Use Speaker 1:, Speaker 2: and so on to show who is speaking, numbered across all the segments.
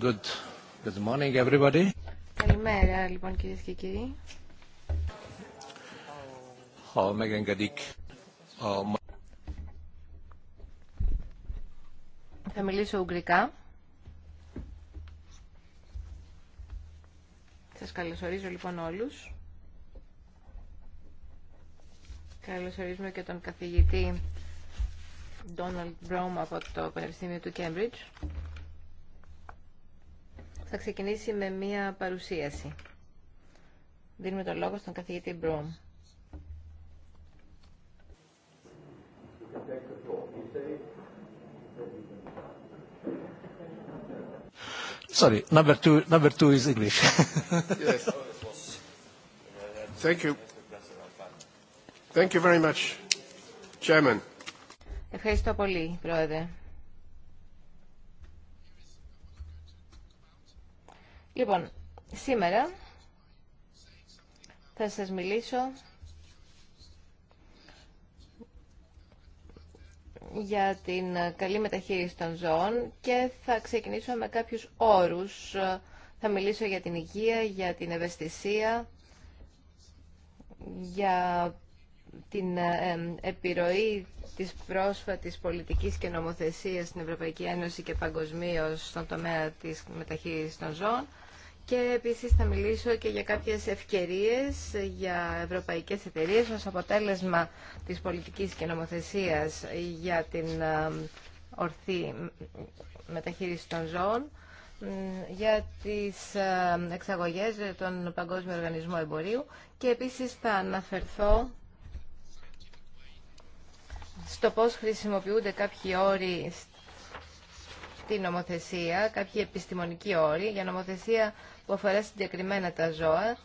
Speaker 1: good, morning everybody.
Speaker 2: Καλημέρα λοιπόν κυρίες και κύριοι.
Speaker 1: Ο Μέγαν Καντίκ.
Speaker 2: Θα μιλήσω ουγγρικά. Σας καλωσορίζω λοιπόν όλους. Καλωσορίζουμε και τον καθηγητή Ντόναλτ Μπρομ από το Πανεπιστήμιο του Κέμπριτζ θα ξεκινήσει με μία παρουσίαση. Δίνουμε το λόγο στον καθηγητή Μπρουμ.
Speaker 1: Sorry, number two, number two is English. yes. Thank you. Thank you very much, Chairman.
Speaker 2: Ευχαριστώ πολύ, Πρόεδρε. Λοιπόν, σήμερα θα σας μιλήσω για την καλή μεταχείριση των ζώων και θα ξεκινήσω με κάποιους όρους. Θα μιλήσω για την υγεία, για την ευαισθησία, για την επιρροή της πρόσφατης πολιτικής και νομοθεσίας στην Ευρωπαϊκή Ένωση και παγκοσμίως στον τομέα της μεταχείρισης των ζώων και επίσης θα μιλήσω και για κάποιες ευκαιρίες για ευρωπαϊκές εταιρείες ως αποτέλεσμα της πολιτικής και νομοθεσίας για την ε, ορθή μεταχείριση των ζώων, για τις ε, εξαγωγές των Παγκόσμιο Οργανισμό Εμπορίου και επίσης θα αναφερθώ στο πώς χρησιμοποιούνται κάποιοι όροι στην νομοθεσία, κάποιοι επιστημονικοί όροι για νομοθεσία που αφορά συγκεκριμένα τα ζώα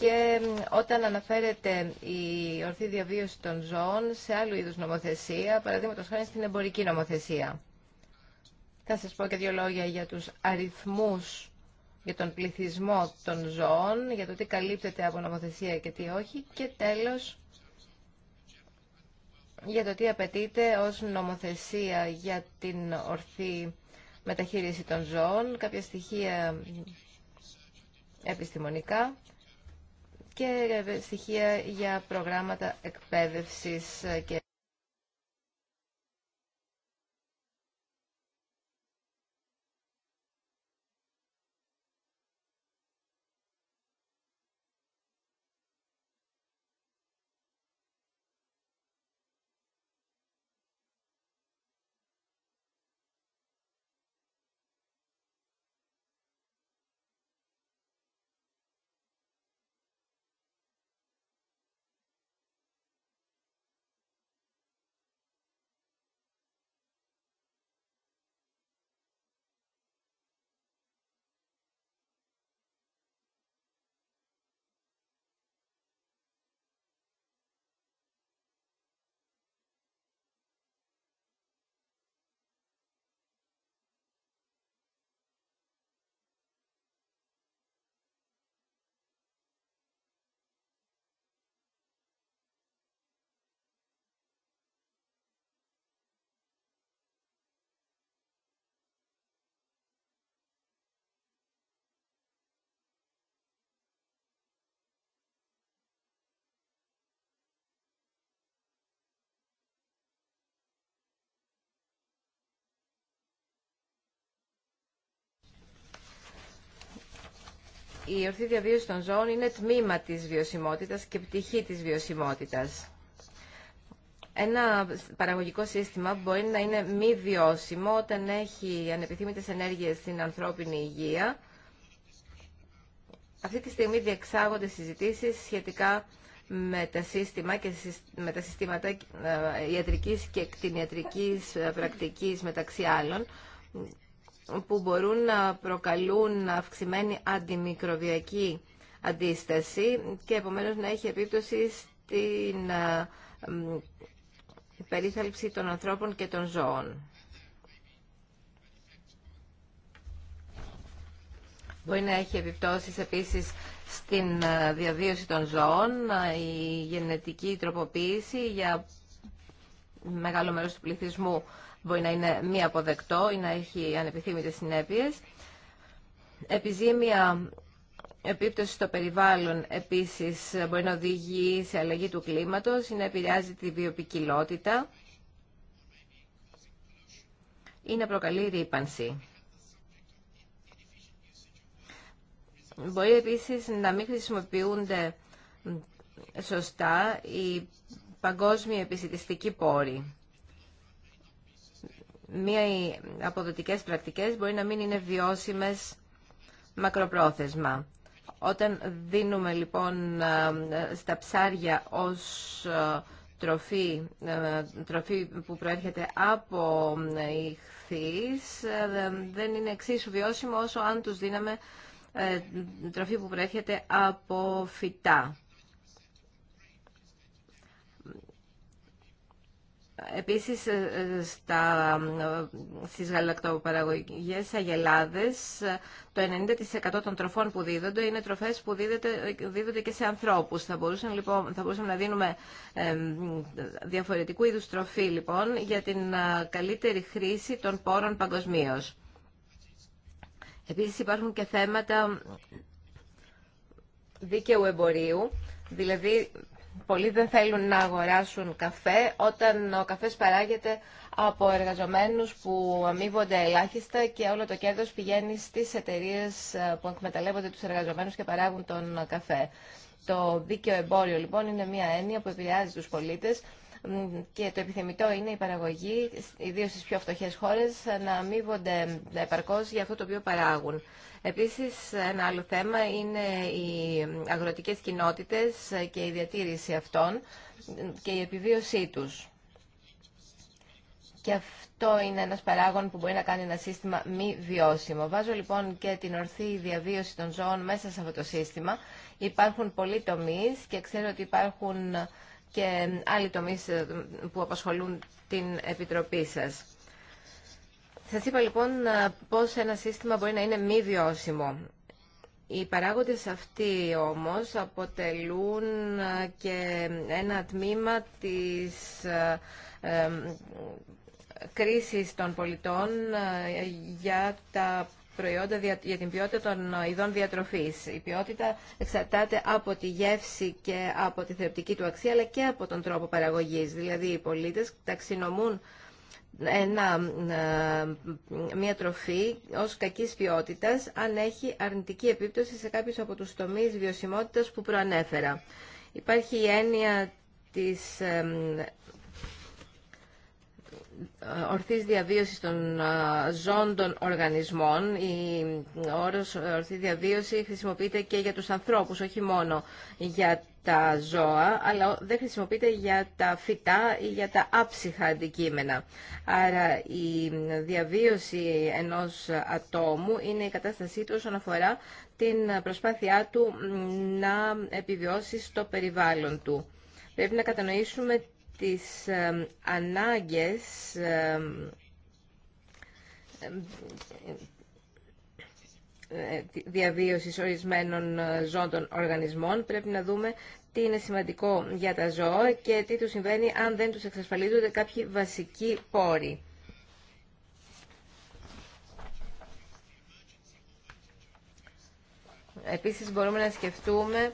Speaker 2: και όταν αναφέρεται η ορθή διαβίωση των ζώων σε άλλου είδους νομοθεσία, παραδείγματος χάρη στην εμπορική νομοθεσία. Θα σας πω και δύο λόγια για τους αριθμούς, για τον πληθυσμό των ζώων, για το τι καλύπτεται από νομοθεσία και τι όχι και τέλος για το τι απαιτείται ως νομοθεσία για την ορθή μεταχείριση των ζώων, κάποια στοιχεία επιστημονικά και στοιχεία για προγράμματα εκπαίδευσης και η ορθή διαβίωση των ζώων είναι τμήμα της βιωσιμότητας και πτυχή της βιωσιμότητας. Ένα παραγωγικό σύστημα μπορεί να είναι μη βιώσιμο όταν έχει ανεπιθύμητες ενέργειες στην ανθρώπινη υγεία. Αυτή τη στιγμή διεξάγονται συζητήσεις σχετικά με τα, σύστημα και με τα συστήματα ε, ιατρικής και κτηνιατρικής ε, πρακτικής μεταξύ άλλων που μπορούν να προκαλούν αυξημένη αντιμικροβιακή αντίσταση και επομένως να έχει επίπτωση στην ε, περίθαλψη των ανθρώπων και των ζώων. Μπορεί να έχει επιπτώσεις επίσης στην ε, διαβίωση των ζώων, ε, η γενετική τροποποίηση για μεγάλο μέρος του πληθυσμού μπορεί να είναι μη αποδεκτό ή να έχει ανεπιθύμητες συνέπειες. Επιζήμια επίπτωση στο περιβάλλον επίσης μπορεί να οδηγεί σε αλλαγή του κλίματος ή να επηρεάζει τη βιοπικιλότητα ή να προκαλεί ρήπανση. Μπορεί επίσης να μην χρησιμοποιούνται σωστά οι παγκόσμιοι επισητιστικοί πόροι μία οι αποδοτικές πρακτικές μπορεί να μην είναι βιώσιμες μακροπρόθεσμα. Όταν δίνουμε λοιπόν στα ψάρια ως τροφή, τροφή που προέρχεται από ηχθείς, δεν είναι εξίσου βιώσιμο όσο αν τους δίναμε ε, τροφή που προέρχεται από φυτά. Επίσης, ε, ε, στα, ε, στις γαλακτοπαραγωγές αγελάδες, το 90% των τροφών που δίδονται είναι τροφές που δίδεται, δίδονται και σε ανθρώπους. Θα, μπορούσαμε λοιπόν, θα μπορούσαμε να δίνουμε διαφορετικού είδους τροφή, λοιπόν, για την καλύτερη χρήση των πόρων παγκοσμίω. Επίσης, υπάρχουν και θέματα δίκαιου εμπορίου, δηλαδή πολλοί δεν θέλουν να αγοράσουν καφέ όταν ο καφές παράγεται από εργαζομένους που αμείβονται ελάχιστα και όλο το κέρδος πηγαίνει στις εταιρείες ε, που εκμεταλλεύονται τους εργαζομένους και παράγουν τον καφέ. Το δίκαιο εμπόριο λοιπόν είναι μια έννοια που επηρεάζει τους πολίτες και το επιθεμητό είναι η παραγωγή, ιδίως στις πιο φτωχές χώρες, να αμείβονται επαρκώς για αυτό το οποίο παράγουν. Επίσης, ένα άλλο θέμα είναι οι αγροτικές κοινότητες και η διατήρηση αυτών και η επιβίωσή τους. Και αυτό είναι ένας παράγον που μπορεί να κάνει ένα σύστημα μη βιώσιμο. Βάζω λοιπόν και την ορθή διαβίωση των ζώων μέσα σε αυτό το σύστημα. Υπάρχουν πολλοί τομείς και ξέρω ότι υπάρχουν και άλλοι τομείς ε, που απασχολούν την Επιτροπή σας. Σας είπα λοιπόν ε, πώς ένα σύστημα μπορεί να είναι μη βιώσιμο. Οι παράγοντες αυτοί όμως αποτελούν ε, και ένα τμήμα της κρίσης των πολιτών για τα προϊόντα για την ποιότητα των ειδών διατροφής. Η ποιότητα εξαρτάται από τη γεύση και από τη θρεπτική του αξία, αλλά και από τον τρόπο παραγωγής. Δηλαδή, οι πολίτες ταξινομούν ένα, ε, μια τροφή ως κακής ποιότητας αν έχει αρνητική επίπτωση σε κάποιους από τους τομείς βιωσιμότητας που προανέφερα. Υπάρχει η έννοια της ε, ορθής διαβίωσης των ζώων των οργανισμών. Η όρος ορθή διαβίωση χρησιμοποιείται και για τους ανθρώπους, όχι μόνο για τα ζώα, αλλά δεν χρησιμοποιείται για τα φυτά ή για τα άψυχα αντικείμενα. Άρα η διαβίωση ενός ατόμου είναι η κατάστασή του όσον αφορά την προσπάθειά του να επιβιώσει στο περιβάλλον του. Πρέπει να κατανοήσουμε τις ανάγκες ε, διαβίωσης ορισμένων ε, ζώων των οργανισμών. Πρέπει να δούμε τι είναι σημαντικό για τα ζώα και τι τους συμβαίνει αν δεν τους εξασφαλίζονται κάποιοι βασικοί πόροι. Επίσης μπορούμε να σκεφτούμε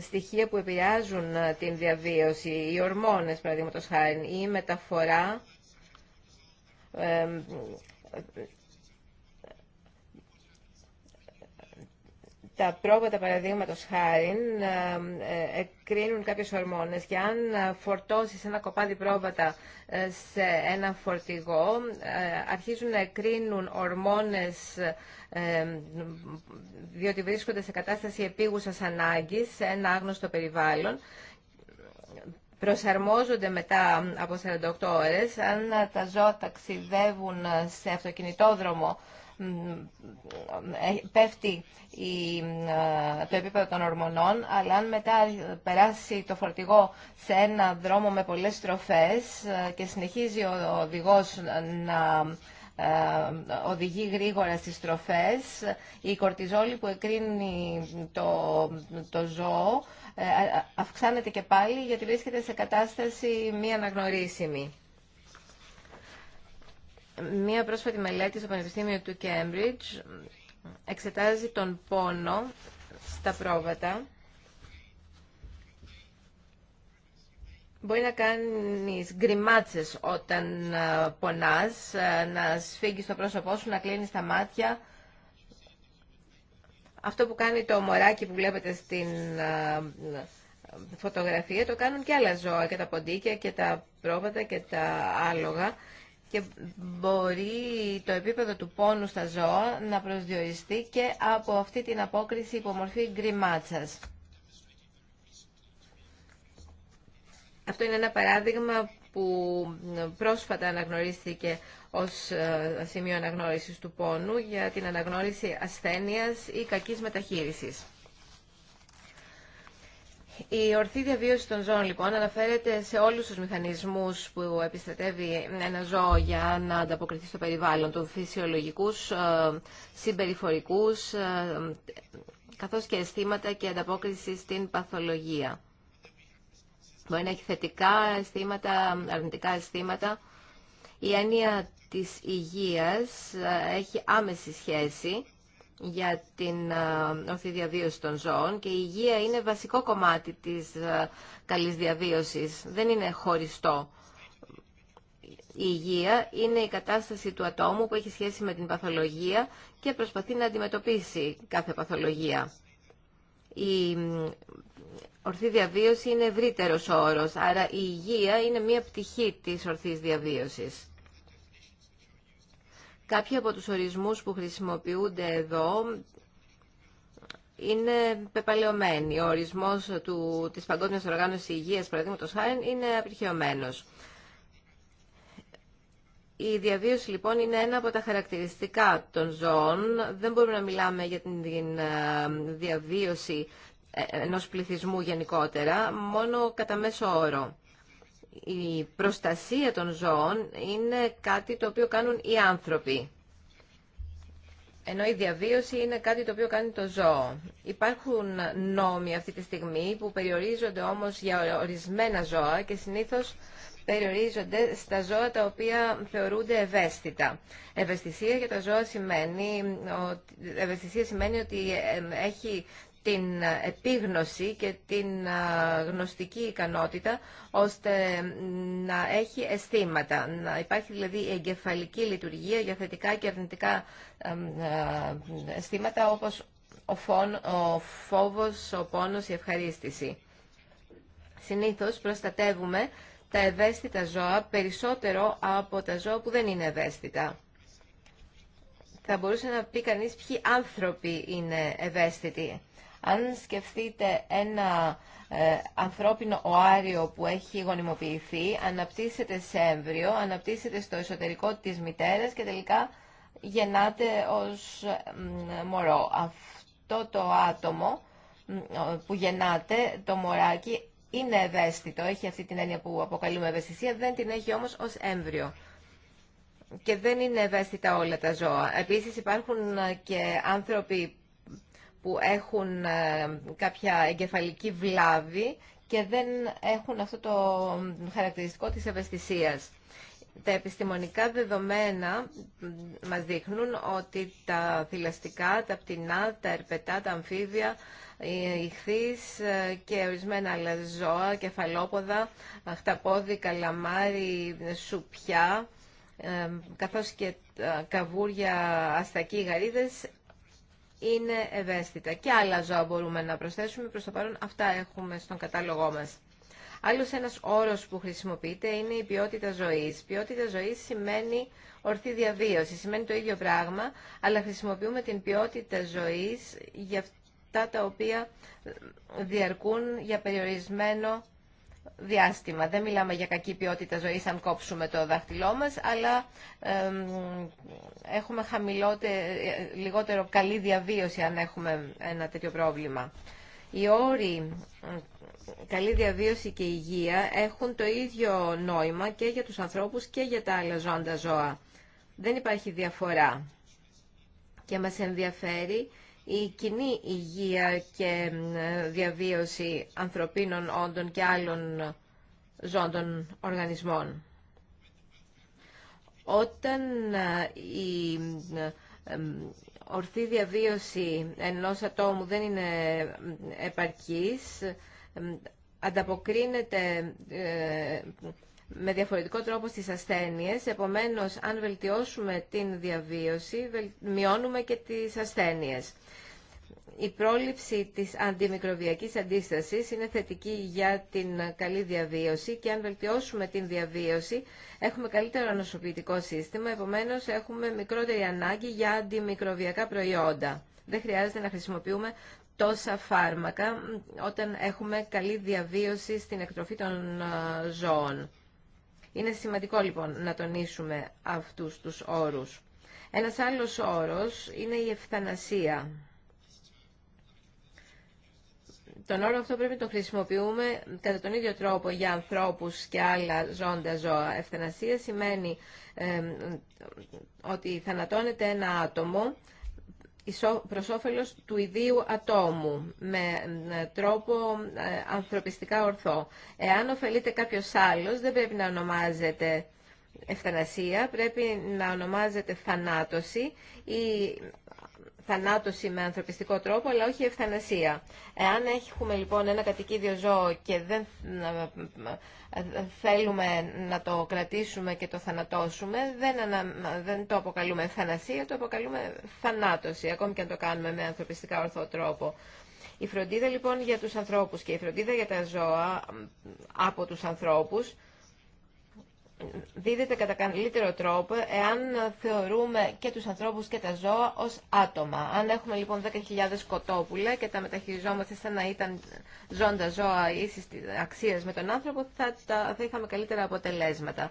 Speaker 2: στοιχεία που επηρεάζουν ε, την διαβίωση, οι ορμόνες παραδείγματος χάρη, η μεταφορά ε, τα πρόβατα παραδείγματο χάρη ε, εκρίνουν κάποιε ορμόνε. και αν φορτώσει ένα κοπάδι πρόβατα ε, σε ένα φορτηγό ε, αρχίζουν να εκρίνουν ορμόνες διότι βρίσκονται σε κατάσταση επίγουσα ανάγκη σε ένα άγνωστο περιβάλλον προσαρμόζονται μετά από 48 ώρες αν τα ζώα ταξιδεύουν σε αυτοκινητόδρομο πέφτει ε, το επίπεδο των ορμονών, αλλά αν μετά περάσει το φορτηγό σε ένα δρόμο με πολλές στροφές ε, και συνεχίζει ο οδηγός να ε, οδηγεί γρήγορα στις στροφές, η κορτιζόλη που εκρίνει το, το ζώο αυξάνεται και πάλι γιατί βρίσκεται σε κατάσταση μη αναγνωρίσιμη. Μία πρόσφατη μελέτη στο Πανεπιστήμιο του Κέμπριτζ εξετάζει τον πόνο στα πρόβατα. Μπορεί να κάνεις γκριμάτσες όταν ε, πονάς, ε, να σφίγγεις το πρόσωπό σου, να κλείνεις τα μάτια. Αυτό που κάνει το μωράκι που βλέπετε στην ε, φωτογραφία το κάνουν και άλλα ζώα και τα ποντίκια και τα πρόβατα και τα άλογα και μπορεί το επίπεδο του πόνου στα ζώα να προσδιοριστεί και από αυτή την απόκριση υπομορφή γκριμάτσας. Αυτό είναι ένα παράδειγμα που πρόσφατα αναγνωρίστηκε ως ε, σημείο αναγνώρισης του πόνου για την αναγνώριση ασθένειας ή κακής μεταχείρισης. Η ορθή διαβίωση των ζώων λοιπόν αναφέρεται σε όλους τους μηχανισμούς που επιστρατεύει ένα ζώο για να ανταποκριθεί στο περιβάλλον του, φυσιολογικούς, ε, συμπεριφορικούς, ε, καθώς και αισθήματα και ανταπόκριση στην παθολογία. Μπορεί να έχει θετικά αισθήματα, αρνητικά αισθήματα. Η έννοια της υγείας ε, έχει άμεση σχέση για την ε, ορθή διαβίωση των ζώων και η υγεία είναι βασικό κομμάτι της ε, καλής διαβίωσης. Δεν είναι χωριστό. Η υγεία είναι η κατάσταση του ατόμου που έχει σχέση με την παθολογία και προσπαθεί να αντιμετωπίσει κάθε παθολογία. Η ορθή διαβίωση είναι ευρύτερος όρος, άρα η υγεία είναι μία πτυχή της ορθής διαβίωσης. Κάποιοι από τους ορισμούς που χρησιμοποιούνται εδώ είναι πεπαλαιωμένοι. Ο ορισμός του, της Παγκόσμιας Οργάνωσης Υγείας, παραδείγματος χάρη, είναι απριχαιωμένος. Η διαβίωση λοιπόν είναι ένα από τα χαρακτηριστικά των ζώων. Δεν μπορούμε να μιλάμε για την ε, διαβίωση ε, ενός πληθυσμού γενικότερα, μόνο κατά μέσο όρο η προστασία των ζώων είναι κάτι το οποίο κάνουν οι άνθρωποι. Ενώ η διαβίωση είναι κάτι το οποίο κάνει το ζώο. Υπάρχουν νόμοι αυτή τη στιγμή που περιορίζονται όμως για ορισμένα ζώα και συνήθως περιορίζονται στα ζώα τα οποία θεωρούνται ευαίσθητα. Ευαισθησία για τα ζώα σημαίνει ότι, σημαίνει ότι ε, έχει την επίγνωση και την γνωστική ικανότητα ώστε να έχει αισθήματα. Να υπάρχει δηλαδή εγκεφαλική λειτουργία για θετικά και αρνητικά αισθήματα όπως ο, φόν, ο φόβος, ο πόνος, η ευχαρίστηση. Συνήθως προστατεύουμε τα ευαίσθητα ζώα περισσότερο από τα ζώα που δεν είναι ευαίσθητα. Θα μπορούσε να πει κανείς ποιοι άνθρωποι είναι ευαίσθητοι. Αν σκεφτείτε ένα ε, ανθρώπινο οάριο που έχει γονιμοποιηθεί, αναπτύσσεται σε έμβριο, αναπτύσσεται στο εσωτερικό της μητέρας και τελικά γεννάται ως μωρό. Αυτό το άτομο που γεννάται, το μωράκι, είναι ευαίσθητο, έχει αυτή την έννοια που αποκαλούμε ευαισθησία, δεν την έχει όμως ως έμβριο. Και δεν είναι ευαίσθητα όλα τα ζώα. Επίσης υπάρχουν και άνθρωποι που έχουν ε, κάποια εγκεφαλική βλάβη και δεν έχουν αυτό το χαρακτηριστικό της ευαισθησίας. Τα επιστημονικά δεδομένα μας δείχνουν ότι τα θηλαστικά, τα πτηνά, τα ερπετά, τα αμφίβια, οι ηχθείς ε, και ορισμένα άλλα ζώα, κεφαλόποδα, χταπόδι, καλαμάρι, σουπιά, ε, καθώς και καβούρια, αστακοί, γαρίδες είναι ευαίσθητα. Και άλλα ζώα μπορούμε να προσθέσουμε, προς το παρόν αυτά έχουμε στον κατάλογό μας. Άλλος ένας όρος που χρησιμοποιείται είναι η ποιότητα ζωής. ποιότητα ζωής σημαίνει ορθή διαβίωση, σημαίνει το ίδιο πράγμα, αλλά χρησιμοποιούμε την ποιότητα ζωής για αυτά τα οποία διαρκούν για περιορισμένο διάστημα. Δεν μιλάμε για κακή ποιότητα ζωής αν κόψουμε το δάχτυλό μας, αλλά ε, έχουμε λιγότερο καλή διαβίωση αν έχουμε ένα τέτοιο πρόβλημα. Οι όροι καλή διαβίωση και υγεία έχουν το ίδιο νόημα και για τους ανθρώπους και για τα άλλα ζώα. Δεν υπάρχει διαφορά. Και μας ενδιαφέρει η κοινή υγεία και ε, διαβίωση ανθρωπίνων όντων και άλλων ζώντων οργανισμών. Όταν ε, η ε, ορθή διαβίωση ενός ατόμου δεν είναι επαρκής, ανταποκρίνεται με διαφορετικό τρόπο στις ασθένειες, επομένως αν βελτιώσουμε την διαβίωση, μειώνουμε και τις ασθένειες η πρόληψη της αντιμικροβιακής αντίστασης είναι θετική για την καλή διαβίωση και αν βελτιώσουμε την διαβίωση έχουμε καλύτερο νοσοποιητικό σύστημα, επομένως έχουμε μικρότερη ανάγκη για αντιμικροβιακά προϊόντα. Δεν χρειάζεται να χρησιμοποιούμε τόσα φάρμακα όταν έχουμε καλή διαβίωση στην εκτροφή των ε, ζώων. Είναι σημαντικό λοιπόν να τονίσουμε αυτούς τους όρους. Ένας άλλος όρος είναι η ευθανασία τον όρο αυτό πρέπει να το χρησιμοποιούμε κατά τον ίδιο τρόπο για ανθρώπους και άλλα ζώντα ζώα. Ευθανασία σημαίνει ε, ότι θανατώνεται ένα άτομο προς όφελος του ιδίου ατόμου με τρόπο ε, ανθρωπιστικά ορθό. Εάν ωφελείται κάποιος άλλος δεν πρέπει να ονομάζεται ευθανασία, πρέπει να ονομάζεται θανάτωση θανάτωση με ανθρωπιστικό τρόπο, αλλά όχι ευθανασία. Εάν έχουμε λοιπόν ένα κατοικίδιο ζώο και δεν ε, ε, ε, θέλουμε να το κρατήσουμε και το θανατώσουμε, δεν, ανα... δεν το αποκαλούμε ευθανασία, το αποκαλούμε θανάτωση, ακόμη και αν το κάνουμε με ανθρωπιστικά ορθό τρόπο. Η φροντίδα λοιπόν για τους ανθρώπους και η φροντίδα για τα ζώα από τους ανθρώπους δίδεται κατά καλύτερο τρόπο εάν θεωρούμε και τους ανθρώπους και τα ζώα ως άτομα. Αν έχουμε λοιπόν 10.000 κοτόπουλα και τα μεταχειριζόμαστε σαν να ήταν ζώντα ζώα ίσης αξίας με τον άνθρωπο, θα, θα είχαμε καλύτερα αποτελέσματα.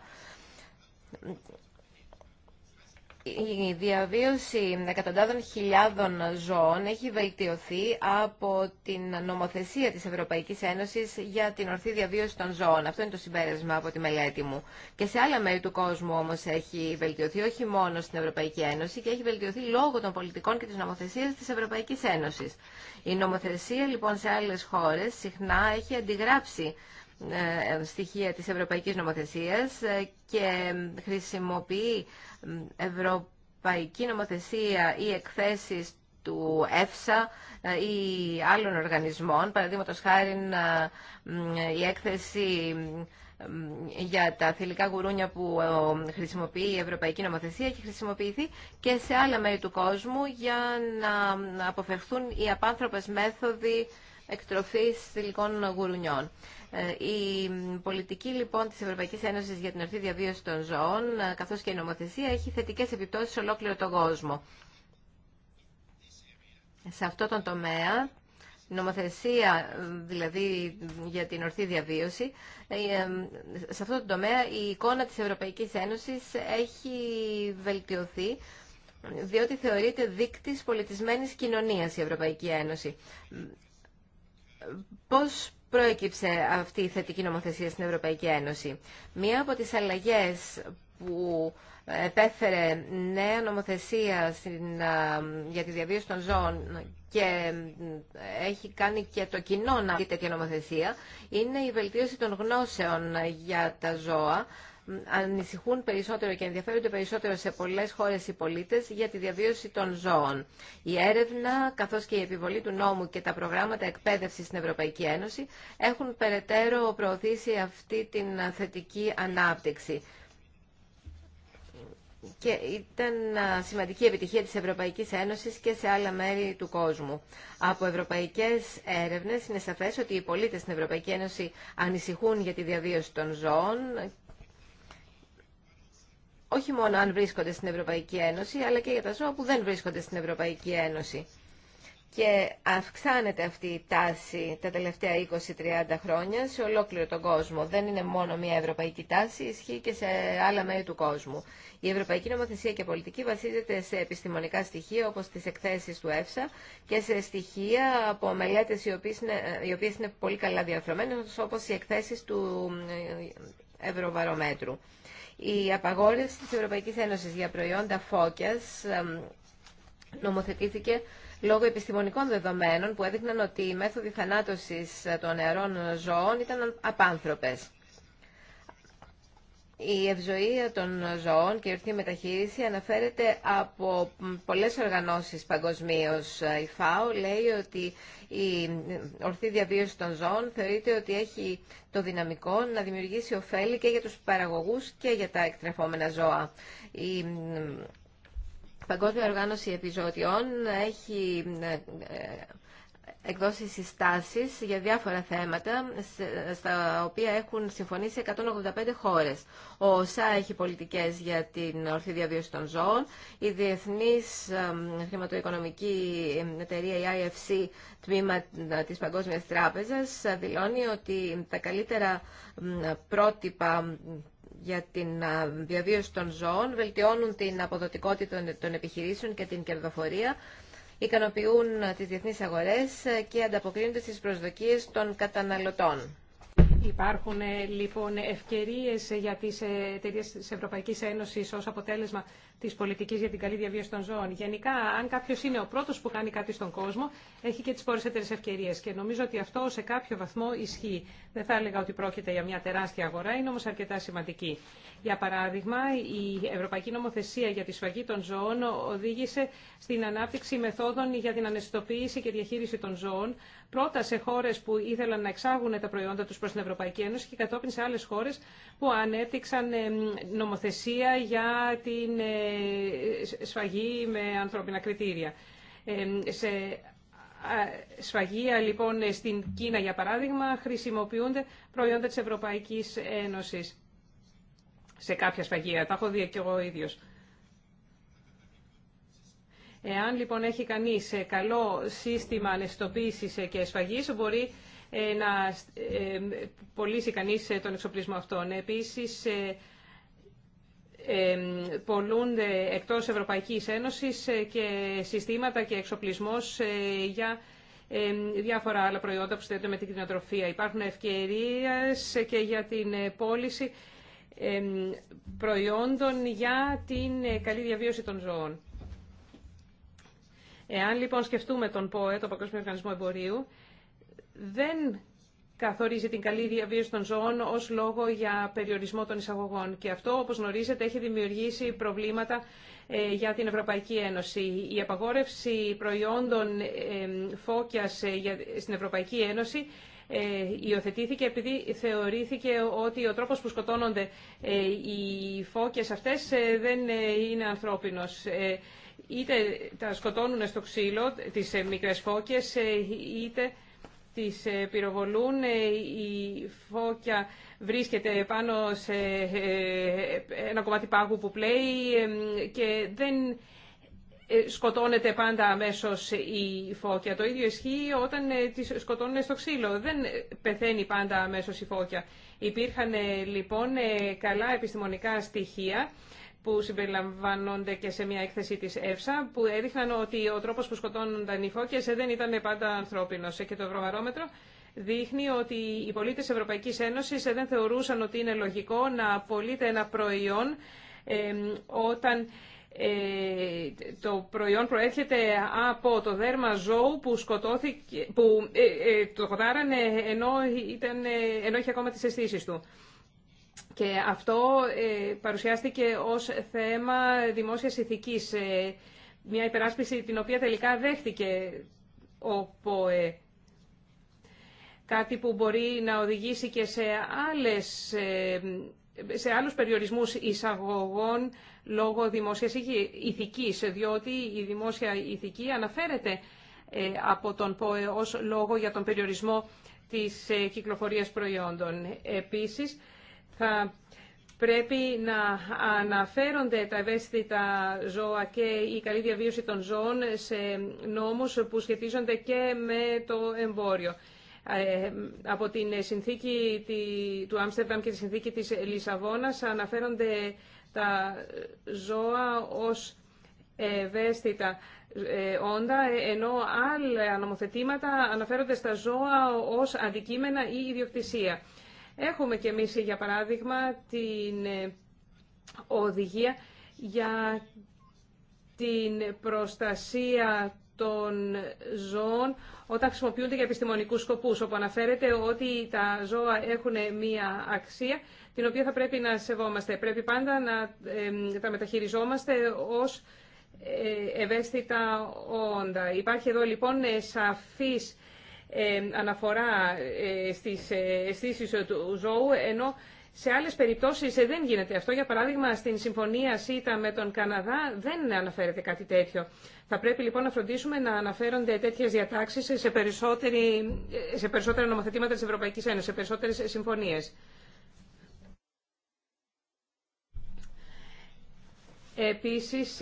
Speaker 2: Η διαβίωση εκατοντάδων χιλιάδων ζώων έχει βελτιωθεί από την νομοθεσία της Ευρωπαϊκής Ένωσης για την ορθή διαβίωση των ζώων. Αυτό είναι το συμπέρασμα από τη μελέτη μου. Και σε άλλα μέρη του κόσμου όμως έχει βελτιωθεί, όχι μόνο στην Ευρωπαϊκή Ένωση, και έχει βελτιωθεί λόγω των πολιτικών και της νομοθεσίας της Ευρωπαϊκής Ένωσης. Η νομοθεσία λοιπόν σε άλλες χώρες συχνά έχει αντιγράψει ε, στοιχεία της ευρωπαϊκής νομοθεσίας ε, και χρησιμοποιεί ευρωπαϊκή νομοθεσία ή εκθέσεις του ΕΦΣΑ ε, ή άλλων οργανισμών, παραδείγματος χάρη η έκθεση για τα θηλυκά γουρούνια που χρησιμοποιεί η Ευρωπαϊκή Νομοθεσία και χρησιμοποιηθεί και σε άλλα μέρη του κόσμου για να αποφευχθούν οι απάνθρωπες μέθοδοι εκτροφής θηλυκών γουρουνιών. Ε, η πολιτική λοιπόν της Ευρωπαϊκής Ένωσης για την ορθή διαβίωση των ζώων, ε, καθώς και η νομοθεσία, έχει θετικές επιπτώσεις σε ολόκληρο τον κόσμο. Σε αυτό τον τομέα, νομοθεσία δηλαδή για την ορθή διαβίωση, ε, σε αυτό τον τομέα η εικόνα της Ευρωπαϊκής Ένωσης έχει βελτιωθεί διότι θεωρείται δείκτης πολιτισμένης κοινωνίας η Ευρωπαϊκή Ένωση. Πώς προέκυψε αυτή η θετική νομοθεσία στην Ευρωπαϊκή Ένωση. Μία από τις αλλαγές που επέφερε νέα νομοθεσία στην, για τη διαβίωση των ζώων και έχει κάνει και το κοινό να δει τέτοια νομοθεσία, είναι η βελτίωση των γνώσεων για τα ζώα, ανησυχούν περισσότερο και ενδιαφέρονται περισσότερο σε πολλές χώρες οι πολίτες για τη διαβίωση των ζώων. Η έρευνα, καθώς και η επιβολή του νόμου και τα προγράμματα εκπαίδευσης στην Ευρωπαϊκή Ένωση έχουν περαιτέρω προωθήσει αυτή την θετική ανάπτυξη. Και ήταν σημαντική επιτυχία της Ευρωπαϊκής Ένωσης και σε άλλα μέρη του κόσμου. Από ευρωπαϊκές έρευνες είναι σαφές ότι οι πολίτες στην Ευρωπαϊκή Ένωση ανησυχούν για τη διαβίωση των ζώων όχι μόνο αν βρίσκονται στην Ευρωπαϊκή Ένωση, αλλά και για τα ζώα που δεν βρίσκονται στην Ευρωπαϊκή Ένωση. Και αυξάνεται αυτή η τάση τα τελευταία 20-30 χρόνια σε ολόκληρο τον κόσμο. Δεν είναι μόνο μια ευρωπαϊκή τάση, ισχύει και σε άλλα μέρη του κόσμου. Η ευρωπαϊκή νομοθεσία και πολιτική βασίζεται σε επιστημονικά στοιχεία όπως τις εκθέσεις του ΕΦΣΑ και σε στοιχεία από μελέτες οι οποίες είναι, οι οποίες είναι πολύ καλά διαρθρωμένες όπως οι εκθέσεις του ε, Ευρωβαρομέτρου. Η απαγόρευση της Ευρωπαϊκής Ένωσης για προϊόντα φώκιας νομοθετήθηκε λόγω επιστημονικών δεδομένων που έδειχναν ότι οι μέθοδοι θανάτωσης των νεαρών ζώων ήταν απάνθρωπες. Η ευζοία των ζώων και η ορθή μεταχείριση αναφέρεται από πολλές οργανώσεις παγκοσμίως. Η ΦΑΟ λέει ότι η ορθή διαβίωση των ζώων θεωρείται ότι έχει το δυναμικό να δημιουργήσει ωφέλη και για τους παραγωγούς και για τα εκτρεφόμενα ζώα. Η Παγκόσμια Οργάνωση Επιζωτιών έχει ε, ε, Εκδόσεις συστάσεις για διάφορα θέματα στα οποία έχουν συμφωνήσει 185 χώρες. Ο ΩΣΑ έχει πολιτικές για την ορθή διαβίωση των ζώων, η Διεθνής Χρηματοοικονομική Εταιρεία, η IFC, τμήμα της Παγκόσμιας Τράπεζας, δηλώνει ότι τα καλύτερα πρότυπα για την διαβίωση των ζώων βελτιώνουν την αποδοτικότητα των επιχειρήσεων και την κερδοφορία ικανοποιούν τις διεθνείς αγορές και ανταποκρίνονται στις προσδοκίες των καταναλωτών.
Speaker 3: Υπάρχουν ε, λοιπόν ευκαιρίε ε, για τι ε, εταιρείε τη Ευρωπαϊκή Ένωση ω αποτέλεσμα τη πολιτική για την καλή διαβίωση των ζώων. Γενικά, αν κάποιο είναι ο πρώτο που κάνει κάτι στον κόσμο, έχει και τις περισσότερες ευκαιρίε. Και νομίζω ότι αυτό σε κάποιο βαθμό ισχύει. Δεν θα έλεγα ότι πρόκειται για μια τεράστια αγορά, είναι όμω αρκετά σημαντική. Για παράδειγμα, η Ευρωπαϊκή Νομοθεσία για τη σφαγή των ζώων οδήγησε στην ανάπτυξη μεθόδων για την αναισθητοποίηση και διαχείριση των ζώων, πρώτα σε χώρες που ήθελαν να εξάγουν τα προϊόντα τους προς την Ευρωπαϊκή Ένωση και κατόπιν σε άλλες χώρες που ανέπτυξαν ε, νομοθεσία για την ε, σφαγή με ανθρώπινα κριτήρια. Ε, σε σφαγεία λοιπόν στην Κίνα για παράδειγμα χρησιμοποιούνται προϊόντα της Ευρωπαϊκής Ένωσης σε κάποια σφαγεία. Τα έχω δει και εγώ ίδιος. Εάν λοιπόν έχει κανείς ε, καλό σύστημα ανεστοποίησης ε, και εσφαγής, μπορεί ε, να πωλήσει κανείς τον εξοπλισμό αυτόν. Επίσης, πολλούνται εκτός Ευρωπαϊκής Ένωσης και συστήματα και εξοπλισμός για διάφορα άλλα προϊόντα που συνδέονται με την κτηνοτροφία. Υπάρχουν ευκαιρίες και για την πώληση προϊόντων για την καλή διαβίωση των ζώων. Εάν λοιπόν σκεφτούμε τον ΠΟΕ, τον Παγκόσμιο Οργανισμό Εμπορίου, δεν καθορίζει την καλή διαβίωση των ζώων ως λόγο για περιορισμό των εισαγωγών. Και αυτό, όπως γνωρίζετε, έχει δημιουργήσει προβλήματα ε, για την Ευρωπαϊκή Ένωση. Η απαγόρευση προϊόντων φώκιας ε, στην Ευρωπαϊκή Ένωση ε, υιοθετήθηκε επειδή θεωρήθηκε ότι ο τρόπος που σκοτώνονται οι φώκες αυτές δεν είναι ανθρώπινος είτε τα σκοτώνουν στο ξύλο, τις ε, μικρές φώκες, ε, είτε τις ε, πυροβολούν. Η φώκια βρίσκεται πάνω σε ένα κομμάτι πάγου που πλέει και δεν σκοτώνεται πάντα αμέσω η φώκια. Το ίδιο ισχύει όταν τις σκοτώνουν στο ξύλο. Δεν πεθαίνει πάντα αμέσω η φώκια. Υπήρχαν λοιπόν καλά επιστημονικά στοιχεία που συμπεριλαμβάνονται και σε μια έκθεση της ΕΦΣΑ που έδειχναν ότι ο τρόπος που σκοτώνονταν οι φώκες δεν ήταν πάντα ανθρώπινος και το ευρωβαρόμετρο δείχνει ότι οι πολίτες Ευρωπαϊκής Ένωσης δεν θεωρούσαν ότι είναι λογικό να απολύεται ένα προϊόν όταν ε, το προϊόν προέρχεται από το δέρμα ζώου που, σκοτώθηκε, που ε, ε, το χωτάρανε ενώ, ενώ είχε ακόμα τις αισθήσει του. Και αυτό ε, παρουσιάστηκε ως θέμα δημόσιας ηθικής, ε, μια υπεράσπιση την οποία τελικά δέχτηκε ο ΠΟΕ. Κάτι που μπορεί να οδηγήσει και σε, άλλες, ε, σε άλλους περιορισμούς εισαγωγών λόγω δημόσιας ηθικής, διότι η δημόσια ηθική αναφέρεται από τον ΠΟΕ ως λόγο για τον περιορισμό της κυκλοφορίας προϊόντων. Επίσης, θα πρέπει να αναφέρονται τα ευαίσθητα ζώα και η καλή διαβίωση των ζώων σε νόμους που σχετίζονται και με το εμπόριο. Ε, από την συνθήκη του Άμστερνταμ και τη συνθήκη της Λισαβόνας αναφέρονται τα ζώα ως ευαίσθητα ε, όντα, ενώ άλλα νομοθετήματα αναφέρονται στα ζώα ως αντικείμενα ή ιδιοκτησία. Έχουμε και εμείς, για παράδειγμα, την ε, οδηγία για την προστασία των ζώων όταν χρησιμοποιούνται για επιστημονικούς σκοπούς, όπου αναφέρεται ότι τα ζώα έχουν μία αξία την οποία θα πρέπει να σεβόμαστε. Πρέπει πάντα να τα μεταχειριζόμαστε ως ε, ευαίσθητα όντα. Υπάρχει εδώ λοιπόν ε, σαφής ε, αναφορά ε, στις ε, αισθήσεις του ζώου, ενώ σε άλλες περιπτώσεις δεν γίνεται αυτό. Για παράδειγμα, στην συμφωνία ΣΥΤΑ με τον Καναδά δεν αναφέρεται κάτι τέτοιο. Θα πρέπει λοιπόν να φροντίσουμε να αναφέρονται τέτοιες διατάξεις σε, σε περισσότερα νομοθετήματα της Ευρωπαϊκής Ένωσης, σε περισσότερες συμφωνίες. Επίσης,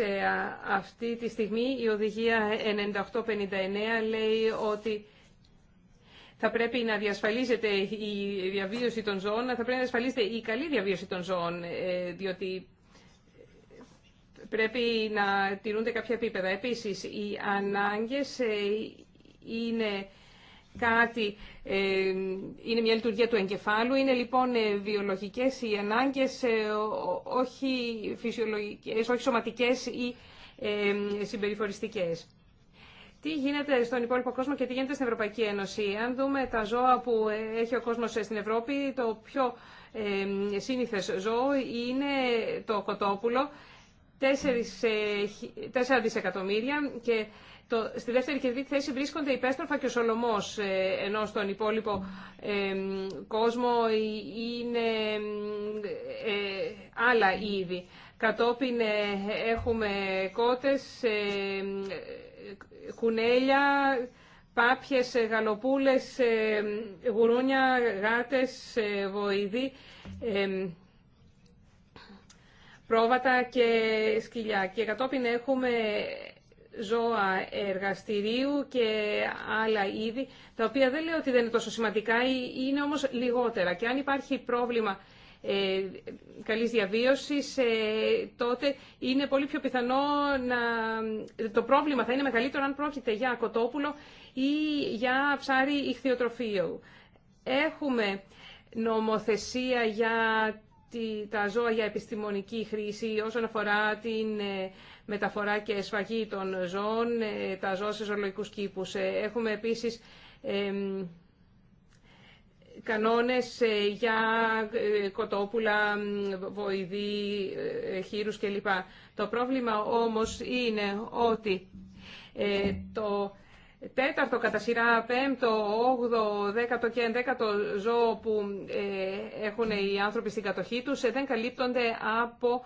Speaker 3: αυτή τη στιγμή η οδηγία 9859 λέει ότι θα πρέπει να διασφαλίζεται η διαβίωση των ζώων, θα πρέπει να διασφαλίζεται η καλή διαβίωση των ζώων, ε, διότι πρέπει να τηρούνται κάποια επίπεδα. Επίσης, οι ανάγκες ε, είναι κάτι, ε, είναι μια λειτουργία του εγκεφάλου, είναι λοιπόν βιολογικές οι ανάγκες, όχι φυσιολογικές, όχι σωματικές ή συμπεριφοριστικές τι γίνεται στον υπόλοιπο κόσμο και τι γίνεται στην Ευρωπαϊκή Ένωση. Αν δούμε τα ζώα που ε, έχει ο κόσμος ε, στην Ευρώπη, το πιο ε, σύνηθες ζώο είναι το κοτόπουλο, 4, ε, δισεκατομμύρια και το, στη δεύτερη και τρίτη θέση βρίσκονται η Πέστροφα και ο Σολομός, ενώ στον υπόλοιπο κόσμο είναι άλλα είδη. Κατόπιν έχουμε κότες, κουνέλια, πάπιες, ε, γαλοπούλες, ε, γουρούνια, γάτες, ε, βοηδοί, πρόβατα και σκυλιά. Και κατόπιν έχουμε ζώα εργαστηρίου και άλλα είδη, τα οποία δεν λέω ότι δεν είναι τόσο σημαντικά, είναι όμως λιγότερα. Και αν υπάρχει πρόβλημα ε, καλής διαβίωσης, ε, τότε είναι πολύ πιο πιθανό να... Το πρόβλημα θα είναι μεγαλύτερο αν πρόκειται για κοτόπουλο ή για ψάρι ηχθειοτροφείο. Έχουμε νομοθεσία για τα ζώα για επιστημονική χρήση όσον αφορά την ε, μεταφορά και σφαγή των ζώων, τα ζώα σε ζωολογικούς κήπους. Έχουμε επίσης κανόνες ε, για ε, κοτόπουλα, βοηδή, ε, χείρους κλπ. Το πρόβλημα όμως είναι ότι το τέταρτο κατά σειρά, πέμπτο, όγδο, δέκατο και ενδέκατο ζώο που έχουν οι άνθρωποι στην κατοχή τους δεν καλύπτονται από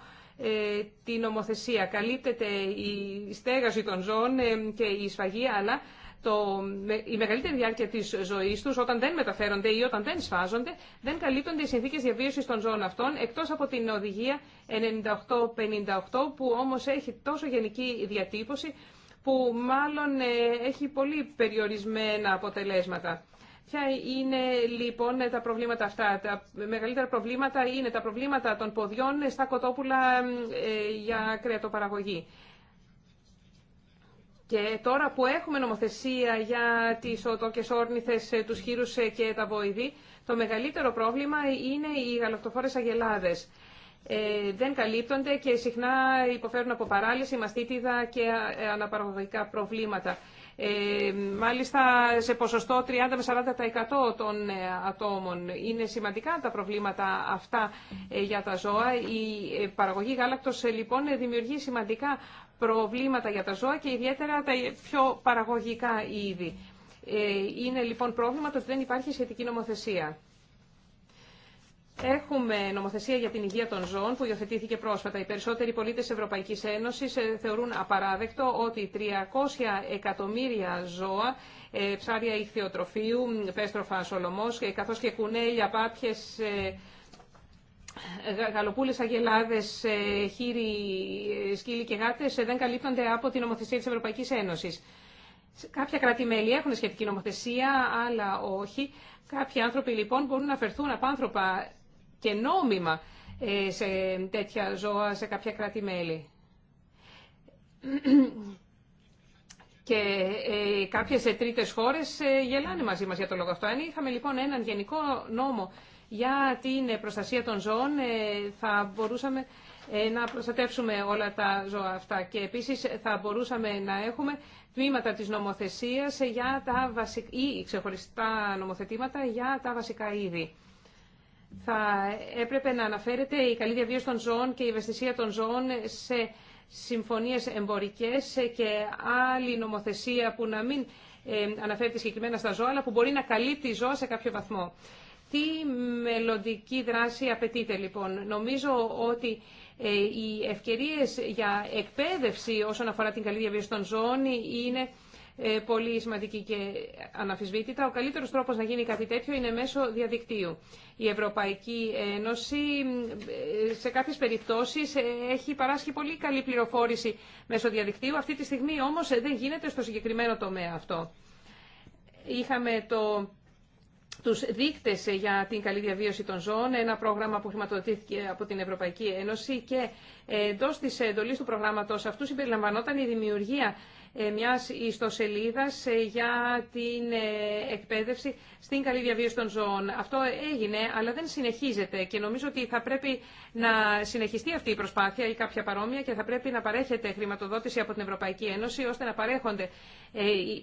Speaker 3: την νομοθεσία. Καλύπτεται η στέγαση των ζώων και η σφαγή, αλλά το, η μεγαλύτερη διάρκεια τη ζωή του, όταν δεν μεταφέρονται ή όταν δεν σφάζονται, δεν καλύπτονται οι συνθήκε διαβίωση των ζώων αυτών, εκτός από την οδηγία 9858, που όμως έχει τόσο γενική διατύπωση, που μάλλον ε, έχει πολύ περιορισμένα αποτελέσματα. Ποια είναι λοιπόν τα προβλήματα αυτά. Τα μεγαλύτερα προβλήματα είναι τα προβλήματα των ποδιών στα κοτόπουλα ε, για κρεατοπαραγωγή. Και τώρα που έχουμε νομοθεσία για τις οτόκες όρνηθες, ε, τους χείρους ε, και τα βοηδή, το μεγαλύτερο πρόβλημα είναι οι γαλακτοφόρες αγελάδες. Ε, δεν καλύπτονται και συχνά υποφέρουν από παράλυση, μαστίτιδα και αναπαραγωγικά προβλήματα. Ε, μάλιστα σε ποσοστό 30 με 40% των ε, ατόμων. Είναι σημαντικά τα προβλήματα αυτά ε, για τα ζώα. Η παραγωγή γάλακτος λοιπόν δημιουργεί σημαντικά προβλήματα για τα ζώα και ιδιαίτερα τα πιο παραγωγικά είδη. Είναι λοιπόν πρόβλημα το ότι δεν υπάρχει σχετική νομοθεσία. Έχουμε νομοθεσία για την υγεία των ζώων που υιοθετήθηκε πρόσφατα. Οι περισσότεροι πολίτες Ευρωπαϊκή Ένωση ε, θεωρούν απαράδεκτο ότι 300 εκατομμύρια ζώα, ε, ψάρια ηχθειοτροφίου, πέστροφα σολομό, ε, καθώ και κουνέλια, πάπιε γαλοπούλες, αγελάδες, χείρι, σκύλοι και γάτες δεν καλύπτονται από την νομοθεσία της Ευρωπαϊκής Ένωσης. Κάποια κράτη-μέλη έχουν σχετική νομοθεσία, άλλα όχι. Κάποιοι άνθρωποι λοιπόν μπορούν να φερθούν από άνθρωπα και νόμιμα ε, σε τέτοια ζώα σε κάποια κράτη-μέλη. Και ε, κάποιες ε, τρίτες χώρες ε, γελάνε μαζί μας για το λόγο αυτό. Αν είχαμε λοιπόν έναν γενικό νόμο για την προστασία των ζώων, θα μπορούσαμε να προστατεύσουμε όλα τα ζώα αυτά. Και επίσης θα μπορούσαμε να έχουμε τμήματα της νομοθεσίας για τα ή ξεχωριστά νομοθετήματα για τα βασικά είδη θα έπρεπε να αναφέρεται η καλή διαβίωση των ζώων και η ευαισθησία των ζώων σε συμφωνίες εμπορικές και άλλη νομοθεσία που να μην ε, αναφέρεται συγκεκριμένα στα ζώα, αλλά που μπορεί να καλύπτει ζώα σε κάποιο βαθμό. Τι μελλοντική δράση απαιτείται λοιπόν. Νομίζω ότι ε, οι ευκαιρίες για εκπαίδευση όσον αφορά την καλή διαβίωση των ζώων είναι ε, πολύ σημαντική και αναφυσβήτητα. Ο καλύτερος τρόπος να γίνει κάτι τέτοιο είναι μέσω διαδικτύου. Η Ευρωπαϊκή Ένωση ε, σε κάποιες περιπτώσεις ε, έχει παράσχει πολύ καλή πληροφόρηση μέσω διαδικτύου. Αυτή τη στιγμή όμως δεν γίνεται στο συγκεκριμένο τομέα αυτό. Είχαμε το τους δείκτες για την καλή διαβίωση των ζώων, ένα πρόγραμμα που χρηματοδοτήθηκε από την Ευρωπαϊκή Ένωση και εντό τη εντολή του προγράμματο αυτού συμπεριλαμβανόταν η δημιουργία ε, μιας ιστοσελίδας ε, για την ε, εκπαίδευση στην καλή διαβίωση των ζώων. Αυτό έγινε, αλλά δεν συνεχίζεται και νομίζω ότι θα πρέπει να συνεχιστεί αυτή η προσπάθεια ή κάποια παρόμοια και θα πρέπει να παρέχεται χρηματοδότηση από την Ευρωπαϊκή Ένωση ώστε να παρέχονται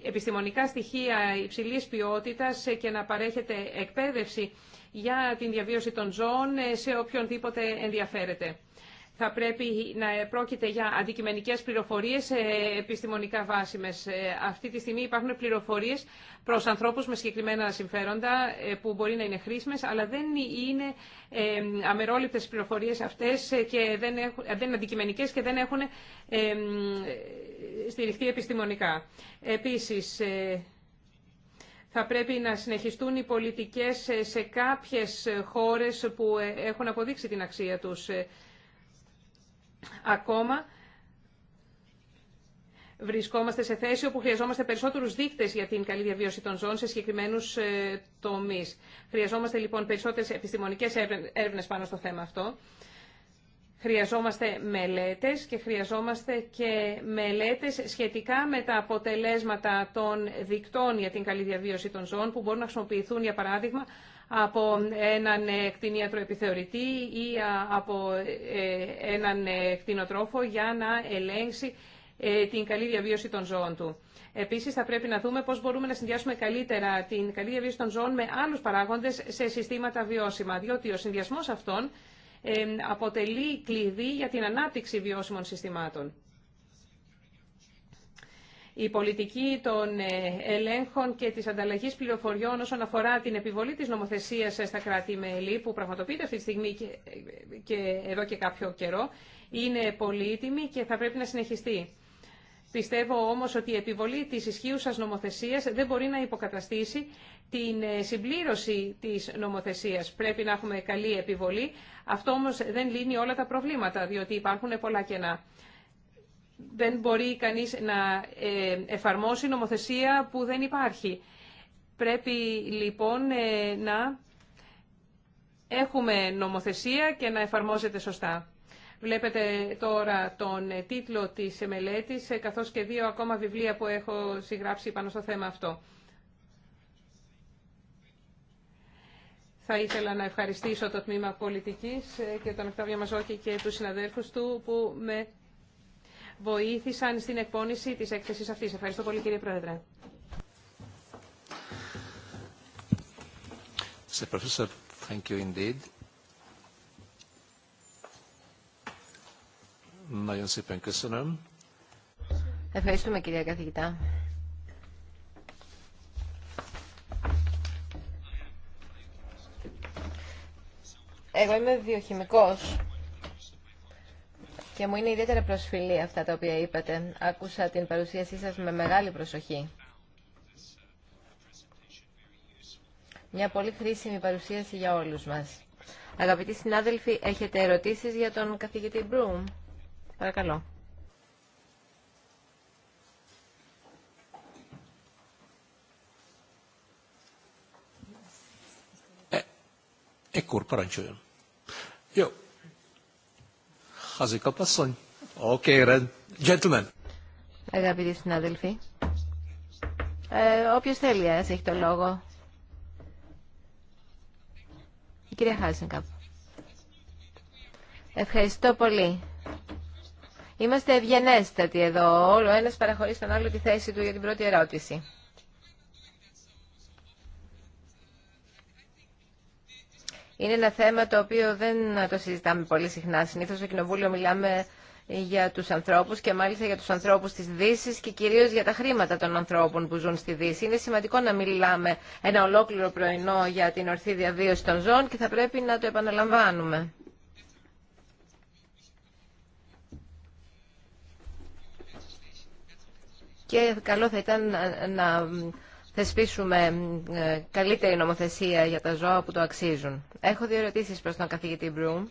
Speaker 3: επιστημονικά στοιχεία υψηλής ποιότητας και να παρέχεται εκπαίδευση για την διαβίωση των ζώων σε οποιονδήποτε ενδιαφέρεται θα πρέπει να πρόκειται για αντικειμενικές πληροφορίες επιστημονικά βάσιμες. Ε, αυτή τη στιγμή υπάρχουν πληροφορίες προς ανθρώπους με συγκεκριμένα συμφέροντα ε, που μπορεί να είναι χρήσιμες, αλλά δεν είναι ε, αμερόληπτες πληροφορίες αυτές και δεν, είναι αντικειμενικές και δεν έχουν στηριχθεί επιστημονικά. Επίσης, θα πρέπει να συνεχιστούν οι πολιτικές σε κάποιες χώρες που έχουν αποδείξει την αξία τους. Ακόμα βρισκόμαστε σε θέση όπου χρειαζόμαστε περισσότερους δείκτες για την καλή διαβίωση των ζώων σε συγκεκριμένους ε, τομείς. Χρειαζόμαστε λοιπόν περισσότερες επιστημονικές έρευνες πάνω στο θέμα αυτό. Χρειαζόμαστε μελέτες και χρειαζόμαστε και μελέτες σχετικά με τα αποτελέσματα των δικτών για την καλή διαβίωση των ζώων που μπορούν να χρησιμοποιηθούν για παράδειγμα από έναν ε, κτηνίατρο επιθεωρητή ή ε, από ε, έναν κτηνοτρόφο για να ελέγξει την καλή διαβίωση των ζώων του. Επίσης, θα πρέπει να δούμε πώς μπορούμε να συνδυάσουμε καλύτερα την καλή διαβίωση των ζώων με άλλους παράγοντες σε συστήματα βιώσιμα, διότι ο συνδυασμός αυτών αποτελεί κλειδί για την ανάπτυξη βιώσιμων συστημάτων η πολιτική των ε, ελέγχων και της ανταλλαγής πληροφοριών όσον αφορά την επιβολή της νομοθεσίας στα κράτη-μέλη που πραγματοποιείται αυτή τη στιγμή και εδώ και κάποιο καιρό είναι πολύτιμη και θα πρέπει να συνεχιστεί. Πιστεύω όμως ότι η επιβολή της ισχύουσας νομοθεσίας δεν μπορεί να υποκαταστήσει την ε, συμπλήρωση της νομοθεσίας. Πρέπει να έχουμε καλή επιβολή. Αυτό όμως δεν λύνει όλα τα προβλήματα, διότι υπάρχουν πολλά κενά δεν μπορεί κανείς να ε, εφαρμόσει νομοθεσία που δεν υπάρχει. Πρέπει λοιπόν ε, να έχουμε νομοθεσία και να εφαρμόζεται σωστά. Βλέπετε τώρα τον ε, τίτλο της μελέτης, καθώς και δύο ακόμα βιβλία που έχω συγγράψει πάνω στο θέμα αυτό. Θα ήθελα να ευχαριστήσω το Τμήμα Πολιτικής και τον Εκτάβια Μαζόκη και τους συναδέλφους του που με βοήθησαν στην εκπόνηση της έκθεσης αυτής. Ευχαριστώ πολύ κύριε Πρόεδρε.
Speaker 1: Mr. Professor, thank you indeed.
Speaker 2: Ευχαριστούμε κυρία καθηγητά. Εγώ είμαι βιοχημικός και μου είναι ιδιαίτερα προσφυλή αυτά τα οποία είπατε. Άκουσα την παρουσίασή σας με μεγάλη προσοχή. Μια πολύ χρήσιμη παρουσίαση για όλους μας. Αγαπητοί συνάδελφοι, έχετε ερωτήσεις για τον καθηγητή Μπρούμ. Παρακαλώ.
Speaker 1: Ε, ε, Okay, Gentlemen.
Speaker 2: Αγαπητοί συνάδελφοι, ε, όποιος θέλει ας έχει το λόγο. Η κυρία Χάσενκαπ. Ευχαριστώ πολύ. Είμαστε ευγενέστατοι εδώ. Όλο ένας παραχωρεί στον άλλο τη θέση του για την πρώτη ερώτηση. Είναι ένα θέμα το οποίο δεν το συζητάμε πολύ συχνά. Συνήθως στο Κοινοβούλιο μιλάμε για τους ανθρώπους και μάλιστα για τους ανθρώπους της δύση και κυρίως για τα χρήματα των ανθρώπων που ζουν στη Δύση. Είναι σημαντικό να μιλάμε ένα ολόκληρο πρωινό για την ορθή διαβίωση των ζώων και θα πρέπει να το επαναλαμβάνουμε. Και καλό θα ήταν να θεσπίσουμε ε, καλύτερη νομοθεσία για τα ζώα που το αξίζουν. Έχω δύο ερωτήσει προς τον καθηγητή Μπρούμ.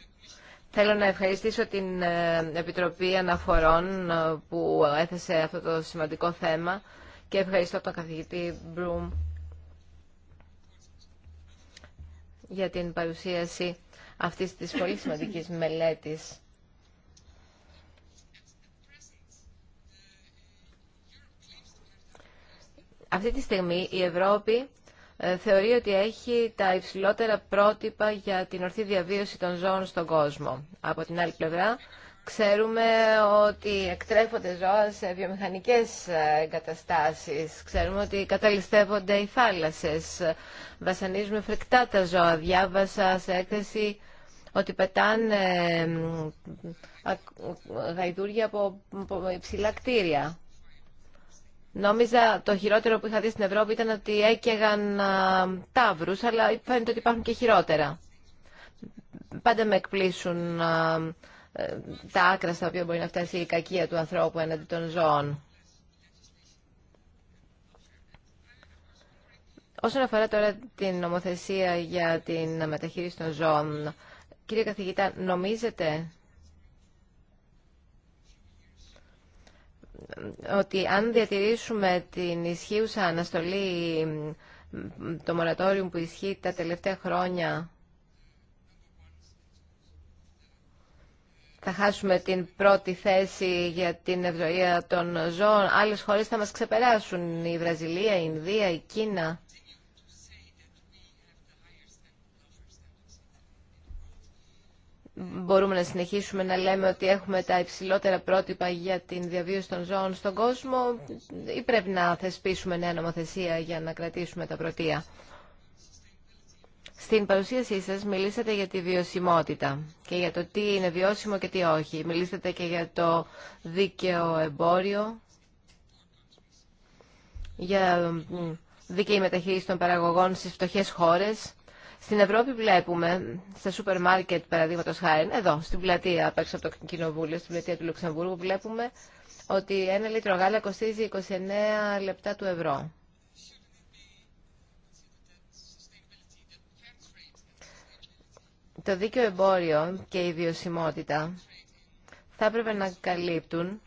Speaker 2: Θέλω να ευχαριστήσω την ε, Επιτροπή Αναφορών ε, που έθεσε αυτό το σημαντικό θέμα και ευχαριστώ τον καθηγητή Μπρούμ για την παρουσίαση αυτής της πολύ σημαντικής μελέτης Αυτή τη στιγμή η Ευρώπη ε, θεωρεί ότι έχει τα υψηλότερα πρότυπα για την ορθή διαβίωση των ζώων στον κόσμο. Από την άλλη πλευρά, ξέρουμε ότι εκτρέφονται ζώα σε βιομηχανικές ε, εγκαταστάσεις. Ξέρουμε ότι καταλυστεύονται οι θάλασσες. Βασανίζουμε φρικτά τα ζώα. Διάβασα σε έκθεση ότι πετάνε ε, γαϊδούρια από υψηλά κτίρια. Νόμιζα το χειρότερο που είχα δει στην Ευρώπη ήταν ότι έκαιγαν ταύρου, αλλά φαίνεται ότι υπάρχουν και χειρότερα. Πάντα με εκπλήσουν ε, τα άκρα στα οποία μπορεί να φτάσει η κακία του ανθρώπου έναντι των ζώων. Όσον αφορά τώρα την νομοθεσία για την μεταχείριση των ζώων, κύριε καθηγητά, νομίζετε ότι αν διατηρήσουμε την ισχύουσα αναστολή το μορατόριο που ισχύει τα τελευταία χρόνια θα χάσουμε την πρώτη θέση για την ευζοία των ζώων. Άλλες χώρες θα μας ξεπεράσουν, η Βραζιλία, η Ινδία, η Κίνα. μπορούμε να συνεχίσουμε να λέμε ότι έχουμε τα υψηλότερα πρότυπα για την διαβίωση των ζώων στον κόσμο ή πρέπει να θεσπίσουμε νέα νομοθεσία για να κρατήσουμε τα πρωτεία. Στην παρουσίασή σας μιλήσατε για τη βιωσιμότητα και για το τι είναι βιώσιμο και τι όχι. Μιλήσατε και για το δίκαιο εμπόριο, για δίκαιη μεταχείριση των παραγωγών στις φτωχές χώρες. Στην Ευρώπη βλέπουμε, στα σούπερ μάρκετ παραδείγματο χάρη, εδώ στην πλατεία απ' έξω από το κοινοβούλιο, στην πλατεία του Λουξεμβούργου, βλέπουμε ότι ένα λίτρο γάλα κοστίζει 29 λεπτά του ευρώ. Το δίκαιο εμπόριο και η βιωσιμότητα θα έπρεπε να καλύπτουν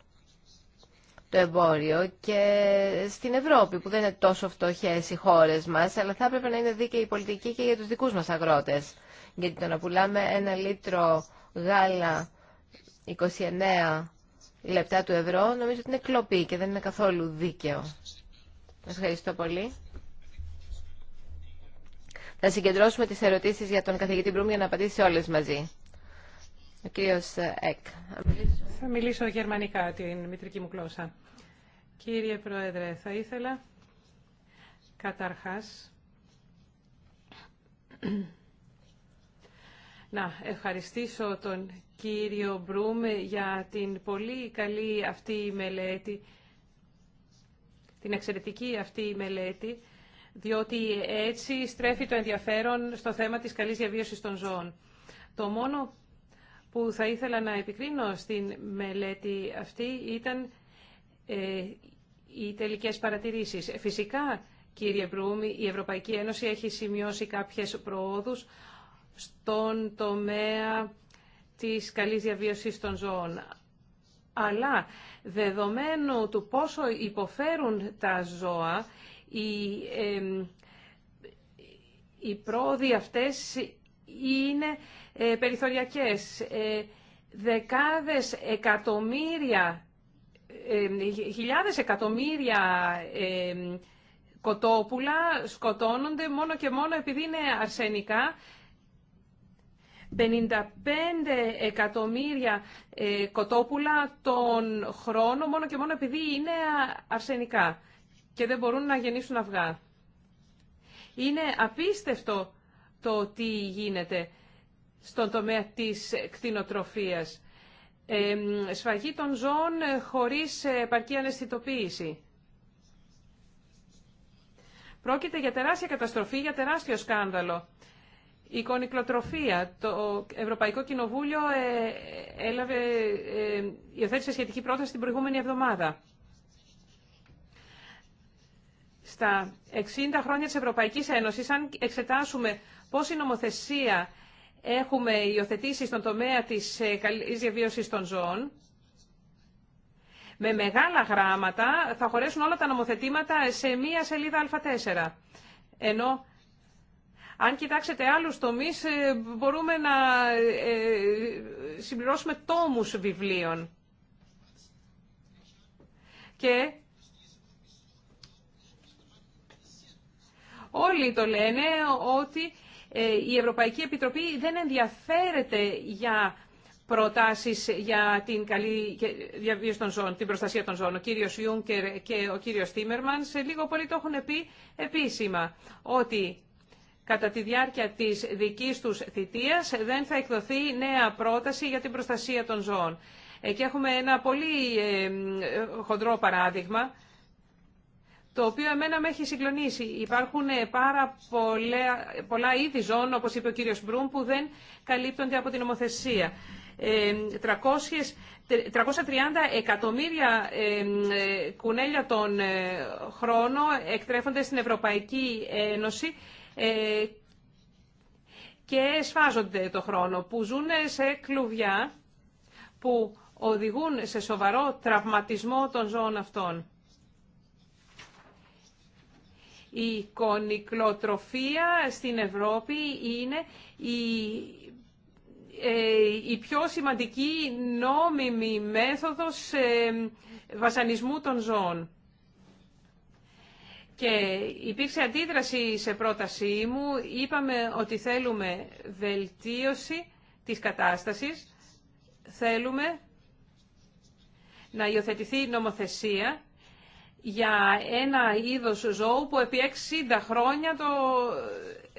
Speaker 2: το εμπόριο και στην Ευρώπη που δεν είναι τόσο φτωχές οι χώρες μας, αλλά θα έπρεπε να είναι δίκαιη η πολιτική και για τους δικούς μας αγρότες. Γιατί το να πουλάμε ένα λίτρο γάλα 29 λεπτά του ευρώ, νομίζω ότι είναι κλοπή και δεν είναι καθόλου δίκαιο. Ευχαριστώ πολύ. Θα συγκεντρώσουμε τις ερωτήσεις για τον καθηγητή Μπρούμ για να απαντήσει όλες μαζί. Ο κύριος Εκ.
Speaker 3: Θα μιλήσω γερμανικά, την μητρική μου γλώσσα. Κύριε Πρόεδρε, θα ήθελα καταρχάς να ευχαριστήσω τον κύριο Μπρούμ για την πολύ καλή αυτή μελέτη, την εξαιρετική αυτή μελέτη, διότι έτσι στρέφει το ενδιαφέρον στο θέμα της καλής διαβίωσης των ζώων. Το μόνο που θα ήθελα να επικρίνω στην μελέτη αυτή ήταν ε, οι τελικές παρατηρήσεις. Φυσικά, κύριε Μπρούμ, η Ευρωπαϊκή Ένωση έχει σημειώσει κάποιες προόδους στον τομέα της καλής διαβίωσης των ζώων. Αλλά, δεδομένου του πόσο υποφέρουν τα ζώα, οι, ε, οι πρόοδοι αυτές είναι ε, περιθωριακές. Ε, δεκάδες εκατομμύρια χιλιάδες εκατομμύρια κοτόπουλα σκοτώνονται μόνο και μόνο επειδή είναι αρσενικά. 55 εκατομμύρια ε, κοτόπουλα τον χρόνο μόνο και μόνο επειδή είναι αρσενικά και δεν μπορούν να γεννήσουν αυγά. Είναι απίστευτο το τι γίνεται στον τομέα της κτηνοτροφίας σφαγή των ζώων ε, χωρίς ε, επαρκή αναισθητοποίηση. Πρόκειται για τεράστια καταστροφή, για τεράστιο σκάνδαλο. Η κονικλοτροφία. Το Ευρωπαϊκό Κοινοβούλιο ε, έλαβε, υιοθέτησε σχετική πρόταση την προηγούμενη εβδομάδα. Στα 60 χρόνια της Ευρωπαϊκής Ένωσης, αν εξετάσουμε πώς η νομοθεσία έχουμε υιοθετήσει στον τομέα της ε, καλής διαβίωσης των ζώων, με μεγάλα γράμματα θα χωρέσουν όλα τα νομοθετήματα σε μία σελίδα α4. Ενώ αν κοιτάξετε άλλους τομείς ε, μπορούμε να ε, συμπληρώσουμε τόμους βιβλίων. Και όλοι το λένε ότι ε, η Ευρωπαϊκή Επιτροπή δεν ενδιαφέρεται για προτάσεις για την καλή διαβίωση των την προστασία των ζώων. Ο κύριος Ιούνκερ και ο κύριος Τίμερμαν λίγο πολύ το έχουν πει επίσημα ότι κατά τη διάρκεια της δικής τους θητείας δεν θα εκδοθεί νέα πρόταση για την προστασία των ζώων. Ε, και έχουμε ένα πολύ ε, χοντρό παράδειγμα το οποίο εμένα με έχει συγκλονίσει. Υπάρχουν ε, πάρα πολλά, πολλά είδη ζώων, όπως είπε ο κύριος Μπρούμ, που δεν καλύπτονται από την νομοθεσία. 330 ε, εκατομμύρια ε, κουνέλια τον χρόνο εκτρέφονται στην Ευρωπαϊκή Ένωση και σφάζονται το χρόνο, που ζουν σε κλουβιά που οδηγούν σε σοβαρό τραυματισμό των ζώων αυτών. Η κονικλοτροφία στην Ευρώπη είναι ε, η, πιο σημαντική νόμιμη μέθοδος ε, βασανισμού των ζώων. Και υπήρξε αντίδραση σε πρότασή μου. Είπαμε ότι θέλουμε βελτίωση της κατάστασης. Θέλουμε να υιοθετηθεί νομοθεσία για ένα είδος ζώου που επί 60 χρόνια το...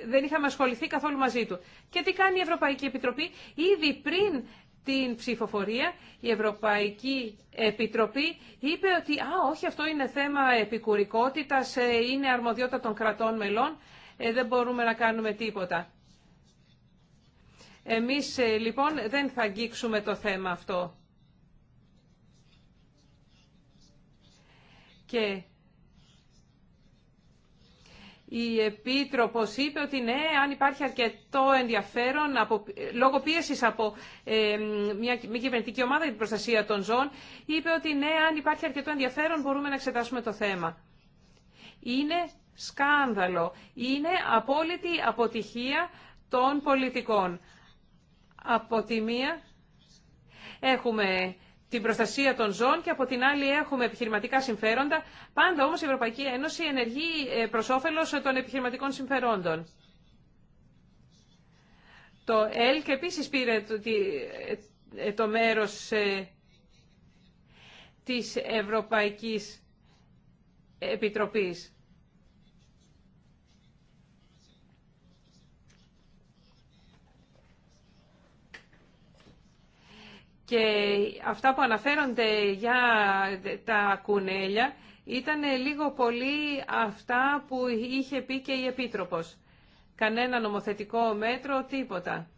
Speaker 3: δεν είχαμε ασχοληθεί καθόλου μαζί του. Και τι κάνει η Ευρωπαϊκή Επιτροπή ήδη πριν την ψηφοφορία, η Ευρωπαϊκή Επιτροπή είπε ότι «Α, όχι, αυτό είναι θέμα επικουρικότητας, ε, είναι αρμοδιότητα των κρατών μελών, ε, δεν μπορούμε να κάνουμε τίποτα». Εμείς, ε, λοιπόν, δεν θα αγγίξουμε το θέμα αυτό. Και η Επίτροπος είπε ότι ναι, αν υπάρχει αρκετό ενδιαφέρον από, λόγω πίεσης από ε, μια μη κυβερνητική ομάδα για την προστασία των ζώων, είπε ότι ναι, αν υπάρχει αρκετό ενδιαφέρον μπορούμε να εξετάσουμε το θέμα. Είναι σκάνδαλο. Είναι απόλυτη αποτυχία των πολιτικών. Από τη μία έχουμε την προστασία των ζώων και από την άλλη έχουμε επιχειρηματικά συμφέροντα. Πάντα όμως η Ευρωπαϊκή Ένωση ενεργεί ε, προς όφελος των επιχειρηματικών συμφερόντων. Το ΕΛΚ επίσης πήρε το ε, ε, μέρος της Ευρωπαϊκής Επιτροπής. και αυτά που αναφέρονται για τα κουνέλια ήταν λίγο πολύ αυτά που είχε πει και η Επίτροπος. Κανένα νομοθετικό μέτρο, τίποτα.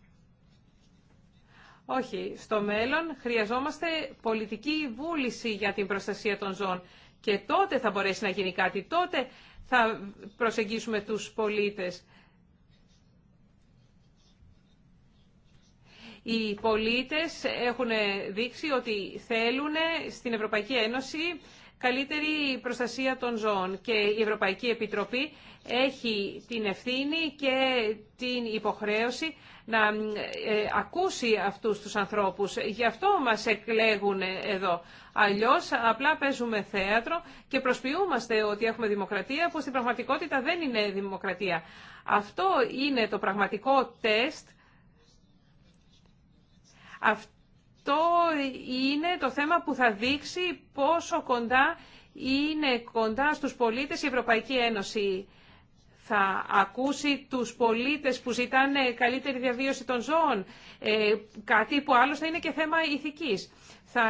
Speaker 3: Όχι, στο μέλλον χρειαζόμαστε πολιτική βούληση για την προστασία των ζώων και τότε θα μπορέσει να γίνει κάτι, τότε θα προσεγγίσουμε τους πολίτες. Οι πολίτες έχουν δείξει ότι θέλουν στην Ευρωπαϊκή Ένωση καλύτερη προστασία των ζώων και η Ευρωπαϊκή Επιτροπή έχει την ευθύνη και την υποχρέωση να ε, ακούσει αυτούς τους ανθρώπους. Γι' αυτό μας εκλέγουν εδώ. Αλλιώς απλά παίζουμε θέατρο και προσποιούμαστε ότι έχουμε δημοκρατία που στην πραγματικότητα δεν είναι δημοκρατία. Αυτό είναι το πραγματικό τεστ αυτό είναι το θέμα που θα δείξει πόσο κοντά είναι κοντά στους πολίτες η Ευρωπαϊκή Ένωση. Θα ακούσει τους πολίτες που ζητάνε καλύτερη διαβίωση των ζώων, ε, κάτι που άλλωστε είναι και θέμα ηθικής. Θα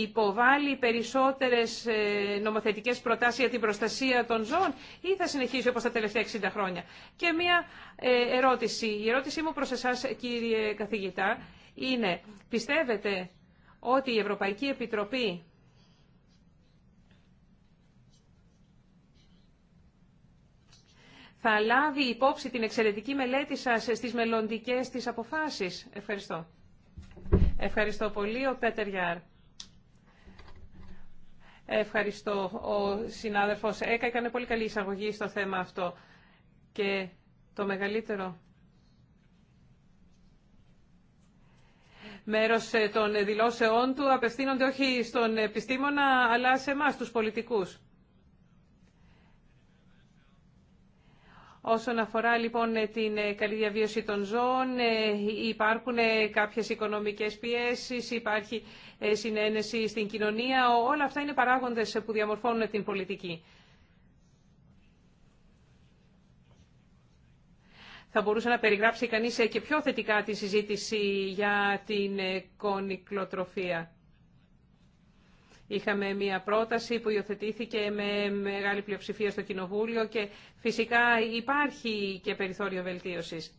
Speaker 3: υποβάλει περισσότερες ε, νομοθετικές προτάσεις για την προστασία των ζώων ή θα συνεχίσει όπως τα τελευταία 60 χρόνια. Και μία ε, ερώτηση. Η ερώτησή μου προς εσάς κύριε καθηγητά είναι, πιστεύετε ότι η Ευρωπαϊκή Επιτροπή θα λάβει υπόψη την εξαιρετική μελέτη σας στις μελλοντικέ της αποφάσεις. Ευχαριστώ. Ευχαριστώ πολύ, ο Πέτερ Γιάρ. Ευχαριστώ. Ο συνάδελφος ΕΚΑ έκανε πολύ καλή εισαγωγή στο θέμα αυτό. Και το μεγαλύτερο μέρος ε, των δηλώσεών του απευθύνονται όχι στον επιστήμονα αλλά σε εμά τους πολιτικούς. Όσον αφορά λοιπόν ε, την ε, καλή διαβίωση των ζώων, υπάρχουν κάποιες οικονομικές πιέσεις, υπάρχει συνένεση στην κοινωνία. Όλα αυτά είναι παράγοντες που διαμορφώνουν την πολιτική. θα μπορούσε να περιγράψει κανείς ε, και πιο θετικά τη συζήτηση για την ε, κονικλοτροφία. Είχαμε μία πρόταση που υιοθετήθηκε με μεγάλη πλειοψηφία στο Κοινοβούλιο και φυσικά υπάρχει και περιθώριο βελτίωσης.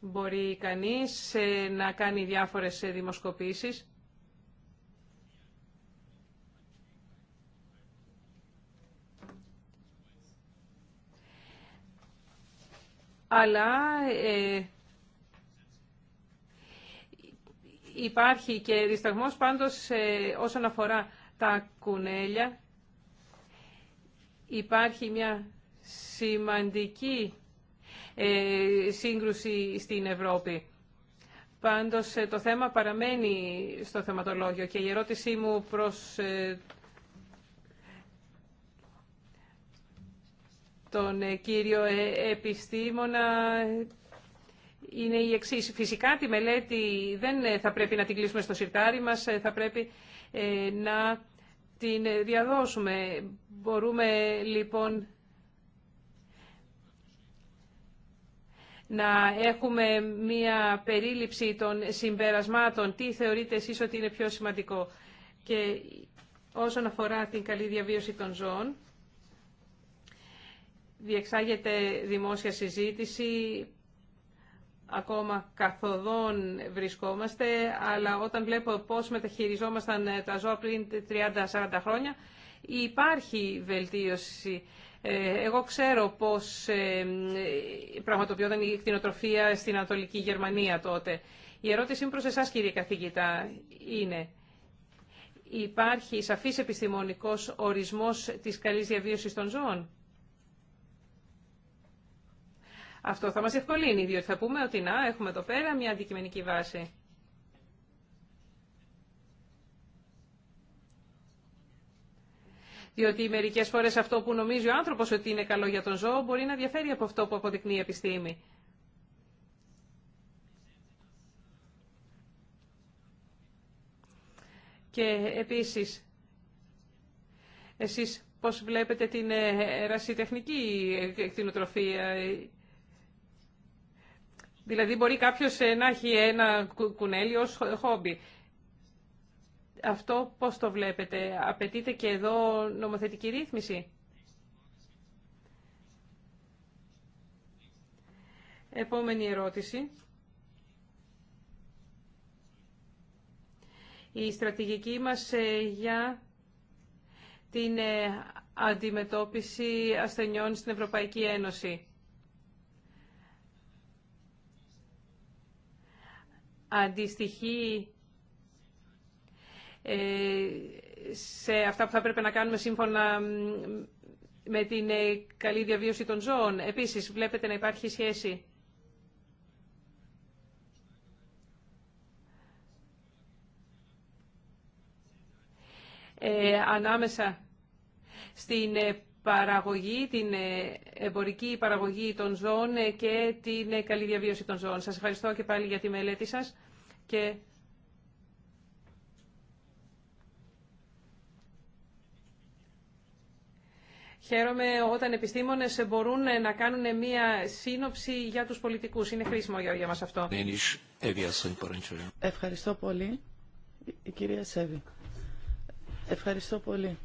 Speaker 3: Μπορεί κανείς ε, να κάνει διάφορες δημοσκοπήσεις αλλά ε, υπάρχει και δισταγμός πάντως ε, όσον αφορά τα κουνέλια. Υπάρχει μια σημαντική ε, σύγκρουση στην Ευρώπη. Πάντως το θέμα παραμένει στο θεματολόγιο και η ερώτησή μου προς τον ε, κύριο ε, επιστήμονα είναι η εξή. Φυσικά τη μελέτη δεν ε, θα πρέπει να την κλείσουμε στο σιρτάρι μας, θα πρέπει να την διαδώσουμε. Μπορούμε λοιπόν να έχουμε μία περίληψη των συμπερασμάτων. Τι θεωρείτε εσείς ότι είναι πιο σημαντικό. Και όσον αφορά την καλή διαβίωση των ζώων, διεξάγεται δημόσια συζήτηση, ακόμα καθοδόν βρισκόμαστε, αλλά όταν βλέπω πώς μεταχειριζόμασταν τα ζώα πριν 30-40 χρόνια, υπάρχει βελτίωση. Ε, εγώ ξέρω πώς ε, πραγματοποιόταν η κτηνοτροφία στην Ανατολική Γερμανία τότε. Η ερώτησή μου προς εσάς, κύριε καθηγητά, είναι υπάρχει σαφής επιστημονικός ορισμός της καλής διαβίωσης των ζώων. Αυτό θα μας ευκολύνει, διότι θα πούμε ότι να, έχουμε εδώ πέρα μια αντικειμενική βάση. Διότι μερικές φορές αυτό που νομίζει ο άνθρωπος ότι είναι καλό για τον ζώο μπορεί να διαφέρει από αυτό που αποδεικνύει η επιστήμη. Και επίσης, εσείς πώς βλέπετε την ερασιτεχνική ε, κτηνοτροφία, Δηλαδή μπορεί κάποιο ε, να έχει ένα κουνέλι ως χόμπι. Αυτό πώς το βλέπετε, απαιτείται και εδώ νομοθετική ρύθμιση. Επόμενη ερώτηση. Η στρατηγική μας ε, για την ε, αντιμετώπιση ασθενειών στην Ευρωπαϊκή Ένωση. αντιστοιχεί ε, σε αυτά που θα πρέπει να κάνουμε σύμφωνα με την ε, καλή διαβίωση των ζώων. Επίσης, βλέπετε να υπάρχει σχέση Ε, ανάμεσα στην ε, παραγωγή, την εμπορική παραγωγή των ζώων και την καλή διαβίωση των ζώων. Σας ευχαριστώ και πάλι για τη μελέτη σας και Χαίρομαι όταν επιστήμονες μπορούν να κάνουν μία σύνοψη για τους πολιτικούς. Είναι χρήσιμο για μας αυτό.
Speaker 4: Ευχαριστώ πολύ. κυρία Σέβη. Ευχαριστώ πολύ.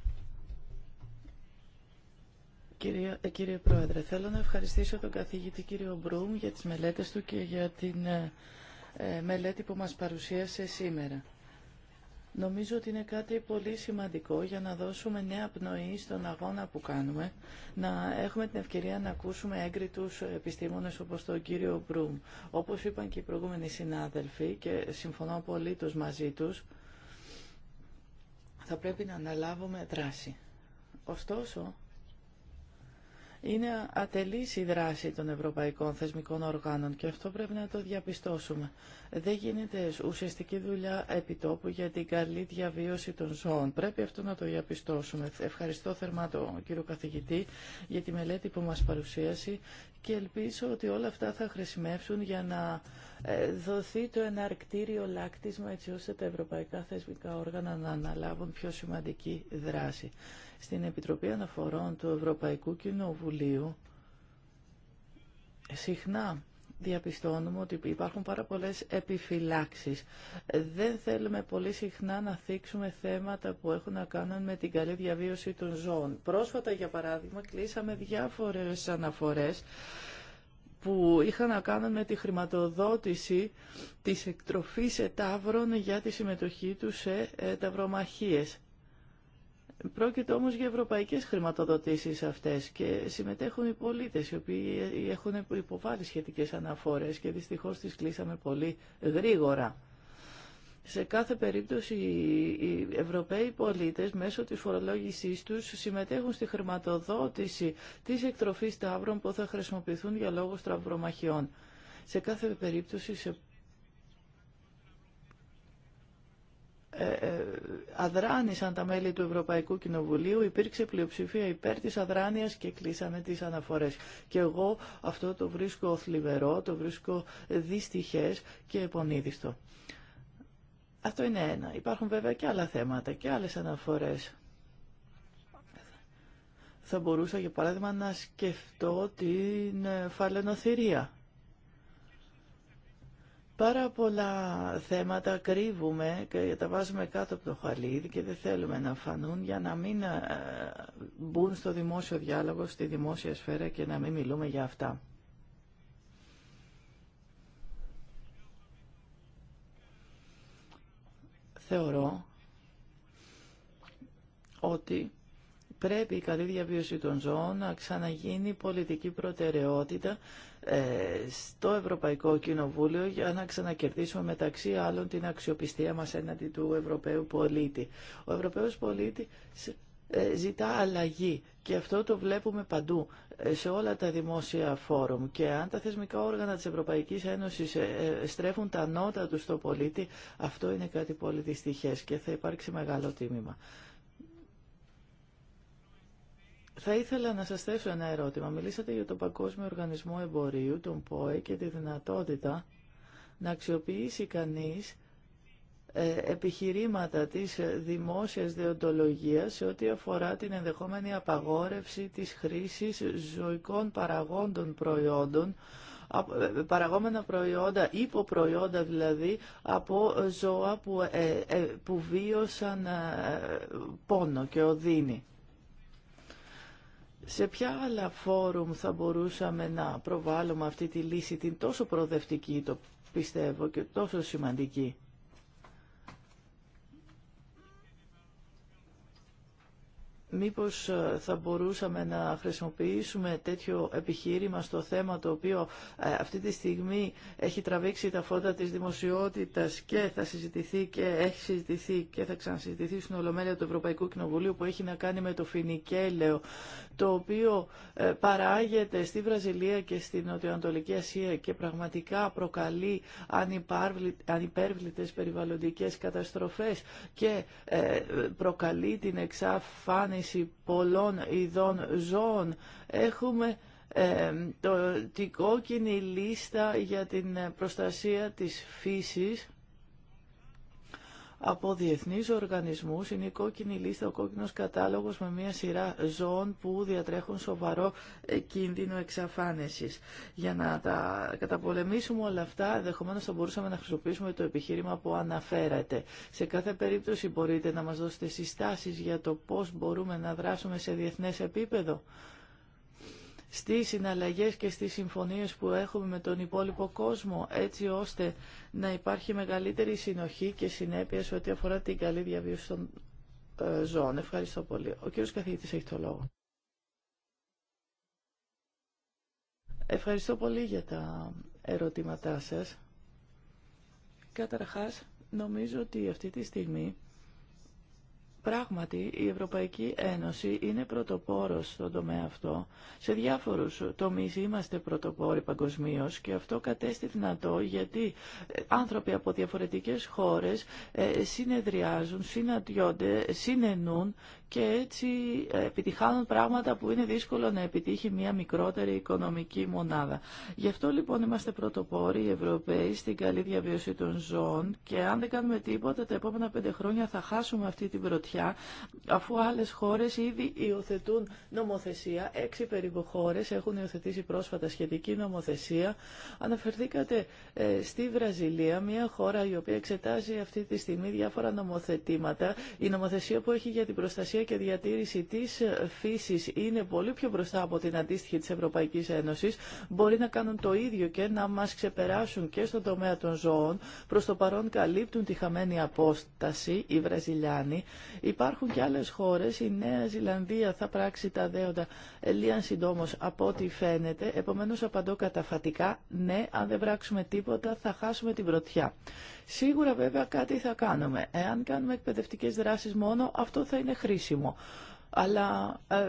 Speaker 4: Κύριε, κύριε Πρόεδρε, θέλω να ευχαριστήσω τον καθηγητή κύριο Μπρούμ για τις μελέτες του και για την ε, ε, μελέτη που μας παρουσίασε σήμερα. Νομίζω ότι είναι κάτι πολύ σημαντικό για να δώσουμε νέα πνοή στον αγώνα που κάνουμε, να έχουμε την ευκαιρία να ακούσουμε έγκριτους επιστήμονες όπως τον κύριο Μπρούμ. Όπως είπαν και οι προηγούμενοι συνάδελφοι και συμφωνώ τους μαζί τους, θα πρέπει να αναλάβουμε δράση. Ωστόσο, είναι ατελής η δράση των ευρωπαϊκών θεσμικών οργάνων και αυτό πρέπει να το διαπιστώσουμε. Δεν γίνεται ουσιαστική δουλειά επιτόπου για την καλή διαβίωση των ζώων. Πρέπει αυτό να το διαπιστώσουμε. Ευχαριστώ θερμά τον κύριο καθηγητή για τη μελέτη που μας παρουσίασε και ελπίζω ότι όλα αυτά θα χρησιμεύσουν για να ε, δοθεί το εναρκτήριο λάκτισμα έτσι ώστε τα ευρωπαϊκά θεσμικά όργανα να αναλάβουν πιο σημαντική δράση στην Επιτροπή Αναφορών του Ευρωπαϊκού Κοινοβουλίου συχνά διαπιστώνουμε ότι υπάρχουν πάρα πολλές επιφυλάξεις. Δεν θέλουμε πολύ συχνά να θίξουμε θέματα που έχουν να κάνουν με την καλή διαβίωση των ζώων. Πρόσφατα, για παράδειγμα, κλείσαμε διάφορες αναφορές που είχαν να κάνουν με τη χρηματοδότηση της εκτροφής ετάβρων για τη συμμετοχή τους σε ε, ταυρομαχίες. Πρόκειται όμως για ευρωπαϊκές χρηματοδοτήσεις αυτές και συμμετέχουν οι πολίτες οι οποίοι έχουν υποβάλει σχετικές αναφορές και δυστυχώς τις κλείσαμε πολύ γρήγορα. Σε κάθε περίπτωση οι Ευρωπαίοι πολίτες μέσω της φορολόγησής τους συμμετέχουν στη χρηματοδότηση της εκτροφής ταύρων που θα χρησιμοποιηθούν για λόγους τραυρομαχιών. Σε κάθε περίπτωση, σε Ε, ε, αδράνησαν τα μέλη του Ευρωπαϊκού Κοινοβουλίου, υπήρξε πλειοψηφία υπέρ της αδράνειας και κλείσαμε τις αναφορές. Και εγώ αυτό το βρίσκω θλιβερό, το βρίσκω δυστυχές και επονίδιστο. Αυτό είναι ένα. Υπάρχουν βέβαια και άλλα θέματα και άλλες αναφορές. Θα μπορούσα για παράδειγμα να σκεφτώ την φαλαινοθυρία Πάρα πολλά θέματα κρύβουμε και τα βάζουμε κάτω από το χαλίδι και δεν θέλουμε να φανούν για να μην ε, μπουν στο δημόσιο διάλογο, στη δημόσια σφαίρα και να μην μιλούμε για αυτά. Θεωρώ ότι πρέπει η καλή διαβίωση των ζώων να ξαναγίνει πολιτική προτεραιότητα ε, στο Ευρωπαϊκό Κοινοβούλιο για να ξανακερδίσουμε μεταξύ άλλων την αξιοπιστία μας έναντι του Ευρωπαίου πολίτη. Ο Ευρωπαίος πολίτη ε, ζητά αλλαγή και αυτό το βλέπουμε παντού ε, σε όλα τα δημόσια φόρουμ και αν τα θεσμικά όργανα της Ευρωπαϊκής Ένωσης στρέφουν τα νότα του στο πολίτη αυτό είναι κάτι πολύ δυστυχές και θα υπάρξει μεγάλο τίμημα. Θα ήθελα να σας θέσω ένα ερώτημα. Μιλήσατε για τον Παγκόσμιο Οργανισμό Εμπορίου, τον ΠΟΕ και τη δυνατότητα να αξιοποιήσει κανείς ε, επιχειρήματα της δημόσιας διοντολογίας σε ό,τι αφορά την ενδεχόμενη απαγόρευση της χρήσης ζωικών παραγόντων προϊόντων, ε, παραγόμενα προϊόντα, υποπροϊόντα δηλαδή, από ζώα που, ε, που βίωσαν πόνο και οδύνη. Σε ποια άλλα φόρουμ θα μπορούσαμε να προβάλλουμε αυτή τη λύση, την τόσο προοδευτική, το πιστεύω, και τόσο σημαντική. Μήπως ε, θα μπορούσαμε να χρησιμοποιήσουμε τέτοιο επιχείρημα στο θέμα το οποίο ε, αυτή τη στιγμή έχει τραβήξει τα φώτα της δημοσιότητας και θα συζητηθεί και έχει συζητηθεί και θα ξανασυζητηθεί στην Ολομέλεια του Ευρωπαϊκού Κοινοβουλίου που έχει να κάνει με το φινικέλαιο το οποίο ε, παράγεται στη Βραζιλία και στην Νοτιοανατολική Ασία και πραγματικά προκαλεί ανυπέρβλητες περιβαλλοντικές καταστροφές και προκαλεί την εξαφάνιση εμφάνιση πολλών ειδών ζώων. Έχουμε ε, το, την κόκκινη λίστα για την ε, προστασία της φύσης από διεθνείς οργανισμούς. Είναι η κόκκινη λίστα, ο κόκκινος κατάλογος με μια σειρά ζώων που διατρέχουν σοβαρό ε, κίνδυνο εξαφάνισης. Για να τα καταπολεμήσουμε όλα αυτά, ενδεχομένω θα μπορούσαμε να χρησιμοποιήσουμε το επιχείρημα που αναφέρατε. Σε κάθε περίπτωση μπορείτε να μας δώσετε συστάσεις για το πώς μπορούμε να δράσουμε σε διεθνές επίπεδο στις συναλλαγές και στις συμφωνίες που έχουμε με τον υπόλοιπο κόσμο, έτσι ώστε να υπάρχει μεγαλύτερη συνοχή και συνέπεια σε ό,τι αφορά την καλή διαβίωση των ε, ζώων. Ευχαριστώ πολύ. Ο κύριος καθηγητής έχει το λόγο. Ευχαριστώ πολύ για τα ερωτήματά σας. Καταρχάς, νομίζω ότι αυτή τη στιγμή Πράγματι, η Ευρωπαϊκή Ένωση είναι πρωτοπόρος στον τομέα αυτό. Σε διάφορους τομείς είμαστε πρωτοπόροι παγκοσμίω και αυτό κατέστη δυνατό γιατί ε, άνθρωποι από διαφορετικές χώρες ε, συνεδριάζουν, συναντιόνται, συνενούν και έτσι ε, επιτυχάνουν πράγματα που είναι δύσκολο να επιτύχει μια μικρότερη οικονομική μονάδα. Γι' αυτό λοιπόν είμαστε πρωτοπόροι οι Ευρωπαίοι στην καλή διαβίωση των ζώων και αν δεν κάνουμε τίποτα τα επόμενα πέντε χρόνια θα χάσουμε αυτή την πρωτιά αφού άλλες χώρες ήδη υιοθετούν νομοθεσία, έξι περίπου χώρες έχουν υιοθετήσει πρόσφατα σχετική νομοθεσία. Αναφερθήκατε ε, στη Βραζιλία, μια χώρα η οποία εξετάζει αυτή τη στιγμή διάφορα νομοθετήματα. Η νομοθεσία που έχει για την προστασία προστασία και διατήρηση της φύσης είναι πολύ πιο μπροστά από την αντίστοιχη της Ευρωπαϊκής Ένωσης, μπορεί να κάνουν το ίδιο και να μας ξεπεράσουν και στον τομέα των ζώων. Προς το παρόν καλύπτουν τη χαμένη απόσταση οι Βραζιλιάνοι. Υπάρχουν και άλλες χώρες, η Νέα Ζηλανδία θα πράξει τα δέοντα λίγαν συντόμως από ό,τι φαίνεται. Επομένως απαντώ καταφατικά, ναι, αν δεν πράξουμε τίποτα θα χάσουμε την πρωτιά. Σίγουρα βέβαια κάτι θα κάνουμε. Εάν κάνουμε εκπαιδευτικέ δράσει μόνο, αυτό θα είναι χρήσιμο χρήσιμο. Αλλά ε,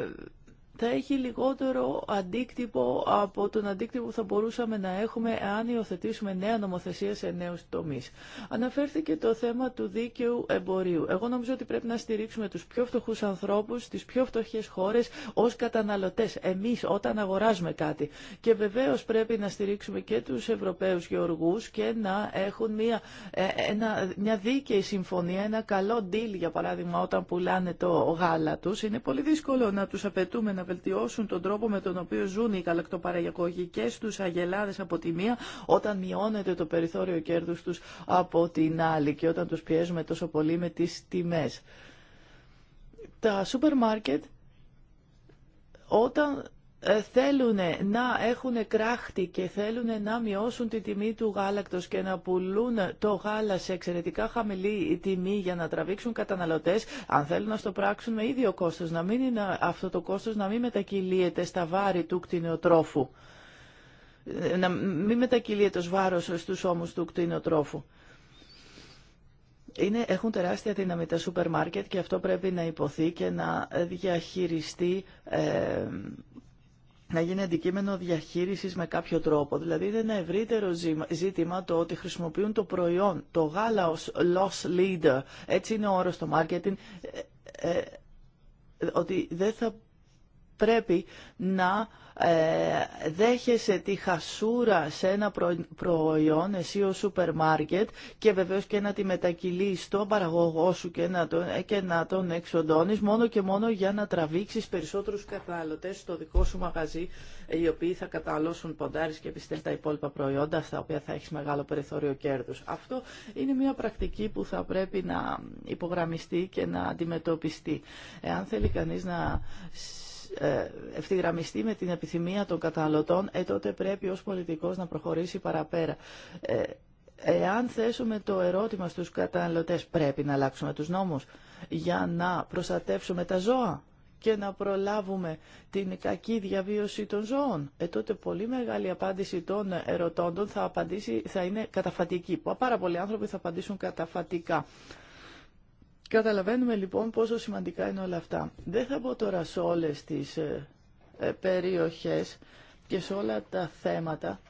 Speaker 4: θα έχει λιγότερο αντίκτυπο από τον αντίκτυπο που θα μπορούσαμε να έχουμε αν υιοθετήσουμε νέα νομοθεσία σε νέους τομείς. Αναφέρθηκε το θέμα του δίκαιου εμπορίου. Εγώ νομίζω ότι πρέπει να στηρίξουμε τους πιο φτωχούς ανθρώπους, τις πιο φτωχές χώρες ως καταναλωτές, εμείς όταν αγοράζουμε κάτι. Και βεβαίως πρέπει να στηρίξουμε και τους Ευρωπαίους γεωργούς και να έχουν μια, ε, μια δίκαιη συμφωνία, ένα καλό deal για παράδειγμα όταν πουλάνε το γάλα τους. Είναι πολύ δύσκολο να τους απαιτούμε να βελτιώσουν τον τρόπο με τον οποίο ζουν οι καλακτοπαραγωγικές του αγελάδε από τη μία όταν μειώνεται το περιθώριο κέρδους τους από την άλλη και όταν τους πιέζουμε τόσο πολύ με τις τιμές. Τα σούπερ μάρκετ όταν ε, θέλουν να έχουν κράχτη και θέλουν να μειώσουν τη τιμή του γάλακτος και να πουλούν το γάλα σε εξαιρετικά χαμηλή τιμή για να τραβήξουν καταναλωτές, αν θέλουν να στο πράξουν με ίδιο κόστος, να μην είναι αυτό το κόστος να μην μετακυλίεται στα βάρη του κτηνοτρόφου. Ε, να μην μετακυλίεται το βάρος στους ώμους του κτηνοτρόφου. Είναι, έχουν τεράστια δύναμη τα σούπερ μάρκετ και αυτό πρέπει να υποθεί και να διαχειριστεί ε, να γίνει αντικείμενο διαχείρισης με κάποιο τρόπο. Δηλαδή είναι ένα ευρύτερο ζήτημα το ότι χρησιμοποιούν το προϊόν, το γάλα ως loss leader, έτσι είναι ο όρος στο marketing, ε, ε, ε, ότι δεν θα πρέπει να ε, δέχεσαι τη χασούρα σε ένα προϊόν εσύ ως σούπερ μάρκετ και βεβαίως και να τη μετακυλείς στον παραγωγό σου και να τον, ε, και να τον εξοντώνεις μόνο και μόνο για να τραβήξεις περισσότερους καταναλωτές στο δικό σου μαγαζί οι οποίοι θα καταναλώσουν ποντάρις και πιστεύει τα υπόλοιπα προϊόντα στα οποία θα έχεις μεγάλο περιθώριο κέρδους. Αυτό είναι μια πρακτική που θα πρέπει να υπογραμμιστεί και να αντιμετωπιστεί. Εάν θέλει κανείς να ευθυγραμμιστεί με την επιθυμία των καταναλωτών, ε, τότε πρέπει ως πολιτικός να προχωρήσει παραπέρα. Ε, εάν θέσουμε το ερώτημα στους καταναλωτές, πρέπει να αλλάξουμε τους νόμους για να προστατεύσουμε τα ζώα και να προλάβουμε την κακή διαβίωση των ζώων. Ε, τότε πολύ μεγάλη απάντηση των ερωτώντων θα, απαντήσει, θα είναι καταφατική. Πάρα πολλοί άνθρωποι θα απαντήσουν καταφατικά. Καταλαβαίνουμε λοιπόν πόσο σημαντικά είναι όλα αυτά. Δεν θα μπω τώρα σε όλες τις ε, ε, περιοχές και σε όλα τα θέματα.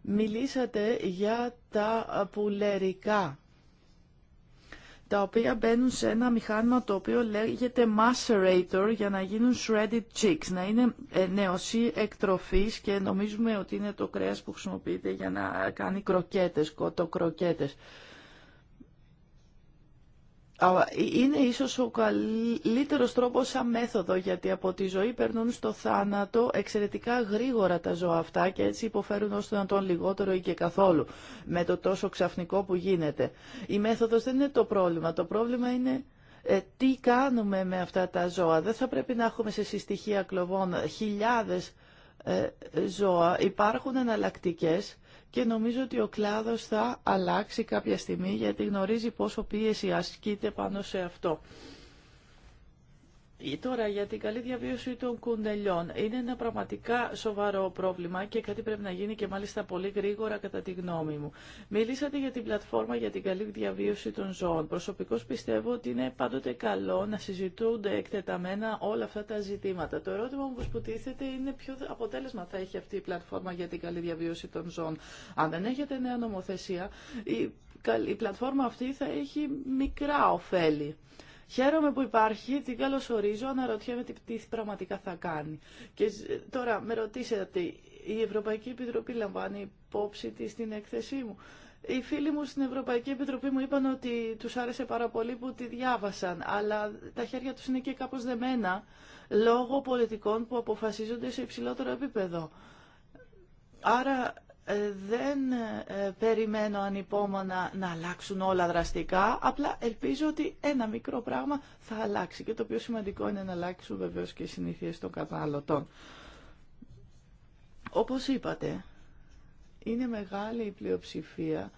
Speaker 4: Μιλήσατε για τα πουλερικά, τα οποία μπαίνουν σε ένα μηχάνημα το οποίο λέγεται macerator για να γίνουν shredded chicks, να είναι ε, νεωσή εκτροφής και νομίζουμε ότι είναι το κρέας που χρησιμοποιείται για να κάνει κροκέτες, κοτοκροκέτες. Ε, είναι ίσως ο καλύτερος τρόπος σαν μέθοδο, γιατί από τη ζωή περνούν στο θάνατο εξαιρετικά γρήγορα τα ζώα αυτά και έτσι υποφέρουν να τον λιγότερο ή και καθόλου με το τόσο ξαφνικό που γίνεται. Η μέθοδος δεν είναι το πρόβλημα. Το πρόβλημα είναι ε, τι κάνουμε με αυτά τα ζώα. Δεν θα πρέπει να έχουμε σε συστοιχεία κλωβών χιλιάδες ε, ζώα. Υπάρχουν εναλλακτικές και νομίζω ότι ο κλάδος θα αλλάξει κάποια στιγμή γιατί γνωρίζει πόσο πίεση ασκείται πάνω σε αυτό. Ε, τώρα για την καλή διαβίωση των κουντελιών. Είναι ένα πραγματικά σοβαρό πρόβλημα και κάτι πρέπει να γίνει και μάλιστα πολύ γρήγορα κατά τη γνώμη μου. Μιλήσατε για την πλατφόρμα για την καλή διαβίωση των ζώων. Προσωπικώ πιστεύω ότι είναι πάντοτε καλό να συζητούνται εκτεταμένα όλα αυτά τα ζητήματα. Το ερώτημα όμω που τίθεται είναι ποιο αποτέλεσμα θα έχει αυτή η πλατφόρμα για την καλή διαβίωση των ζώων. Αν δεν έχετε νέα νομοθεσία, η πλατφόρμα αυτή θα έχει μικρά ωφέλη. Χαίρομαι που υπάρχει, την καλωσορίζω, αναρωτιέμαι τι πραγματικά θα κάνει. Και τώρα με ρωτήσατε, η Ευρωπαϊκή Επιτροπή λαμβάνει υπόψη τη στην έκθεσή μου. Οι φίλοι μου στην Ευρωπαϊκή Επιτροπή μου είπαν ότι τους άρεσε πάρα πολύ που τη διάβασαν, αλλά τα χέρια τους είναι και κάπως δεμένα λόγω πολιτικών που αποφασίζονται σε υψηλότερο επίπεδο. Άρα ε, δεν ε, περιμένω ανυπόμονα να αλλάξουν όλα δραστικά, απλά ελπίζω ότι ένα μικρό πράγμα θα αλλάξει και το πιο σημαντικό είναι να αλλάξουν βεβαίως και οι συνήθειες των καταναλωτών. Όπως είπατε, είναι μεγάλη η πλειοψηφία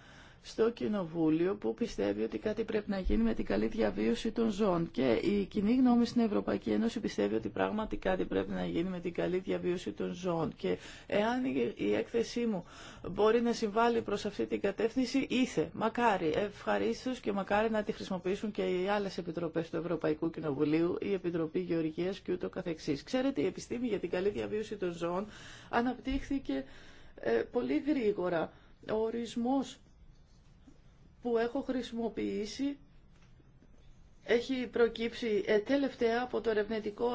Speaker 4: στο Κοινοβούλιο που πιστεύει ότι κάτι πρέπει να γίνει με την καλή διαβίωση των ζώων. Και η κοινή γνώμη στην Ευρωπαϊκή Ένωση πιστεύει ότι πράγματι κάτι πρέπει να γίνει με την καλή διαβίωση των ζώων. Και εάν η έκθεσή μου μπορεί να συμβάλλει προ αυτή την κατεύθυνση, ήθε. Μακάρι, ευχαρίστω και μακάρι να τη χρησιμοποιήσουν και οι άλλε επιτροπέ του Ευρωπαϊκού Κοινοβουλίου, η Επιτροπή Γεωργία και ούτω καθεξής. Ξέρετε, η επιστήμη για την καλή διαβίωση των ζώων αναπτύχθηκε ε, πολύ γρήγορα. Ο ορισμός που έχω χρησιμοποιήσει έχει προκύψει ε, τελευταία από το ερευνητικό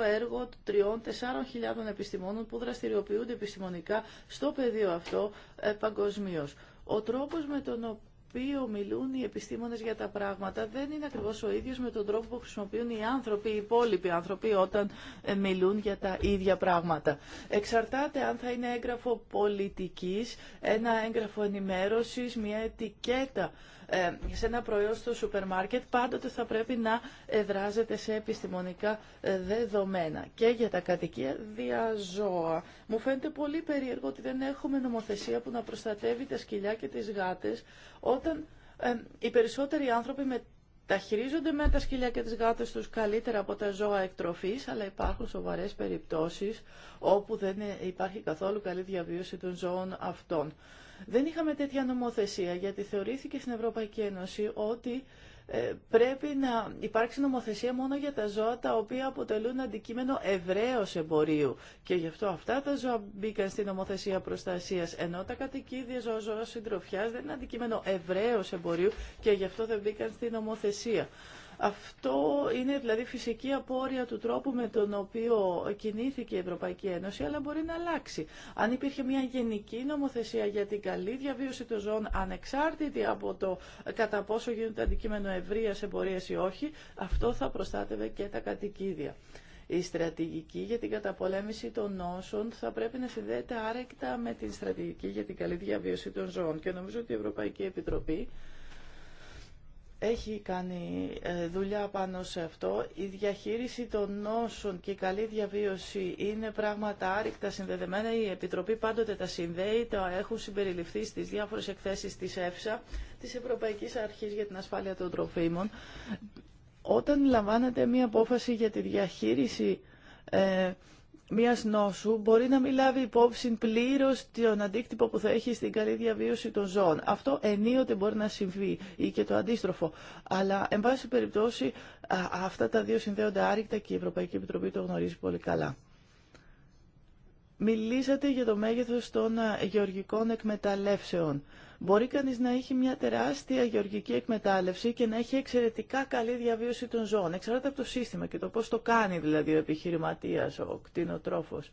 Speaker 4: τριών τεσσάρων χιλιάδων επιστημόνων που δραστηριοποιούνται επιστημονικά στο πεδίο αυτό ε, παγκοσμίω. Ο τρόπος με τον οποίο μιλούν οι επιστήμονες για τα πράγματα δεν είναι ακριβώς ο ίδιος με τον τρόπο που χρησιμοποιούν οι άνθρωποι, οι υπόλοιποι άνθρωποι όταν ε, μιλούν για τα ίδια πράγματα. Εξαρτάται αν θα είναι έγγραφο πολιτικής, ένα έγγραφο ενημέρωσης, μια ετικέτα ε, σε ένα προϊόν στο σούπερ μάρκετ πάντοτε θα πρέπει να εδράζεται σε επιστημονικά ε, δεδομένα και για τα κατοικία διαζώα. Μου φαίνεται πολύ περίεργο ότι δεν έχουμε νομοθεσία που να προστατεύει τα σκυλιά και τις γάτες όταν ε, οι περισσότεροι άνθρωποι με τα χειρίζονται με τα σκυλιά και τις γάτες τους καλύτερα από τα ζώα εκτροφής, αλλά υπάρχουν σοβαρές περιπτώσεις όπου δεν υπάρχει καθόλου καλή διαβίωση των ζώων αυτών. Δεν είχαμε τέτοια νομοθεσία γιατί θεωρήθηκε στην Ευρωπαϊκή Ένωση ότι ε, πρέπει να υπάρξει νομοθεσία μόνο για τα ζώα τα οποία αποτελούν αντικείμενο ευρέω εμπορίου και γι' αυτό αυτά τα ζώα μπήκαν στην νομοθεσία προστασίας ενώ τα κατοικίδια ζώα, ζώα συντροφιά δεν είναι αντικείμενο ευρέω εμπορίου και γι' αυτό δεν μπήκαν στην νομοθεσία. Αυτό είναι δηλαδή φυσική απόρρια του τρόπου με τον οποίο κινήθηκε η Ευρωπαϊκή Ένωση, αλλά μπορεί να αλλάξει. Αν υπήρχε μια γενική νομοθεσία για την καλή διαβίωση των ζώων, ανεξάρτητη από το κατά πόσο γίνονται αντικείμενο ευρεία εμπορία ή όχι, αυτό θα προστάτευε και τα κατοικίδια. Η στρατηγική για την καταπολέμηση των νόσων θα πρέπει να συνδέεται άρεκτα με την στρατηγική για την καλή διαβίωση των ζώων. Και νομίζω ότι η Ευρωπαϊκή Επιτροπή έχει κάνει ε, δουλειά πάνω σε αυτό. Η διαχείριση των νόσων και η καλή διαβίωση είναι πράγματα άρρηκτα συνδεδεμένα. Η Επιτροπή πάντοτε τα συνδέει, τα έχουν συμπεριληφθεί στις διάφορες εκθέσεις της ΕΦΣΑ, της Ευρωπαϊκής Αρχής για την Ασφάλεια των Τροφίμων. Όταν λαμβάνεται μία απόφαση για τη διαχείριση ε, Μία νόσου μπορεί να μην λάβει υπόψη πλήρω τον αντίκτυπο που θα έχει στην καλή διαβίωση των ζώων. Αυτό ενίοτε μπορεί να συμβεί ή και το αντίστροφο. Αλλά, εν πάση περιπτώσει, αυτά τα δύο συνδέονται άρρηκτα και η Ευρωπαϊκή Επιτροπή το γνωρίζει πολύ καλά. Μιλήσατε για το μέγεθος των γεωργικών εκμεταλλεύσεων. Μπορεί κανεί να έχει μια τεράστια γεωργική εκμετάλλευση και να έχει εξαιρετικά καλή διαβίωση των ζώων, εξαρτάται από το σύστημα και το πώς το κάνει δηλαδή ο επιχειρηματίας, ο κτηνοτρόφος.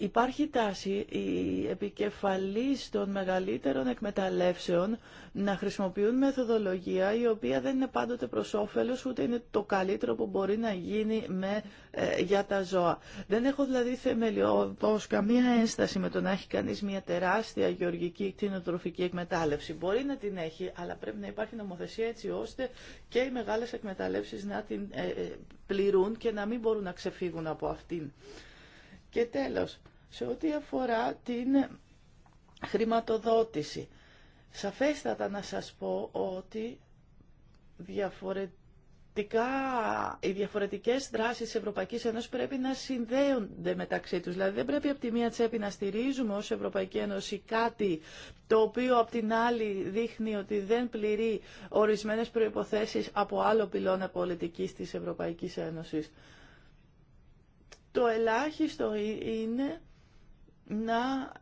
Speaker 4: Υπάρχει τάση η επικεφαλής των μεγαλύτερων εκμεταλλεύσεων να χρησιμοποιούν μεθοδολογία η οποία δεν είναι πάντοτε προς όφελος ούτε είναι το καλύτερο που μπορεί να γίνει με, ε, για τα ζώα. Δεν έχω δηλαδή θεμελιώδως καμία ένσταση με το να έχει κανείς μια τεράστια γεωργική κτηνοτροφική εκμετάλλευση. Μπορεί να την έχει, αλλά πρέπει να υπάρχει νομοθεσία έτσι ώστε και οι μεγάλες εκμεταλλεύσεις να την ε, ε, πληρούν και να μην μπορούν να ξεφύγουν από αυτήν. Και τέλος, σε ό,τι αφορά την χρηματοδότηση, σαφέστατα να σας πω ότι διαφορετικά, οι διαφορετικές δράσεις της Ευρωπαϊκής Ένωσης πρέπει να συνδέονται μεταξύ τους. Δηλαδή δεν πρέπει από τη μία τσέπη να στηρίζουμε ως Ευρωπαϊκή Ένωση κάτι το οποίο από την άλλη δείχνει ότι δεν πληρεί ορισμένες προϋποθέσεις από άλλο πυλώνα πολιτικής της Ευρωπαϊκής Ένωσης το ελάχιστο είναι να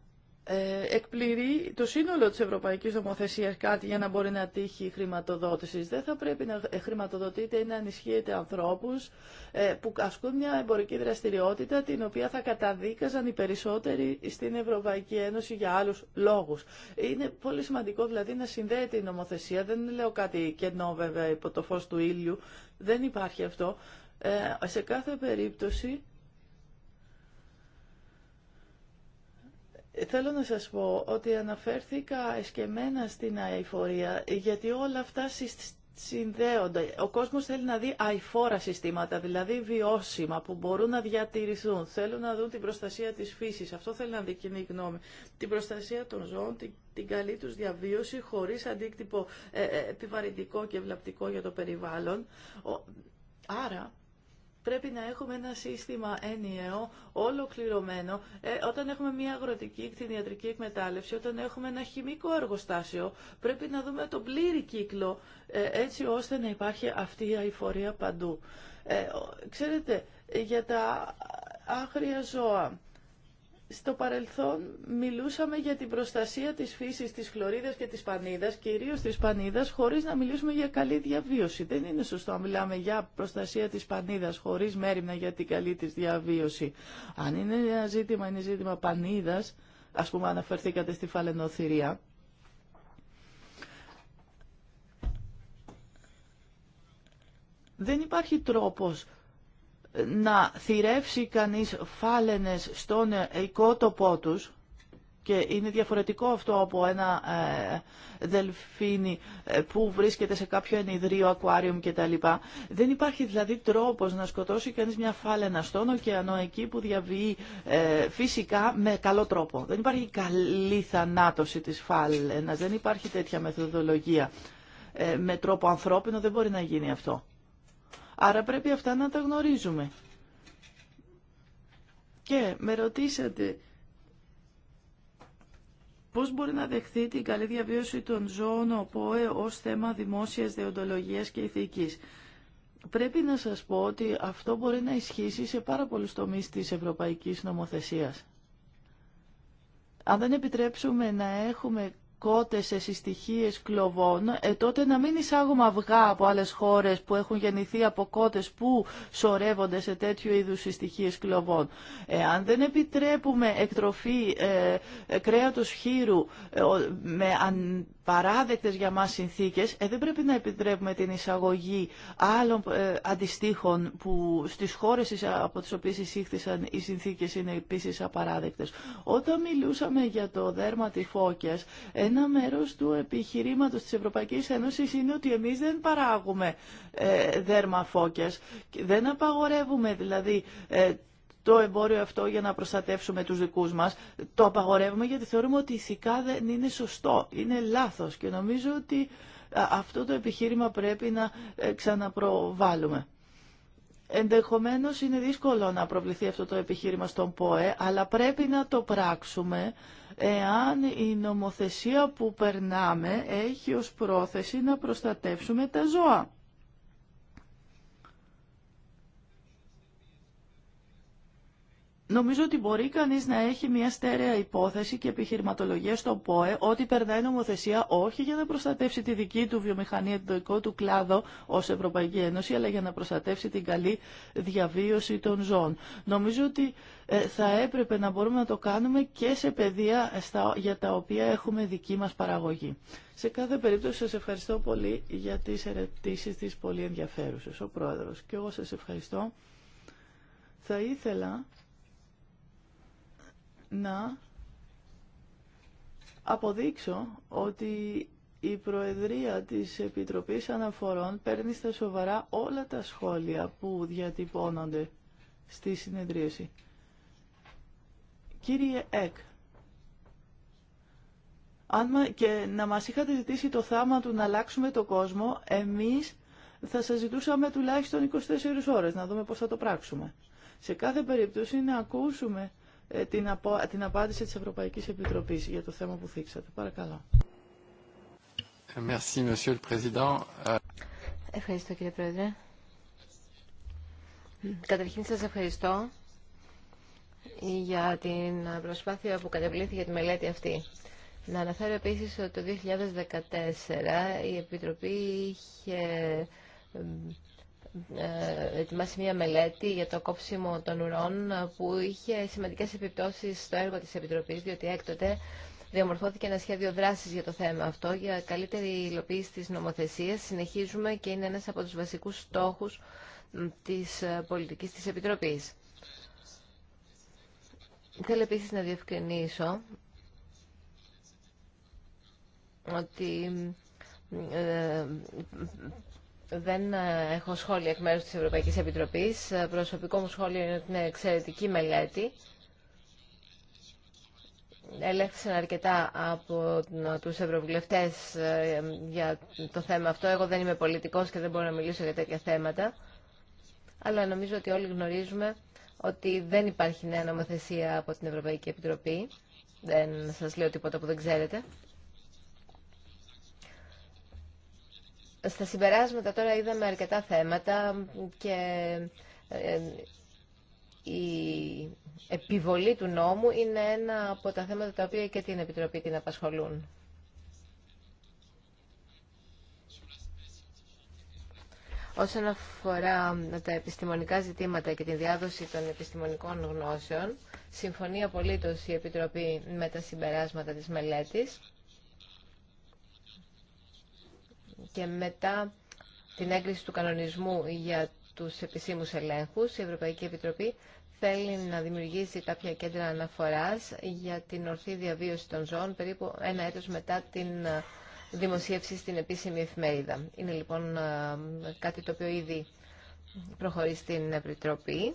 Speaker 4: ε, εκπληρεί το σύνολο της ευρωπαϊκής νομοθεσίας κάτι για να μπορεί να τύχει χρηματοδότησης. Δεν θα πρέπει να ε, χρηματοδοτείτε ή να ανισχύετε ανθρώπους ε, που ασκούν μια εμπορική δραστηριότητα την οποία θα καταδίκαζαν οι περισσότεροι στην Ευρωπαϊκή Ένωση για άλλους λόγους. Είναι πολύ σημαντικό δηλαδή να συνδέεται η να ανισχυετε ανθρωπους που ασκουν μια εμπορικη δραστηριοτητα την οποια θα καταδικαζαν οι περισσοτεροι στην ευρωπαικη ενωση για αλλους λογους ειναι πολυ σημαντικο δηλαδη να συνδεεται η νομοθεσια Δεν λέω κάτι κενό βέβαια υπό το φως του ήλιου. Δεν υπάρχει αυτό. σε κάθε περίπτωση Θέλω να σας πω ότι αναφέρθηκα εσκεμένα στην αηφορία, γιατί όλα αυτά συνδέονται. Ο κόσμος θέλει να δει αηφόρα συστήματα, δηλαδή βιώσιμα, που μπορούν να διατηρηθούν. Θέλουν να δουν την προστασία της φύσης, αυτό θέλει να δει κοινή γνώμη. Την προστασία των ζώων, την καλή τους διαβίωση, χωρίς αντίκτυπο ε, ε, επιβαρυντικό και ευλαπτικό για το περιβάλλον. Άρα, Πρέπει να έχουμε ένα σύστημα ενιαίο, ολοκληρωμένο. Ε, όταν έχουμε μια αγροτική κτηνιατρική εκμετάλλευση, όταν έχουμε ένα χημικό εργοστάσιο, πρέπει να δούμε τον πλήρη κύκλο, ε, έτσι ώστε να υπάρχει αυτή η αηφορία παντού. Ε, ξέρετε, για τα άγρια ζώα, στο παρελθόν μιλούσαμε για την προστασία της φύσης της Φλωρίδας και της Πανίδας, κυρίως της Πανίδας, χωρίς να μιλήσουμε για καλή διαβίωση. Δεν είναι σωστό να μιλάμε για προστασία της Πανίδας χωρίς μέρημνα για την καλή της διαβίωση. Αν είναι ένα ζήτημα, είναι ζήτημα Πανίδας, ας πούμε αναφερθήκατε στη Φαλαινοθυρία, δεν υπάρχει τρόπος να θυρεύσει κανείς φάλαινες στον οικότοπό τους και είναι διαφορετικό αυτό από ένα ε, δελφίνι ε, που βρίσκεται σε κάποιο ενιδρίο, ακουάριουμ κτλ. Δεν υπάρχει δηλαδή τρόπος να σκοτώσει κανείς μια φάλαινα στον ωκεανό εκεί που διαβιεί ε, φυσικά με καλό τρόπο. Δεν υπάρχει καλή θανάτωση της φάλαινας, δεν υπάρχει τέτοια μεθοδολογία. με τρόπο ανθρώπινο δεν μπορεί να γίνει αυτό. Άρα πρέπει αυτά να τα γνωρίζουμε. Και με ρωτήσατε πώς μπορεί να δεχθεί την καλή διαβίωση των ζώων ο ΠΟΕ ως θέμα δημόσιας δεοντολογίας και ηθικής. Πρέπει να σας πω ότι αυτό μπορεί να ισχύσει σε πάρα πολλούς τομείς της ευρωπαϊκής νομοθεσίας. Αν δεν επιτρέψουμε να έχουμε κότε σε συστοιχίε κλοβών, ε, τότε να μην εισάγουμε αυγά από άλλε χώρε που έχουν γεννηθεί από κότε που σορεύονται σε τέτοιου είδου συστοιχίε κλοβών. Ε, αν δεν επιτρέπουμε εκτροφή ε, ε κρέατος χείρου ε, με αν, παράδεκτες για μας συνθήκες, ε, δεν πρέπει να επιτρέπουμε την εισαγωγή άλλων ε, αντιστοίχων που στις χώρες από τις οποίες εισήχθησαν οι συνθήκες είναι επίσης απαράδεκτες. Όταν μιλούσαμε για το δέρμα της φώκιας, ένα μέρος του επιχειρήματος της Ευρωπαϊκής Ένωσης είναι ότι εμείς δεν παράγουμε ε, δέρμα φώκιας, δεν απαγορεύουμε δηλαδή ε, το εμπόριο αυτό για να προστατεύσουμε τους δικούς μας. Το απαγορεύουμε γιατί θεωρούμε ότι ηθικά δεν είναι σωστό, είναι λάθος και νομίζω ότι αυτό το επιχείρημα πρέπει να ε, ξαναπροβάλλουμε. Ενδεχομένως είναι δύσκολο να προβληθεί αυτό το επιχείρημα στον ΠΟΕ, αλλά πρέπει να το πράξουμε εάν η νομοθεσία που περνάμε έχει ως πρόθεση να προστατεύσουμε τα ζώα. Νομίζω ότι μπορεί κανεί να έχει μια στέρεα υπόθεση και επιχειρηματολογία στο ΠΟΕ ότι περνάει νομοθεσία όχι για να προστατεύσει τη δική του βιομηχανία, το δικό του κλάδο ω Ευρωπαϊκή Ένωση, αλλά για να προστατεύσει την καλή διαβίωση των ζώων. Νομίζω ότι ε, θα έπρεπε να μπορούμε να το κάνουμε και σε παιδεία για τα οποία έχουμε δική μα παραγωγή. Σε κάθε περίπτωση σας ευχαριστώ πολύ για τι ερωτήσει τη πολύ ενδιαφέρουσες, ο πρόεδρο. Και εγώ σα ευχαριστώ. Θα ήθελα να αποδείξω ότι η Προεδρία της Επιτροπής Αναφορών παίρνει στα σοβαρά όλα τα σχόλια που διατυπώνονται στη συνεδρίαση. Κύριε Εκ, αν και να μας είχατε ζητήσει το θάμα του να αλλάξουμε το κόσμο, εμείς θα σας ζητούσαμε τουλάχιστον 24 ώρες να δούμε πώς θα το πράξουμε. Σε κάθε περίπτωση να ακούσουμε ε, την, απο... την απάντηση της Ευρωπαϊκής Επιτροπής για το θέμα που θίξατε. Παρακαλώ.
Speaker 1: Ε, merci, le Président. Ε,
Speaker 2: ευχαριστώ κύριε Πρόεδρε. Καταρχήν σας ευχαριστώ για την προσπάθεια που κατεβλήθηκε για τη μελέτη αυτή. Να αναφέρω επίσης ότι το 2014 η Επιτροπή είχε ε, ετοιμάσει μια μελέτη για το κόψιμο των ουρών που είχε σημαντικές επιπτώσεις στο έργο της Επιτροπής, διότι έκτοτε διαμορφώθηκε ένα σχέδιο δράσης για το θέμα αυτό, για καλύτερη υλοποίηση της νομοθεσίας. Συνεχίζουμε και είναι ένας από τους βασικούς στόχους της ε, πολιτικής της Επιτροπής. Θέλω επίσης να διευκρινίσω ότι ε, δεν ε, έχω σχόλια εκ μέρους της Ευρωπαϊκής Επιτροπής. Ε, προσωπικό μου σχόλιο είναι ότι είναι εξαιρετική μελέτη. Ελέγχθησαν αρκετά από ε, τους ευρωβουλευτές για το θέμα αυτό. Εγώ δεν είμαι πολιτικός και δεν μπορώ να μιλήσω για τέτοια θέματα. Αλλά νομίζω ότι όλοι γνωρίζουμε ότι δεν υπάρχει νέα νομοθεσία από την Ευρωπαϊκή Επιτροπή. Δεν σας λέω τίποτα που δεν ξέρετε. Στα συμπεράσματα τώρα είδαμε αρκετά θέματα και ε, η επιβολή του νόμου είναι ένα από τα θέματα τα οποία και την Επιτροπή την απασχολούν. Όσον αφορά τα επιστημονικά ζητήματα και τη διάδοση των επιστημονικών γνώσεων, συμφωνεί απολύτως η Επιτροπή με τα συμπεράσματα της μελέτης. και μετά την έγκριση του κανονισμού για τους επισήμους ελέγχους, η Ευρωπαϊκή Επιτροπή θέλει να δημιουργήσει κάποια κέντρα αναφοράς για την ορθή διαβίωση των ζώων περίπου ένα έτος μετά την ε, δημοσίευση στην επίσημη εφημερίδα. Είναι λοιπόν ε, κάτι το οποίο ήδη προχωρεί στην Επιτροπή.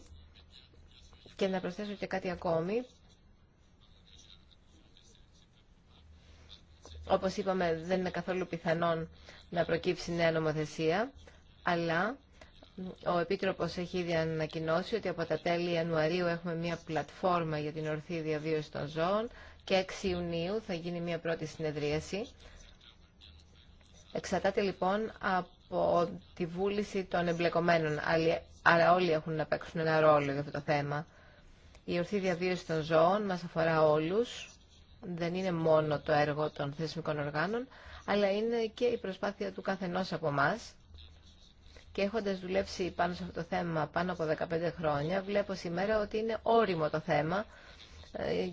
Speaker 2: Και να προσθέσω και κάτι ακόμη. Όπως είπαμε, δεν είναι καθόλου πιθανόν να προκύψει νέα νομοθεσία, αλλά ο Επίτροπος έχει ήδη ανακοινώσει ότι από τα τέλη Ιανουαρίου έχουμε μια πλατφόρμα για την ορθή διαβίωση των ζώων και 6 Ιουνίου θα γίνει μια πρώτη συνεδρίαση. Εξαρτάται λοιπόν από τη βούληση των εμπλεκομένων, αλλά όλοι έχουν να παίξουν ένα ρόλο για αυτό το θέμα. Η ορθή διαβίωση των ζώων μας αφορά όλους, δεν είναι μόνο το έργο των θεσμικών οργάνων, αλλά είναι και η προσπάθεια του καθενός από εμά. Και έχοντας δουλέψει πάνω σε αυτό το θέμα πάνω από 15 χρόνια, βλέπω σήμερα ότι είναι όριμο το θέμα ε,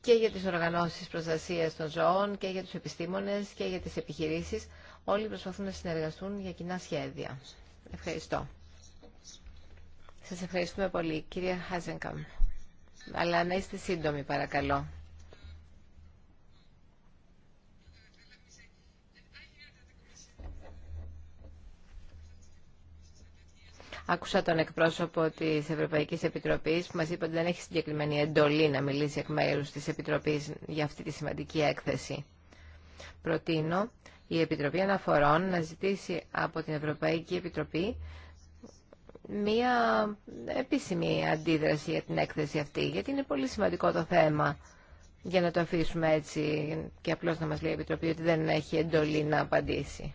Speaker 2: και για τις οργανώσεις προστασίας των ζώων και για τους επιστήμονες και για τις επιχειρήσεις. Όλοι προσπαθούν να συνεργαστούν για κοινά σχέδια. Ευχαριστώ. Σας ευχαριστούμε πολύ, κυρία Χάζενκαμ. Αλλά να είστε σύντομοι, παρακαλώ. Άκουσα τον εκπρόσωπο τη Ευρωπαϊκή Επιτροπή που μα είπε ότι δεν έχει συγκεκριμένη εντολή να μιλήσει εκ μέρου τη Επιτροπή για αυτή τη σημαντική έκθεση. Προτείνω η Επιτροπή Αναφορών να ζητήσει από την Ευρωπαϊκή Επιτροπή μία επίσημη αντίδραση για την έκθεση αυτή, γιατί είναι πολύ σημαντικό το θέμα για να το αφήσουμε έτσι και απλώς να μας λέει η Επιτροπή ότι δεν έχει εντολή να απαντήσει.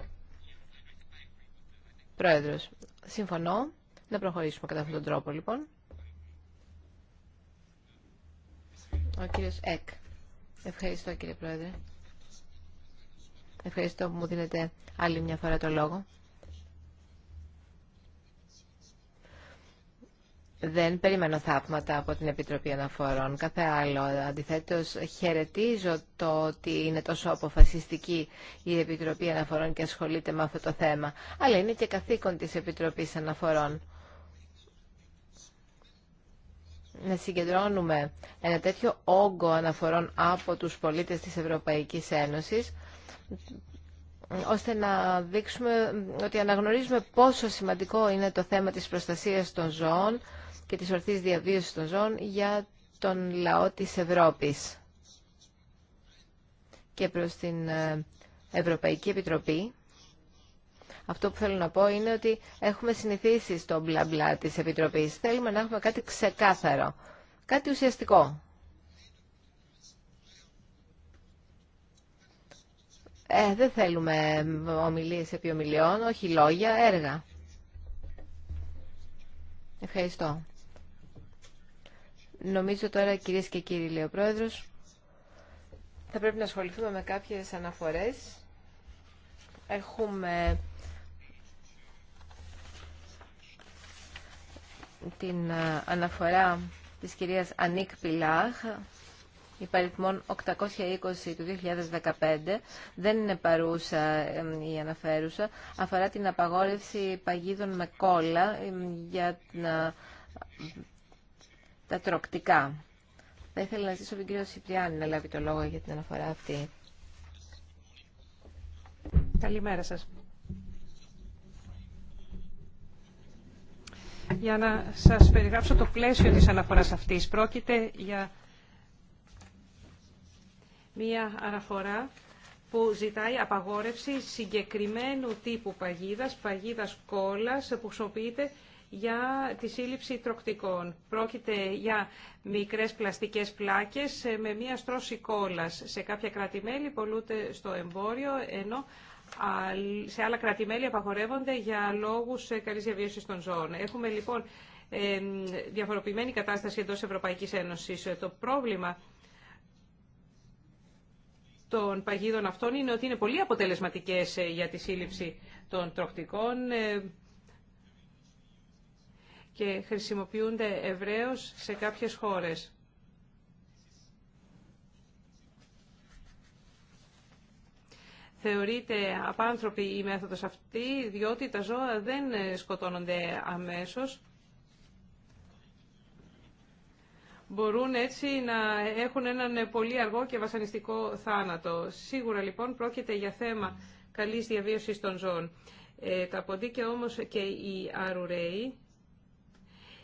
Speaker 2: Πρόεδρος, συμφωνώ. Να προχωρήσουμε κατά αυτόν τον τρόπο, λοιπόν. Ο κύριος Εκ. Ευχαριστώ, κύριε Πρόεδρε. Ευχαριστώ που μου δίνετε άλλη μια φορά το λόγο. Δεν περιμένω θαύματα από την Επιτροπή Αναφορών. Κάθε άλλο. Αντιθέτως, χαιρετίζω το ότι είναι τόσο αποφασιστική η Επιτροπή Αναφορών και ασχολείται με αυτό το θέμα. Αλλά είναι και καθήκον της Επιτροπής Αναφορών. να συγκεντρώνουμε ένα τέτοιο όγκο αναφορών από τους πολίτες της Ευρωπαϊκής Ένωσης ώστε να δείξουμε ότι αναγνωρίζουμε πόσο σημαντικό είναι το θέμα της προστασίας των ζώων και της ορθής διαβίωσης των ζώων για τον λαό της Ευρώπης. Και προς την ε, Ευρωπαϊκή Επιτροπή αυτό που θέλω να πω είναι ότι έχουμε συνηθίσει στο μπλα μπλα της Επιτροπής. Θέλουμε να έχουμε κάτι ξεκάθαρο, κάτι ουσιαστικό. Ε, δεν θέλουμε ομιλίες επί ομιλιών, όχι λόγια, έργα. Ευχαριστώ. Νομίζω τώρα, κυρίες και κύριοι, λέει ο θα πρέπει να ασχοληθούμε με κάποιες αναφορές. Έχουμε την ε, αναφορά της κυρίας Ανίκ Πιλάχ, υπαριθμών 820 του 2015, δεν είναι παρούσα η αναφέρουσα, αφορά την απαγόρευση παγίδων με κόλλα για ε, τα τροκτικά. Θα ήθελα να ζήσω τον κύριο Σιπριάνη να λάβει το λόγο για την αναφορά αυτή. Καλημέρα σας.
Speaker 3: για να σας περιγράψω το πλαίσιο της αναφοράς αυτής. Πρόκειται για μία αναφορά που ζητάει απαγόρευση συγκεκριμένου τύπου παγίδας, παγίδας κόλλας που χρησιμοποιείται για τη σύλληψη τροκτικών. Πρόκειται για μικρές πλαστικές πλάκες με μία στρώση κόλλας. Σε κάποια κράτη-μέλη στο εμπόριο, ενώ σε άλλα κράτη-μέλη απαγορεύονται για λόγους ε, καλή διαβίωση των ζώων. Έχουμε λοιπόν διαφοροποιημένη κατάσταση εντό Ευρωπαϊκή Ένωση. Ε, το πρόβλημα των παγίδων αυτών είναι ότι είναι πολύ αποτελεσματικές ε, για τη σύλληψη των τροχτικών και χρησιμοποιούνται ευρέως σε κάποιες χώρες. θεωρείται απάνθρωπη η μέθοδος αυτή, διότι τα ζώα δεν σκοτώνονται αμέσως. Μπορούν έτσι να έχουν έναν πολύ αργό και βασανιστικό θάνατο. Σίγουρα λοιπόν πρόκειται για θέμα καλής διαβίωσης των ζώων. Ε, τα ποντίκια όμως και οι αρουραίοι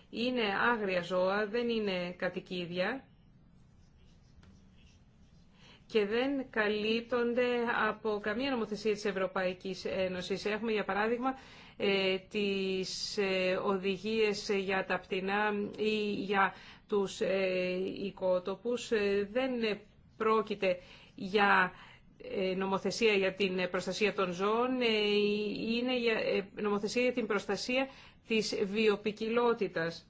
Speaker 3: είναι άγρια ζώα, δεν είναι κατοικίδια και δεν καλύπτονται από καμία νομοθεσία της Ευρωπαϊκής Ένωσης. Έχουμε, για παράδειγμα, ε, τις ε, οδηγίες για τα πτηνά ή για τους ε, οικότοπους. Δεν πρόκειται για νομοθεσία για την προστασία των ζώων, είναι νομοθεσία για την προστασία της βιοπικιλότητας.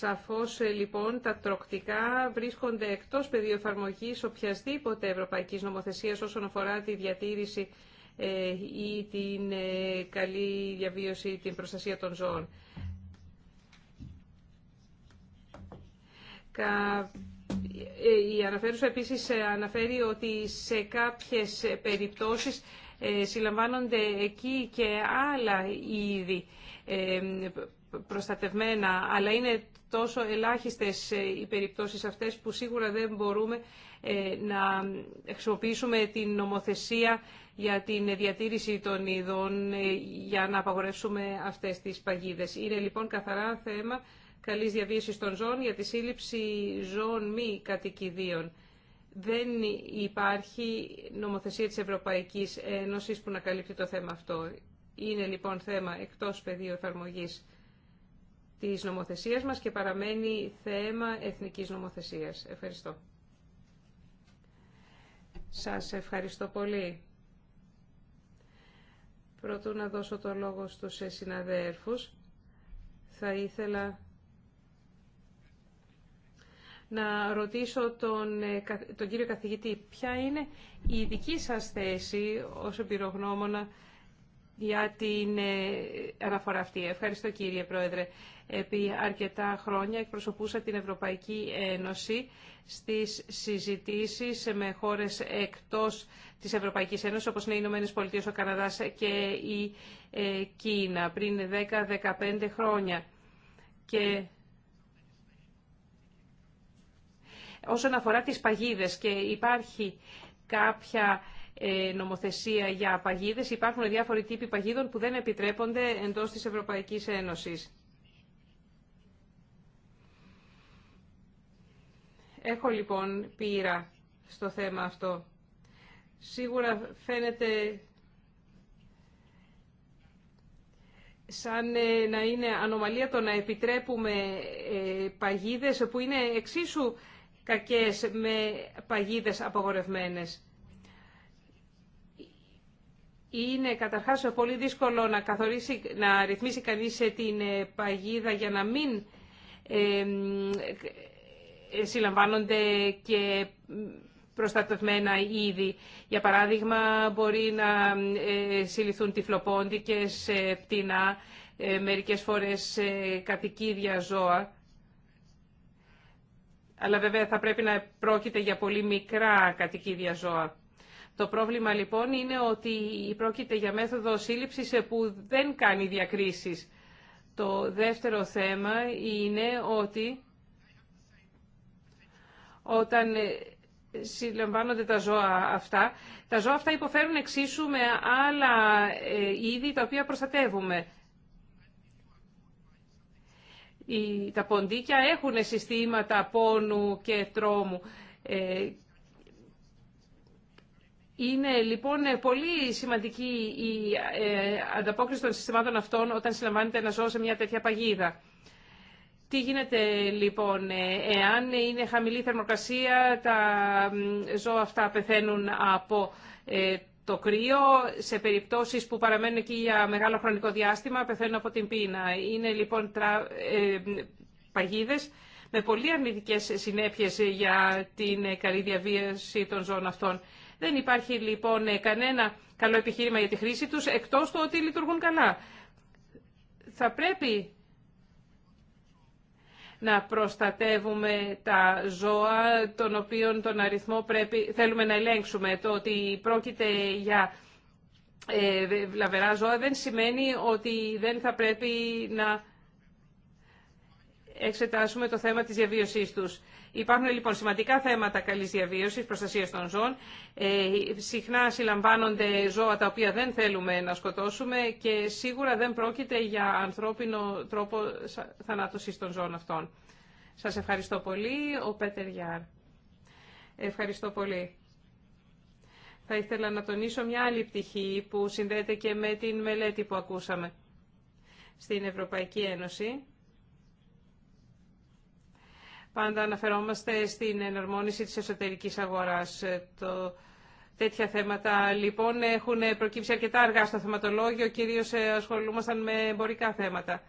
Speaker 3: Σαφώς ε, λοιπόν τα τροκτικά βρίσκονται εκτός πεδίου εφαρμογή οποιασδήποτε ευρωπαϊκής νομοθεσίας όσον αφορά τη διατήρηση ε, ή την ε, καλή διαβίωση, την προστασία των ζώων. Η αναφέρουσα επίσης αναφέρει ότι σε κάποιες περιπτώσεις συλλαμβάνονται εκεί και άλλα είδη προστατευμένα, αλλά είναι τόσο ελάχιστες ε, οι περιπτώσεις αυτές που σίγουρα δεν μπορούμε ε, να χρησιμοποιήσουμε την νομοθεσία για την διατήρηση των ειδών ε, για να απαγορεύσουμε αυτές τις παγίδες. Είναι λοιπόν καθαρά θέμα καλής διαβίωσης των ζώων για τη σύλληψη ζώων μη κατοικιδίων. Δεν υπάρχει νομοθεσία της Ευρωπαϊκής Ένωσης που να καλύπτει το θέμα αυτό. Είναι λοιπόν θέμα εκτός πεδίου εφαρμογής της νομοθεσίας μας και παραμένει θέμα εθνικής νομοθεσίας. Ευχαριστώ. Σας ευχαριστώ πολύ. Πρώτον, να δώσω το λόγο στους συναδέρφους, θα ήθελα να ρωτήσω τον, ε, τον κύριο καθηγητή ποια είναι η δική σας θέση ως εμπειρογνώμονα για την ε, αναφορά αυτή. Ευχαριστώ κύριε Πρόεδρε. Επί αρκετά χρόνια εκπροσωπούσα την Ευρωπαϊκή Ένωση στις συζητήσεις με χώρες εκτός της Ευρωπαϊκής Ένωσης, όπως είναι οι Ηνωμένες Πολιτείες, ο Καναδάς και η ε, Κίνα, πριν 10-15 χρόνια. Και όσον αφορά τις παγίδες και υπάρχει κάποια ε, νομοθεσία για παγίδες. Υπάρχουν διάφοροι τύποι παγίδων που δεν επιτρέπονται εντός της Ευρωπαϊκής Ένωσης. Έχω λοιπόν πείρα στο θέμα αυτό. Σίγουρα φαίνεται σαν ε, να είναι ανομαλία το να επιτρέπουμε ε, παγίδες που είναι εξίσου κακές με παγίδες απαγορευμένες είναι καταρχάς πολύ δύσκολο να, καθορίσει, να ρυθμίσει κανείς ε, την ε, παγίδα για να μην ε, ε, συλλαμβάνονται και προστατευμένα είδη. Για παράδειγμα, μπορεί να συλληθούν τυφλοπόντικες, πτηνά, μερικές φορές κατοικίδια ζώα. Αλλά βέβαια θα πρέπει να πρόκειται για πολύ μικρά κατοικίδια ζώα. Το πρόβλημα λοιπόν είναι ότι πρόκειται για μέθοδο σύλληψης ε, που δεν κάνει διακρίσεις. Το δεύτερο θέμα είναι ότι όταν ε, συλλαμβάνονται τα ζώα αυτά, τα ζώα αυτά υποφέρουν εξίσου με άλλα ε, είδη τα οποία προστατεύουμε. Τα ποντίκια έχουν συστήματα πόνου και τρόμου είναι λοιπόν πολύ σημαντική η ε, ανταπόκριση των συστημάτων αυτών όταν συλλαμβάνεται ένα ζώο σε μια τέτοια παγίδα. Τι γίνεται λοιπόν, ε, εάν είναι χαμηλή θερμοκρασία, τα ζώα αυτά πεθαίνουν από ε, το κρύο. Σε περιπτώσεις που παραμένουν εκεί για μεγάλο χρονικό διάστημα, πεθαίνουν από την πείνα. Είναι λοιπόν παγίδες με πολύ αρνητικές συνέπειες για την καλή διαβίωση των ζώων αυτών. Δεν υπάρχει λοιπόν ε, κανένα καλό επιχείρημα για τη χρήση τους, εκτός του ότι λειτουργούν καλά. Θα πρέπει να προστατεύουμε τα ζώα, των οποίων τον αριθμό θέλουμε να ελέγξουμε. Το ότι πρόκειται για ε, βλαβερά ζώα δεν σημαίνει ότι δεν θα πρέπει να εξετάσουμε το θέμα της διαβίωσής τους. Υπάρχουν λοιπόν σημαντικά θέματα καλής διαβίωσης, προστασίας των ζώων. Ε, συχνά συλλαμβάνονται ζώα τα οποία δεν θέλουμε να σκοτώσουμε και σίγουρα δεν πρόκειται για ανθρώπινο τρόπο θανάτωσης των ζώων αυτών. Σας ευχαριστώ πολύ, ο Πέτερ Γιάρ. Ευχαριστώ πολύ. Θα ήθελα να τονίσω μια άλλη πτυχή που συνδέεται και με την μελέτη που ακούσαμε στην Ευρωπαϊκή Ένωση πάντα αναφερόμαστε στην εναρμόνιση της εσωτερικής αγοράς. Ε, το... Τέτοια θέματα λοιπόν έχουν προκύψει αρκετά αργά στο θεματολόγιο, κυρίως ε, ασχολούμασταν με εμπορικά θέματα.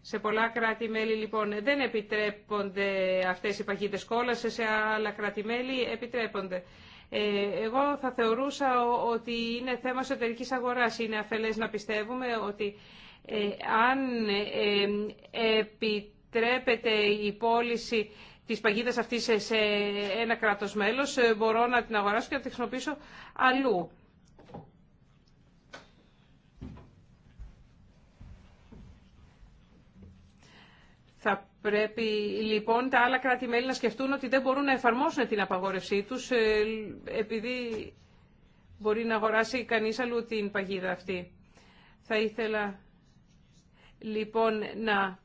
Speaker 3: Σε πολλά κράτη-μέλη λοιπόν δεν επιτρέπονται αυτές οι παγίδες κόλαση, σε άλλα κράτη-μέλη επιτρέπονται. Ε, εγώ θα θεωρούσα ότι είναι θέμα εσωτερικής αγοράς. Είναι αφελές να πιστεύουμε ότι αν επιτρέπονται Τρέπεται η πώληση της παγίδας αυτής σε ένα κράτος μέλος, ε, μπορώ να την αγοράσω και να τη χρησιμοποιήσω αλλού. Θα πρέπει λοιπόν τα άλλα κράτη-μέλη να σκεφτούν ότι δεν μπορούν να εφαρμόσουν την απαγόρευσή τους ε, επειδή μπορεί να αγοράσει κανείς αλλού την παγίδα αυτή. Θα ήθελα λοιπόν να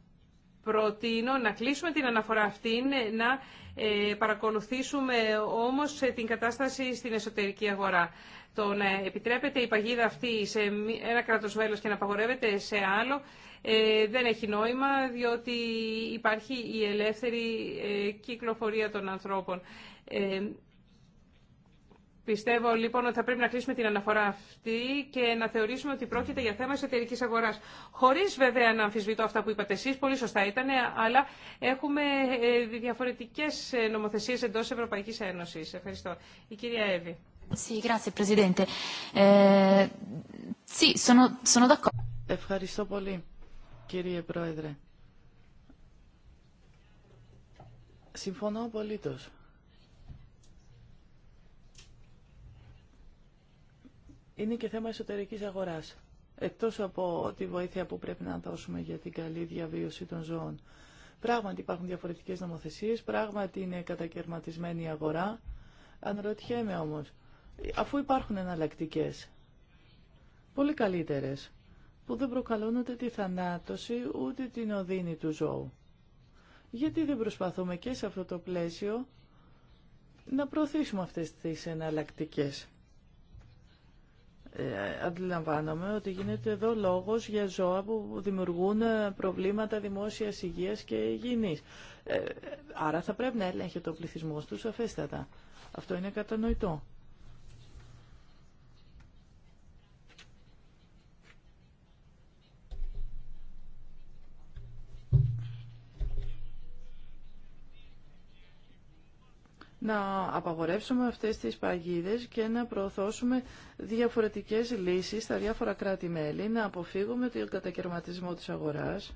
Speaker 3: Προτείνω να κλείσουμε την αναφορά αυτή ναι, να ε, παρακολουθήσουμε όμως ε, την κατάσταση στην εσωτερική αγορά. Το να επιτρέπεται η παγίδα αυτή σε ένα κράτος μέλος και να απαγορεύεται σε άλλο ε, δεν έχει νόημα, διότι υπάρχει η ελεύθερη κυκλοφορία των ανθρώπων. Πιστεύω λοιπόν ότι θα πρέπει να κλείσουμε την αναφορά αυτή και να θεωρήσουμε ότι πρόκειται για θέμα εσωτερική αγορά. Χωρί βέβαια να αμφισβητώ αυτά που είπατε εσεί, πολύ σωστά ήταν, αλλά έχουμε ε, διαφορετικέ ε, νομοθεσίε εντό Ευρωπαϊκή Ένωση.
Speaker 4: Ευχαριστώ. Η κυρία Εύη.
Speaker 2: Ε,
Speaker 4: Ευχαριστώ πολύ, κύριε Πρόεδρε. Συμφωνώ απολύτως. είναι και θέμα εσωτερικής αγοράς. Εκτός από τη βοήθεια που πρέπει να δώσουμε για την καλή διαβίωση των ζώων. Πράγματι υπάρχουν διαφορετικές νομοθεσίες, πράγματι είναι κατακαιρματισμένη η αγορά. Αναρωτιέμαι όμως, αφού υπάρχουν εναλλακτικέ, πολύ καλύτερες, που δεν προκαλούν ούτε τη θανάτωση ούτε την οδύνη του ζώου. Γιατί δεν προσπαθούμε και σε αυτό το πλαίσιο να προωθήσουμε αυτές τις εναλλακτικέ. Ε, αντιλαμβάνομαι ότι γίνεται εδώ λόγος για ζώα που δημιουργούν ε, προβλήματα δημόσιας υγείας και υγιεινής. Ε, άρα θα πρέπει να έλεγχε το πληθυσμό τους αφέστατα. Αυτό είναι κατανοητό. να απαγορεύσουμε αυτές τις παγίδες και να προωθώσουμε διαφορετικές λύσεις στα διάφορα κράτη-μέλη, να αποφύγουμε τον κατακαιρματισμό της αγοράς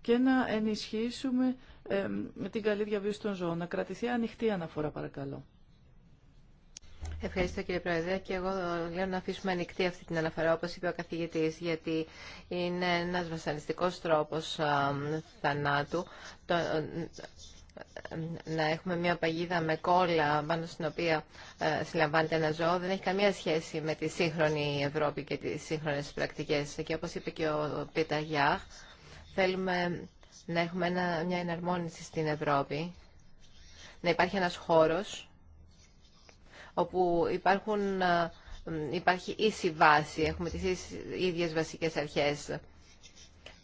Speaker 4: και να ενισχύσουμε ε, την καλή διαβίωση των ζώων. Να κρατηθεί ανοιχτή αναφορά, παρακαλώ.
Speaker 2: Ευχαριστώ κύριε Πρόεδρε και εγώ λέω να αφήσουμε ανοιχτή αυτή την αναφορά όπως είπε ο καθηγητής γιατί είναι ένας βασανιστικός τρόπος θανάτου. Το, να έχουμε μια παγίδα με κόλλα πάνω στην οποία ε, συλλαμβάνεται ένα ζώο δεν έχει καμία σχέση με τη σύγχρονη Ευρώπη και τις σύγχρονες πρακτικές. Και όπως είπε και ο Πίτα Γιάχ, θέλουμε να έχουμε ένα, μια εναρμόνιση στην Ευρώπη, να υπάρχει ένας χώρος όπου υπάρχουν, ε, υπάρχει ίση βάση, έχουμε τις ίδιες βασικές αρχές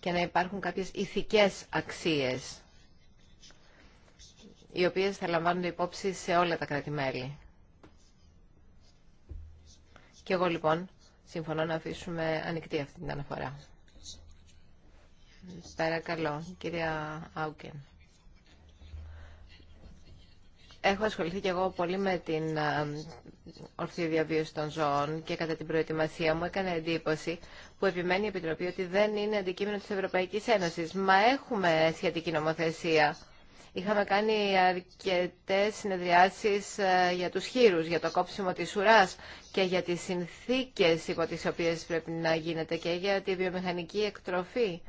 Speaker 2: και να υπάρχουν κάποιες ηθικές αξίες οι οποίες θα λαμβάνονται υπόψη σε όλα τα κράτη-μέλη. Και εγώ λοιπόν συμφωνώ να αφήσουμε ανοιχτή αυτή την αναφορά. Παρακαλώ, κυρία Άουκεν. Έχω ασχοληθεί και εγώ πολύ με την ορθή διαβίωση των ζώων και κατά την προετοιμασία μου έκανε εντύπωση που επιμένει η Επιτροπή ότι δεν είναι αντικείμενο της Ευρωπαϊκής Ένωσης. Μα έχουμε σχετική νομοθεσία Είχαμε κάνει αρκετές συνεδριάσεις ε, για τους χείρου, για το κόψιμο της ουράς και για τις συνθήκες υπό τις οποίες πρέπει να γίνεται και για τη βιομηχανική εκτροφή.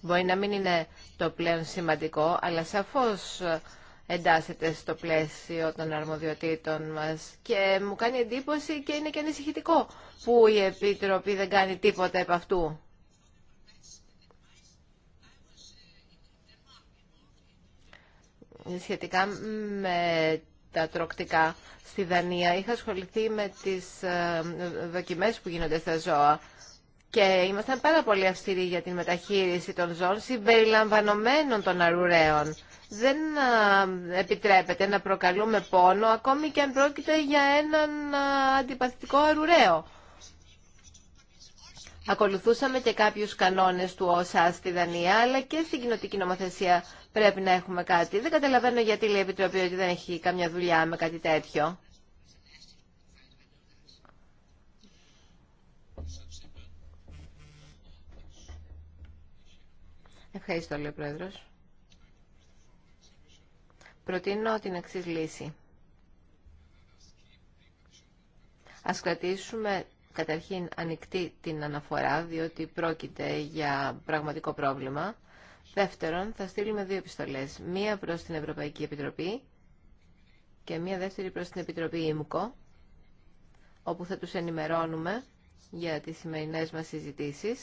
Speaker 2: Μπορεί να μην είναι το πλέον σημαντικό, αλλά σαφώς ε, εντάσσεται στο πλαίσιο των αρμοδιοτήτων μας και μου κάνει εντύπωση και είναι και ανησυχητικό που η Επίτροπη δεν κάνει τίποτα επ' αυτού. σχετικά με τα τροκτικά στη Δανία. Είχα ασχοληθεί με τις ε, δοκιμές που γίνονται στα ζώα και ήμασταν πάρα πολύ αυστηροί για την μεταχείριση των ζώων συμπεριλαμβανομένων των αρουραίων. Δεν ε, επιτρέπεται να προκαλούμε πόνο ακόμη και αν πρόκειται για έναν ε, αντιπαθητικό αρουραίο. Ακολουθούσαμε και κάποιους κανόνες του ΩΣΑ στη Δανία αλλά και στην κοινωτική νομοθεσία πρέπει να έχουμε κάτι. Δεν καταλαβαίνω γιατί λέει η Επιτροπή ότι δεν έχει καμιά δουλειά με κάτι τέτοιο. Ευχαριστώ, λέει ο Πρόεδρος. Προτείνω την εξή λύση. Ας κρατήσουμε καταρχήν ανοιχτή την αναφορά, διότι πρόκειται για πραγματικό πρόβλημα. Δεύτερον, θα στείλουμε δύο επιστολές. Μία προς την Ευρωπαϊκή Επιτροπή και μία δεύτερη προς την Επιτροπή ΙΜΚΟ, όπου θα τους ενημερώνουμε για τις σημερινέ μας συζητήσει.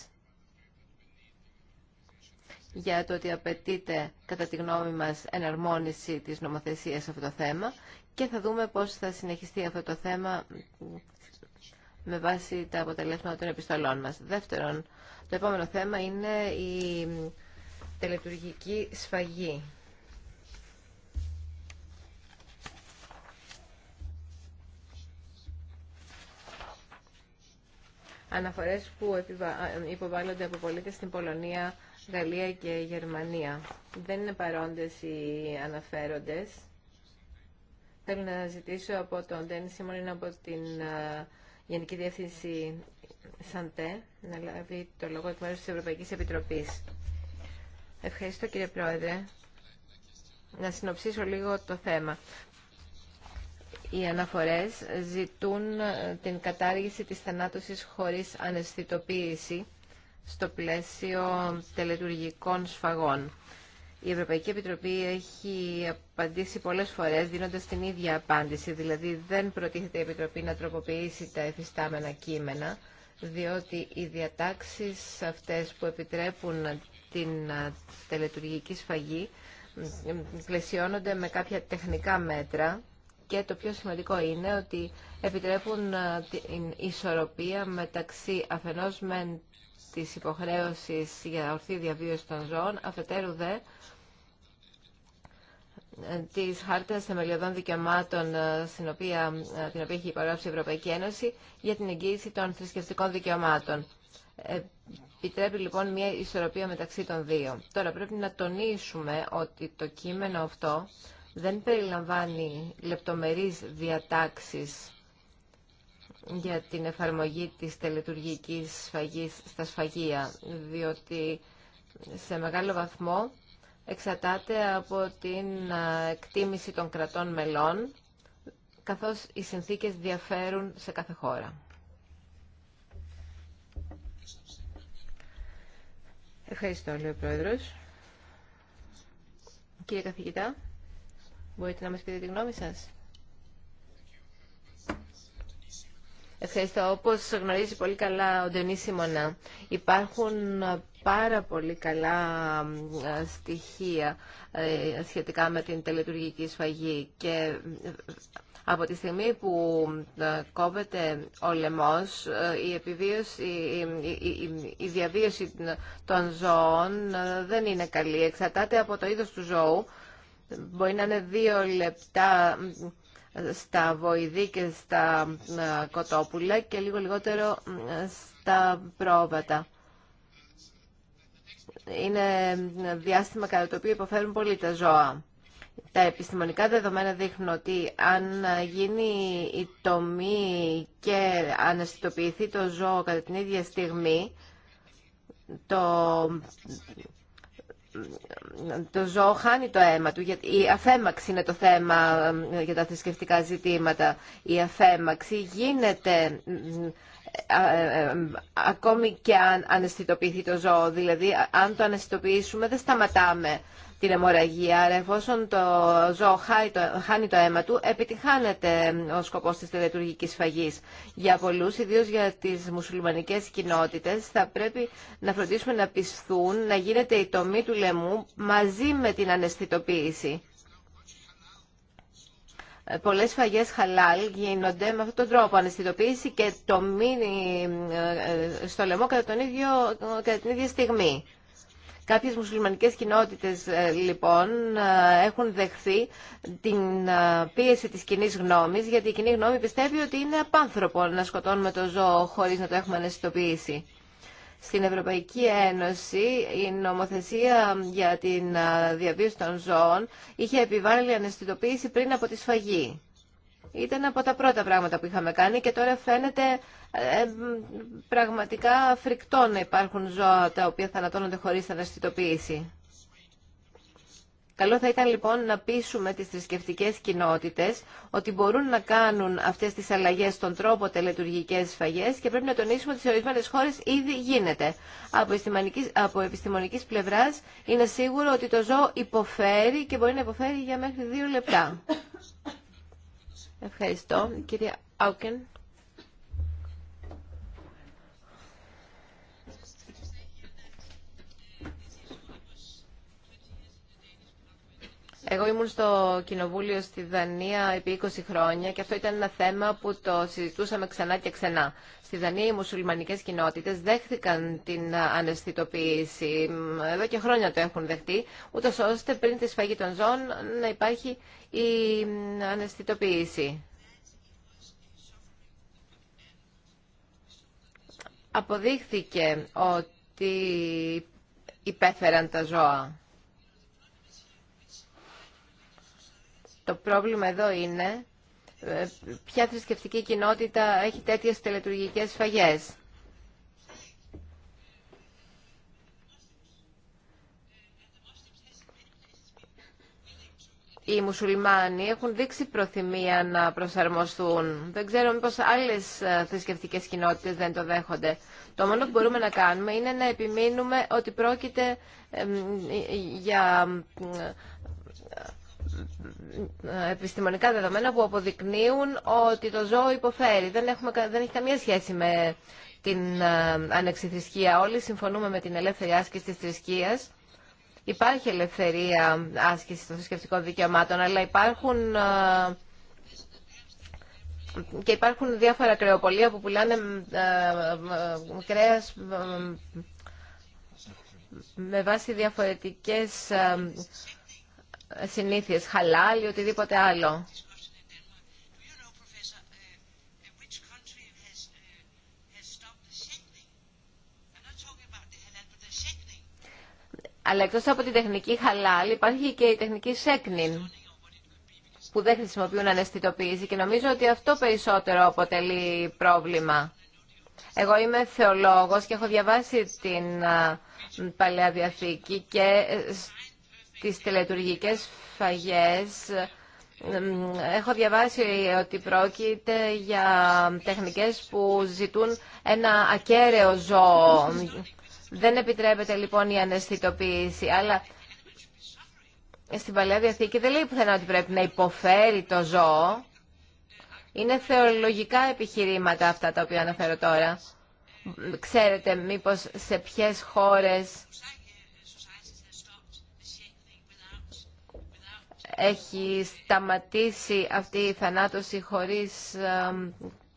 Speaker 2: για το ότι απαιτείται, κατά τη γνώμη μας, εναρμόνιση της νομοθεσίας σε αυτό το θέμα και θα δούμε πώς θα συνεχιστεί αυτό το θέμα με βάση τα αποτελέσματα των επιστολών μας. Δεύτερον, το επόμενο θέμα είναι η τελετουργική σφαγή. Αναφορές που υποβάλλονται από πολίτες στην Πολωνία, Γαλλία και Γερμανία. Δεν είναι παρόντες οι αναφέροντες. Θέλω να ζητήσω από τον Τένι Σίμωνιν από την Γενική Διεύθυνση Σαντέ να λάβει το λόγο εκ μέρους της Ευρωπαϊκής Επιτροπής. Ευχαριστώ κύριε Πρόεδρε. Να συνοψίσω λίγο το θέμα. Οι αναφορές ζητούν ε, την κατάργηση της θανάτωσης χωρίς αναισθητοποίηση στο πλαίσιο τελετουργικών σφαγών. Η Ευρωπαϊκή Επιτροπή έχει απαντήσει πολλές φορές δίνοντας την ίδια απάντηση, δηλαδή δεν προτίθεται η Επιτροπή να τροποποιήσει τα εφιστάμενα κείμενα, διότι οι διατάξεις αυτές που επιτρέπουν την τελετουργική σφαγή πλαισιώνονται με κάποια τεχνικά μέτρα και το πιο σημαντικό είναι ότι επιτρέπουν την ισορροπία μεταξύ αφενός μεν της υποχρέωσης για ορθή διαβίωση των ζώων, αφετέρου δε ε, της Χάρτας Θεμελιωδών Δικαιωμάτων, στην οποία, την οποία έχει υπογράψει η Ευρωπαϊκή Ένωση, για την εγγύηση των θρησκευτικών δικαιωμάτων. Ε, επιτρέπει λοιπόν μια ισορροπία μεταξύ των δύο. Τώρα πρέπει να τονίσουμε ότι το κείμενο αυτό δεν περιλαμβάνει λεπτομερείς διατάξεις για την εφαρμογή της τελετουργικής σφαγής στα σφαγεία, διότι σε μεγάλο βαθμό εξατάται από την εκτίμηση των κρατών μελών, καθώς οι συνθήκες διαφέρουν σε κάθε χώρα. Ευχαριστώ, λέει ο Πρόεδρος. Κύριε καθηγητά, μπορείτε να μας πείτε τη γνώμη σας. Ευχαριστώ. Όπως γνωρίζει πολύ καλά ο Ντενή Σίμωνα, υπάρχουν πάρα πολύ καλά στοιχεία ε, σχετικά με την τελετουργική σφαγή και από τη στιγμή που ε, κόβεται ο λαιμός, ε, η, επιβίωση, η, η διαβίωση των ζώων ε, δεν είναι καλή. Εξαρτάται από το είδος του ζώου. Μπορεί να είναι δύο λεπτά στα βοηδή και στα κοτόπουλα και λίγο λιγότερο στα πρόβατα. Είναι διάστημα κατά το οποίο υποφέρουν πολύ τα ζώα. Τα επιστημονικά δεδομένα δείχνουν ότι αν γίνει η τομή και αναισθητοποιηθεί το ζώο κατά την ίδια στιγμή, το, το ζώο χάνει το αίμα του. Η αφέμαξη είναι το θέμα για τα θρησκευτικά ζητήματα. Η αφέμαξη γίνεται ε, ε, ακόμη και αν αναισθητοποιηθεί το ζώο. Δηλαδή, αν το αναισθητοποιήσουμε, δεν σταματάμε την αιμορραγία. αλλά εφόσον το ζώο χάνει το αίμα του, επιτυχάνεται ο σκοπό τη τελετουργική φαγή. Για πολλού, ιδίω για τι μουσουλμανικές κοινότητε, θα πρέπει να φροντίσουμε να πισθούν, να γίνεται η τομή του λαιμού μαζί με την αναισθητοποίηση. Πολλέ φαγέ χαλάλ γίνονται με αυτόν τον τρόπο. Αναισθητοποίηση και τομή ε, ε, στο λαιμό κατά, τον ίδιο, κατά την ίδια στιγμή. Κάποιες μουσουλμανικές κοινότητες ε, λοιπόν ε, έχουν δεχθεί την ε, πίεση της κοινή γνώμης γιατί η κοινή γνώμη πιστεύει ότι είναι απάνθρωπο να σκοτώνουμε το ζώο χωρίς να το έχουμε αναισθητοποιήσει. Στην Ευρωπαϊκή Ένωση η νομοθεσία για την διαβίωση των ζώων είχε επιβάλλει αναισθητοποίηση πριν από τη σφαγή ήταν από τα πρώτα πράγματα που είχαμε κάνει και τώρα φαίνεται ε, ε πραγματικά φρικτό να υπάρχουν ζώα τα οποία θανατώνονται χωρίς αναστητοποίηση. Καλό θα ήταν λοιπόν να πείσουμε τις θρησκευτικέ κοινότητες ότι μπορούν να κάνουν αυτές τις αλλαγές στον τρόπο τελετουργικές σφαγές και πρέπει να τονίσουμε ότι σε ορισμένε χώρες ήδη γίνεται. Από, από επιστημονικής πλευράς είναι σίγουρο ότι το ζώο υποφέρει και μπορεί να υποφέρει για μέχρι δύο λεπτά. Ευχαριστώ. Κύριε Άουκεν. Εγώ ήμουν στο Κοινοβούλιο στη Δανία επί 20 χρόνια και αυτό ήταν ένα θέμα που το συζητούσαμε ξανά και ξανά. Στη Δανία οι μουσουλμανικές κοινότητες δέχθηκαν την αναισθητοποίηση. Εδώ και χρόνια το έχουν δεχτεί, ούτω ώστε πριν τη σφαγή των ζώων να υπάρχει η αναισθητοποίηση. Αποδείχθηκε ότι υπέφεραν τα ζώα. Το πρόβλημα εδώ είναι ποια θρησκευτική κοινότητα έχει τέτοιες τελετουργικές φαγές. οι μουσουλμάνοι έχουν δείξει προθυμία να προσαρμοστούν. Δεν ξέρω μήπως άλλες ε, θρησκευτικές κοινότητες δεν το δέχονται. Το μόνο που μπορούμε να κάνουμε είναι να επιμείνουμε ότι πρόκειται για επιστημονικά δεδομένα που αποδεικνύουν ότι το ζώο υποφέρει. Δεν, έχουμε, δεν έχει καμία σχέση με την ανεξιθρησκεία. Ε, Όλοι συμφωνούμε με την ελεύθερη άσκηση της θρησκείας. Υπάρχει ελευθερία άσκηση των θρησκευτικών δικαιωμάτων, αλλά υπάρχουν ε, και υπάρχουν διάφορα κρεοπολία που πουλάνε ε, κρέας με βάση διαφορετικές συνήθειες, χαλάλ ή οτιδήποτε άλλο. Αλλά εκτός από την τεχνική χαλάλ υπάρχει και η τεχνική σέκνιν που δεν χρησιμοποιούν αναισθητοποίηση και νομίζω ότι αυτό περισσότερο αποτελεί πρόβλημα. Εγώ είμαι θεολόγος και έχω διαβάσει την Παλαιά Διαθήκη και ε, τις τελετουργικές φαγές έχω διαβάσει ότι πρόκειται για τεχνικές που ζητούν ένα ακέραιο ζώο. Δεν επιτρέπεται λοιπόν η αναισθητοποίηση, αλλά στην Παλαιά Διαθήκη δεν λέει πουθενά ότι πρέπει να υποφέρει το ζώο. Είναι θεολογικά επιχειρήματα αυτά τα οποία αναφέρω τώρα. Ξέρετε μήπως σε ποιες χώρες έχει σταματήσει αυτή η θανάτωση χωρίς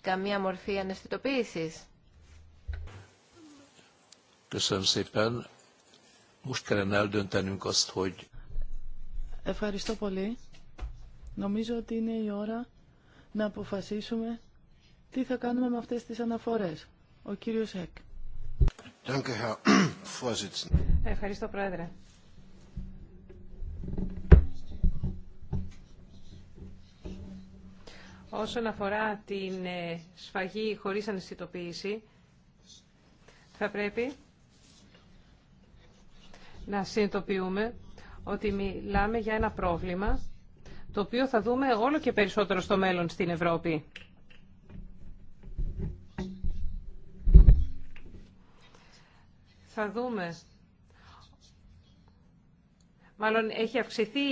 Speaker 2: καμία μορφή αναισθητοποίησης.
Speaker 4: Ευχαριστώ πολύ. Νομίζω ότι είναι η ώρα να αποφασίσουμε τι θα κάνουμε με αυτές τις αναφορές. Ο κύριος Εκ. Ευχαριστώ, Πρόεδρε.
Speaker 3: Όσον αφορά την ε, σφαγή χωρίς αναισθητοποίηση, θα πρέπει να συνειδητοποιούμε ότι μιλάμε για ένα πρόβλημα το οποίο θα δούμε όλο και περισσότερο στο μέλλον στην Ευρώπη. Θα δούμε Μάλλον έχει αυξηθεί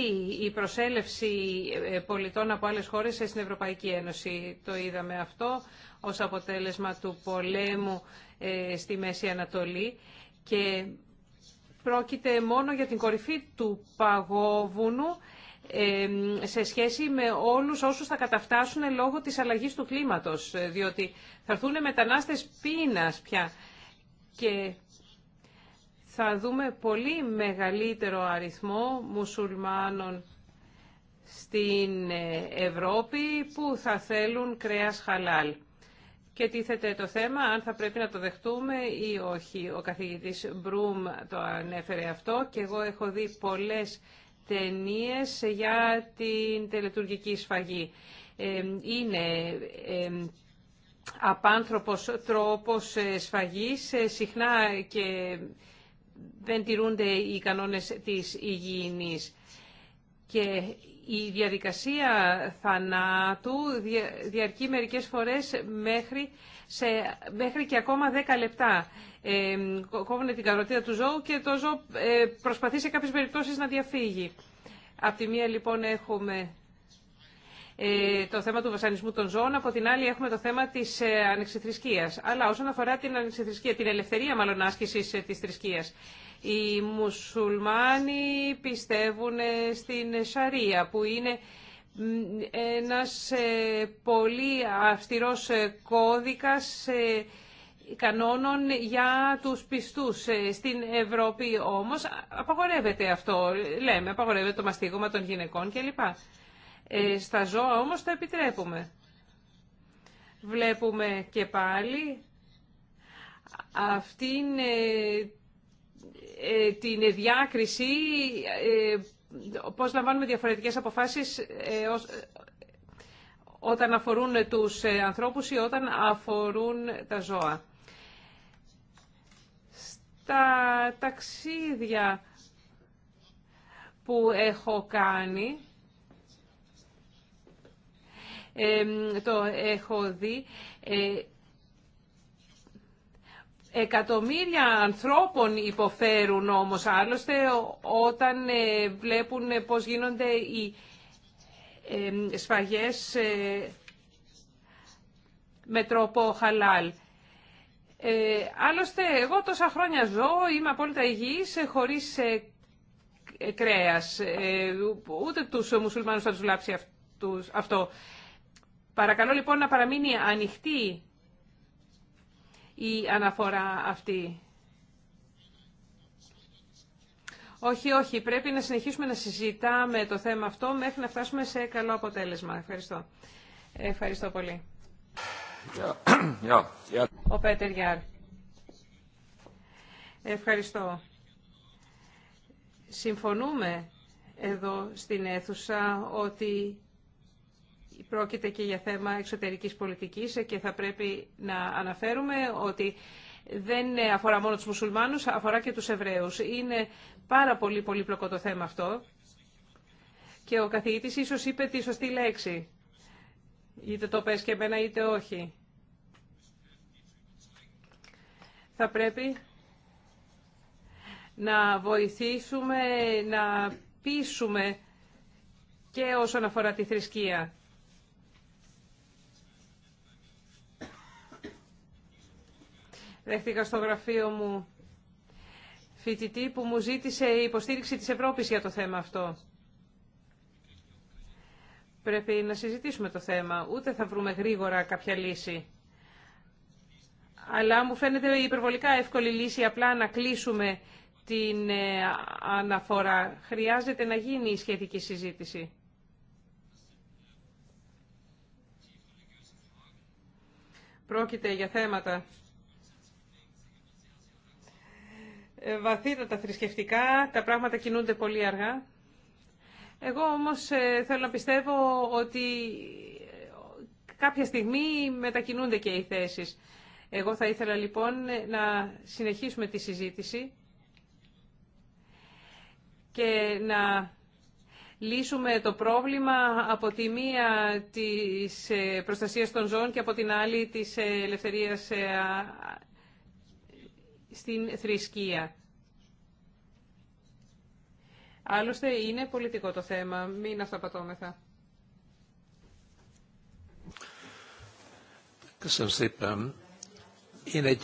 Speaker 3: η προσέλευση ε, πολιτών από άλλες χώρες στην Ευρωπαϊκή Ένωση. Το είδαμε αυτό ως αποτέλεσμα του πολέμου ε, στη Μέση Ανατολή και πρόκειται μόνο για την κορυφή του παγόβουνου ε, σε σχέση με όλους όσους θα καταφτάσουν λόγω της αλλαγής του κλίματος, διότι θα έρθουν μετανάστες πείνας πια και θα δούμε πολύ μεγαλύτερο αριθμό μουσουλμάνων στην ε, Ευρώπη που θα θέλουν κρέας χαλάλ. Και τίθεται το θέμα αν θα πρέπει να το δεχτούμε ή όχι. Ο καθηγητής Μπρούμ το ανέφερε αυτό και εγώ έχω δει πολλές ταινίες για την τελετουργική σφαγή. Ε, είναι ε, απάνθρωπος τρόπος σφαγής, συχνά και δεν τηρούνται οι κανόνες της υγιεινής. Και η διαδικασία θανάτου διαρκεί μερικές φορές μέχρι, σε, μέχρι και ακόμα 10 λεπτά. Ε, κόβουν την καροτίδα του ζώου και το ζώο ε, προσπαθεί σε κάποιες περιπτώσεις να διαφύγει. Απ' τη μία λοιπόν έχουμε ε, το θέμα του βασανισμού των ζώων, από την άλλη έχουμε το θέμα της ε, ανεξιθρησκεία. Αλλά όσον αφορά την ανεξιθρησκεία, την ελευθερία μάλλον άσκησης ε, της θρησκείας, οι μουσουλμάνοι πιστεύουν στην Σαρία που είναι ένας πολύ αυστηρός κώδικας κανόνων για τους πιστούς. Στην Ευρώπη όμως απαγορεύεται αυτό, λέμε, απαγορεύεται το μαστίγωμα των γυναικών κλπ. Ε, στα ζώα όμως τα επιτρέπουμε. Βλέπουμε και πάλι αυτήν ε, ε, την διάκριση, πώς λαμβάνουμε διαφορετικές αποφάσεις όταν αφορούν τους ανθρώπους ή όταν αφορούν τα ζώα. Στα ταξίδια που έχω κάνει, το έχω δει. Ε, εκατομμύρια ανθρώπων υποφέρουν όμως άλλωστε όταν ε, βλέπουν ε, πώς γίνονται οι σφαγές με τρόπο χαλάλ. Ε, άλλωστε, εγώ τόσα χρόνια ζω, είμαι απόλυτα υγιής, χωρίς ε, κρέας. ούτε τους μουσουλμάνους θα τους βλάψει αυτό. Παρακαλώ λοιπόν να παραμείνει ανοιχτή η αναφορά αυτή. Όχι, όχι. Πρέπει να συνεχίσουμε να συζητάμε το θέμα αυτό μέχρι να φτάσουμε σε καλό αποτέλεσμα. Ευχαριστώ. Ευχαριστώ πολύ. Ο Πέτερ Γιάρ. Ευχαριστώ. Συμφωνούμε εδώ στην αίθουσα ότι πρόκειται και για θέμα εξωτερικής πολιτικής και θα πρέπει να αναφέρουμε ότι δεν αφορά μόνο τους μουσουλμάνους, αφορά και τους Εβραίους. Είναι πάρα πολύ πολύπλοκο το θέμα αυτό και ο καθηγητής ίσως είπε τη σωστή λέξη. Είτε το πες και εμένα είτε όχι. Θα πρέπει να βοηθήσουμε, να πείσουμε και όσον αφορά τη θρησκεία. Δέχτηκα στο γραφείο μου φοιτητή που μου ζήτησε η υποστήριξη της Ευρώπης για το θέμα αυτό. Πρέπει να συζητήσουμε το θέμα. Ούτε θα βρούμε γρήγορα κάποια λύση. Αλλά μου φαίνεται υπερβολικά εύκολη λύση απλά να κλείσουμε την ε, αναφορά. Χρειάζεται να γίνει η σχετική συζήτηση. Πρόκειται για θέματα Ε, βαθύτατα θρησκευτικά, τα πράγματα κινούνται πολύ αργά. Εγώ όμως ε, θέλω να πιστεύω ότι ε, κάποια στιγμή μετακινούνται και οι θέσεις. Εγώ θα ήθελα λοιπόν να συνεχίσουμε τη συζήτηση και να λύσουμε το πρόβλημα από τη μία της προστασίας των ζώων και από την άλλη της ελευθερίας στην θρησκεία. Άλλωστε είναι πολιτικό το θέμα, μην αυταπατώμεθα.
Speaker 1: Köszönöm oh,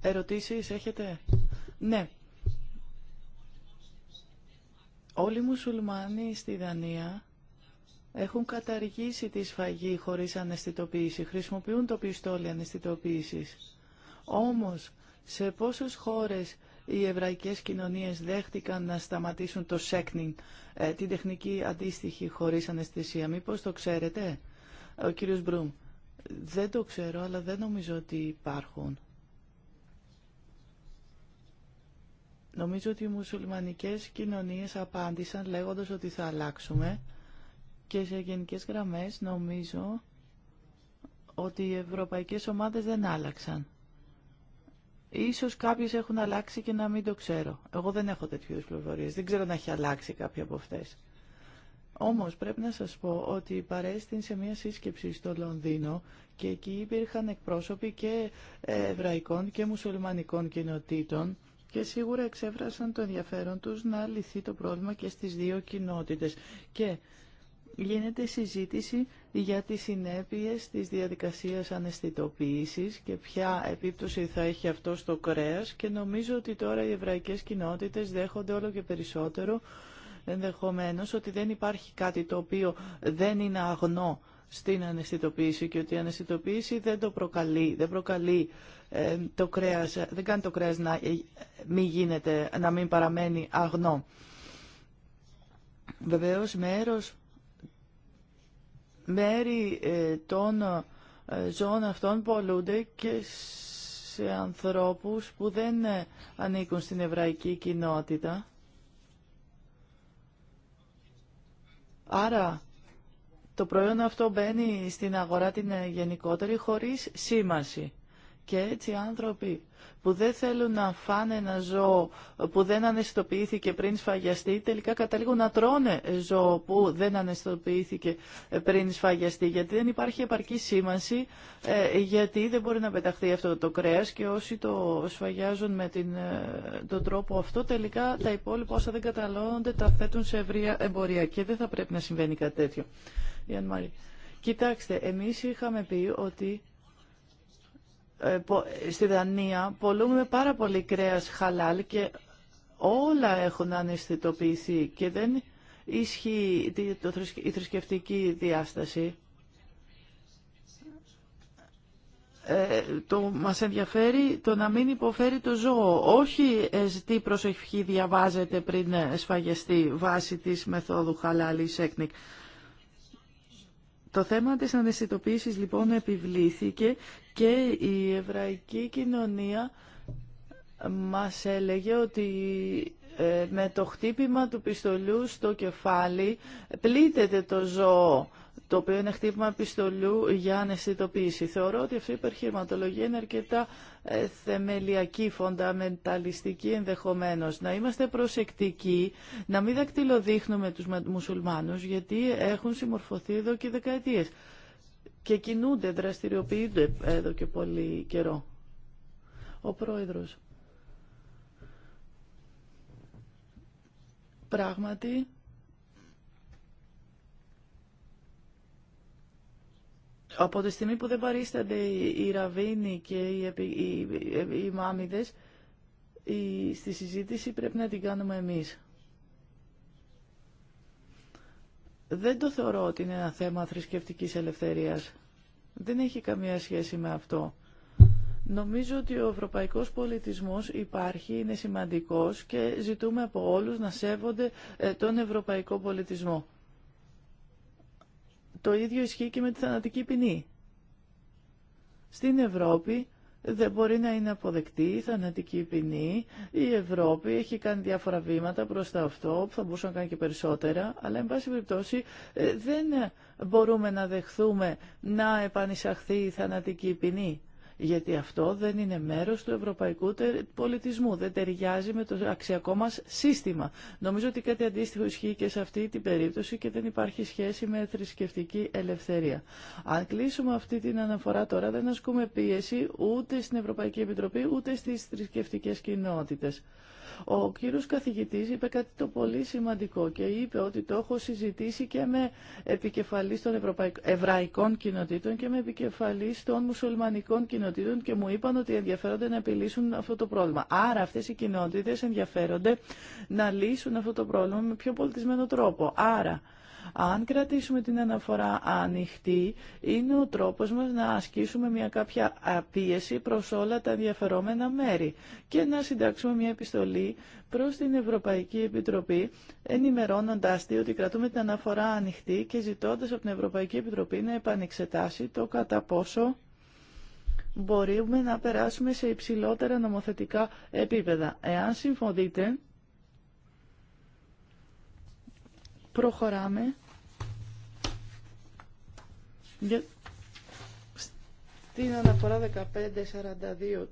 Speaker 4: Ερωτήσεις έχετε. Ναι. Όλοι οι μουσουλμάνοι στη Δανία έχουν καταργήσει τη σφαγή χωρίς αναισθητοποίηση, χρησιμοποιούν το πιστόλι αναισθητοποίησης. Όμως, σε πόσες χώρες οι εβραϊκές κοινωνίες δέχτηκαν να σταματήσουν το σέκνινγκ, ε, την τεχνική αντίστοιχη χωρίς αναισθησία. Μήπως το ξέρετε, ο κύριος Μπρούμ. Δεν το ξέρω, αλλά δεν νομίζω ότι υπάρχουν. Νομίζω ότι οι μουσουλμανικές κοινωνίες απάντησαν λέγοντας ότι θα αλλάξουμε και σε γενικές γραμμές νομίζω ότι οι ευρωπαϊκές ομάδες δεν άλλαξαν. Ίσως κάποιες έχουν αλλάξει και να μην το ξέρω. Εγώ δεν έχω τέτοιες πληροφορίες. Δεν ξέρω να έχει αλλάξει κάποια από αυτές. Όμως πρέπει να σας πω ότι παρέστην σε μια σύσκεψη στο Λονδίνο και εκεί υπήρχαν εκπρόσωποι και εβραϊκών και μουσουλμανικών κοινοτήτων και σίγουρα εξέφρασαν το ενδιαφέρον τους να λυθεί το πρόβλημα και στις δύο κοινότητες. Και γίνεται συζήτηση για τις συνέπειες της διαδικασίας αναισθητοποίησης και ποια επίπτωση θα έχει αυτό στο κρέας και νομίζω ότι τώρα οι εβραϊκές κοινότητες δέχονται όλο και περισσότερο ενδεχομένως ότι δεν υπάρχει κάτι το οποίο δεν είναι αγνό στην αναισθητοποίηση και ότι η αναισθητοποίηση δεν το προκαλεί, δεν προκαλεί ε, το κρέας, δεν κάνει το κρέας να ε, μην γίνεται, να μην παραμένει αγνό. Βεβαίως μέρος, μέρη ε, των ε, ζώων αυτών πολλούνται και σε ανθρώπους που δεν ανήκουν στην εβραϊκή κοινότητα. Άρα το προϊόν αυτό μπαίνει στην αγορά την γενικότερη χωρίς σήμαση. Και έτσι οι άνθρωποι που δεν θέλουν να φάνε ένα ζώο που δεν αναισθητοποιήθηκε πριν σφαγιαστεί, τελικά καταλήγουν να τρώνε ζώο που δεν αναισθητοποιήθηκε ε, πριν σφαγιαστεί, γιατί δεν υπάρχει επαρκή σήμανση, ε, γιατί δεν μπορεί να πεταχθεί αυτό το κρέας και όσοι το σφαγιάζουν με την, ε, τον τρόπο αυτό, τελικά τα υπόλοιπα όσα δεν καταλώνονται τα θέτουν σε ευρεία εμπορία και δεν θα πρέπει να συμβαίνει κάτι τέτοιο. Κοιτάξτε, εμείς είχαμε πει ότι ε, στη Δανία πολλούμε πάρα πολύ κρέας χαλάλ και όλα έχουν αναισθητοποιηθεί και δεν ισχύει η θρησκευτική διάσταση. Ε, το μας ενδιαφέρει το να μην υποφέρει το ζώο. Όχι ε, τι προσευχή διαβάζεται πριν σφαγεστεί βάσει της μεθόδου χαλάλης έκνικ. Το θέμα της αναισθητοποίησης λοιπόν επιβλήθηκε και η εβραϊκή κοινωνία μας έλεγε ότι ε, με το χτύπημα του πιστολιού στο κεφάλι πλήττεται το ζώο το οποίο είναι χτύπημα επιστολού για αναισθητοποίηση. Θεωρώ ότι αυτή η υπερχηματολογία είναι αρκετά ε, θεμελιακή, φονταμενταλιστική ενδεχομένως. Να είμαστε προσεκτικοί, να μην δακτυλοδείχνουμε τους μουσουλμάνους, γιατί έχουν συμμορφωθεί εδώ και δεκαετίες και κινούνται, δραστηριοποιούνται εδώ και πολύ καιρό. Ο πρόεδρος. Πράγματι, Από τη στιγμή που δεν παρίστανται οι ραβίνοι και οι, οι, μάμιδες, η, στη συζήτηση πρέπει να την κάνουμε εμείς. Δεν το θεωρώ ότι είναι ένα θέμα θρησκευτικής ελευθερίας. Δεν έχει καμία σχέση με αυτό. Νομίζω ότι ο ευρωπαϊκός πολιτισμός υπάρχει, είναι σημαντικός και ζητούμε από όλους να σέβονται ε, τον ευρωπαϊκό πολιτισμό. Το ίδιο ισχύει και με τη θανατική ποινή. Στην Ευρώπη δεν μπορεί να είναι αποδεκτή η θανατική ποινή. Η Ευρώπη έχει κάνει διάφορα βήματα προς τα αυτό, που θα μπορούσε να κάνει και περισσότερα, αλλά εν πάση περιπτώσει ε, δεν μπορούμε να δεχθούμε να επανεισαχθεί η θανατική ποινή γιατί αυτό δεν είναι μέρος του ευρωπαϊκού πολιτισμού, δεν ταιριάζει με το αξιακό μας σύστημα. Νομίζω ότι κάτι αντίστοιχο ισχύει και σε αυτή την περίπτωση και δεν υπάρχει σχέση με θρησκευτική ελευθερία. Αν κλείσουμε αυτή την αναφορά τώρα δεν ασκούμε πίεση ούτε στην Ευρωπαϊκή Επιτροπή ούτε στις θρησκευτικές κοινότητες. Ο κύριος καθηγητής είπε κάτι το πολύ σημαντικό και είπε ότι το έχω συζητήσει και με επικεφαλής των Ευρωπαϊκ... εβραϊκών κοινοτήτων και με επικεφαλής των μουσουλμανικών κοινοτήτων και μου είπαν ότι ενδιαφέρονται να επιλύσουν αυτό το πρόβλημα. Άρα αυτές οι κοινότητες ενδιαφέρονται να λύσουν αυτό το πρόβλημα με πιο πολιτισμένο τρόπο. Άρα αν κρατήσουμε την αναφορά ανοιχτή, είναι ο τρόπος μας να ασκήσουμε μια κάποια πίεση προς όλα τα ενδιαφερόμενα μέρη και να συντάξουμε μια επιστολή προς την Ευρωπαϊκή Επιτροπή, ενημερώνοντάς τη ότι κρατούμε την αναφορά ανοιχτή και ζητώντας από την Ευρωπαϊκή Επιτροπή να επανεξετάσει το κατά πόσο μπορούμε να περάσουμε σε υψηλότερα νομοθετικά επίπεδα. Εάν συμφωνείτε, προχωράμε στην αναφορά 1542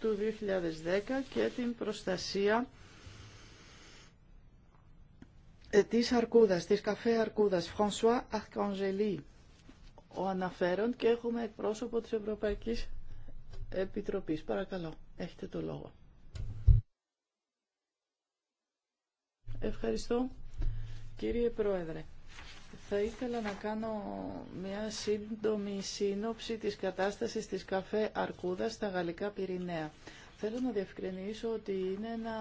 Speaker 4: του 2010 και την προστασία ε, της Αρκούδας, της καφέ Αρκούδας, Φρανσουά Arcangeli, ο αναφέρον και έχουμε εκπρόσωπο της Ευρωπαϊκής Επιτροπής. Παρακαλώ, έχετε το λόγο. Ευχαριστώ. Κύριε Πρόεδρε, θα ήθελα να κάνω μια σύντομη σύνοψη της κατάστασης της καφέ Αρκούδα στα Γαλλικά Πυρηναία. Θέλω να διευκρινίσω ότι είναι ένα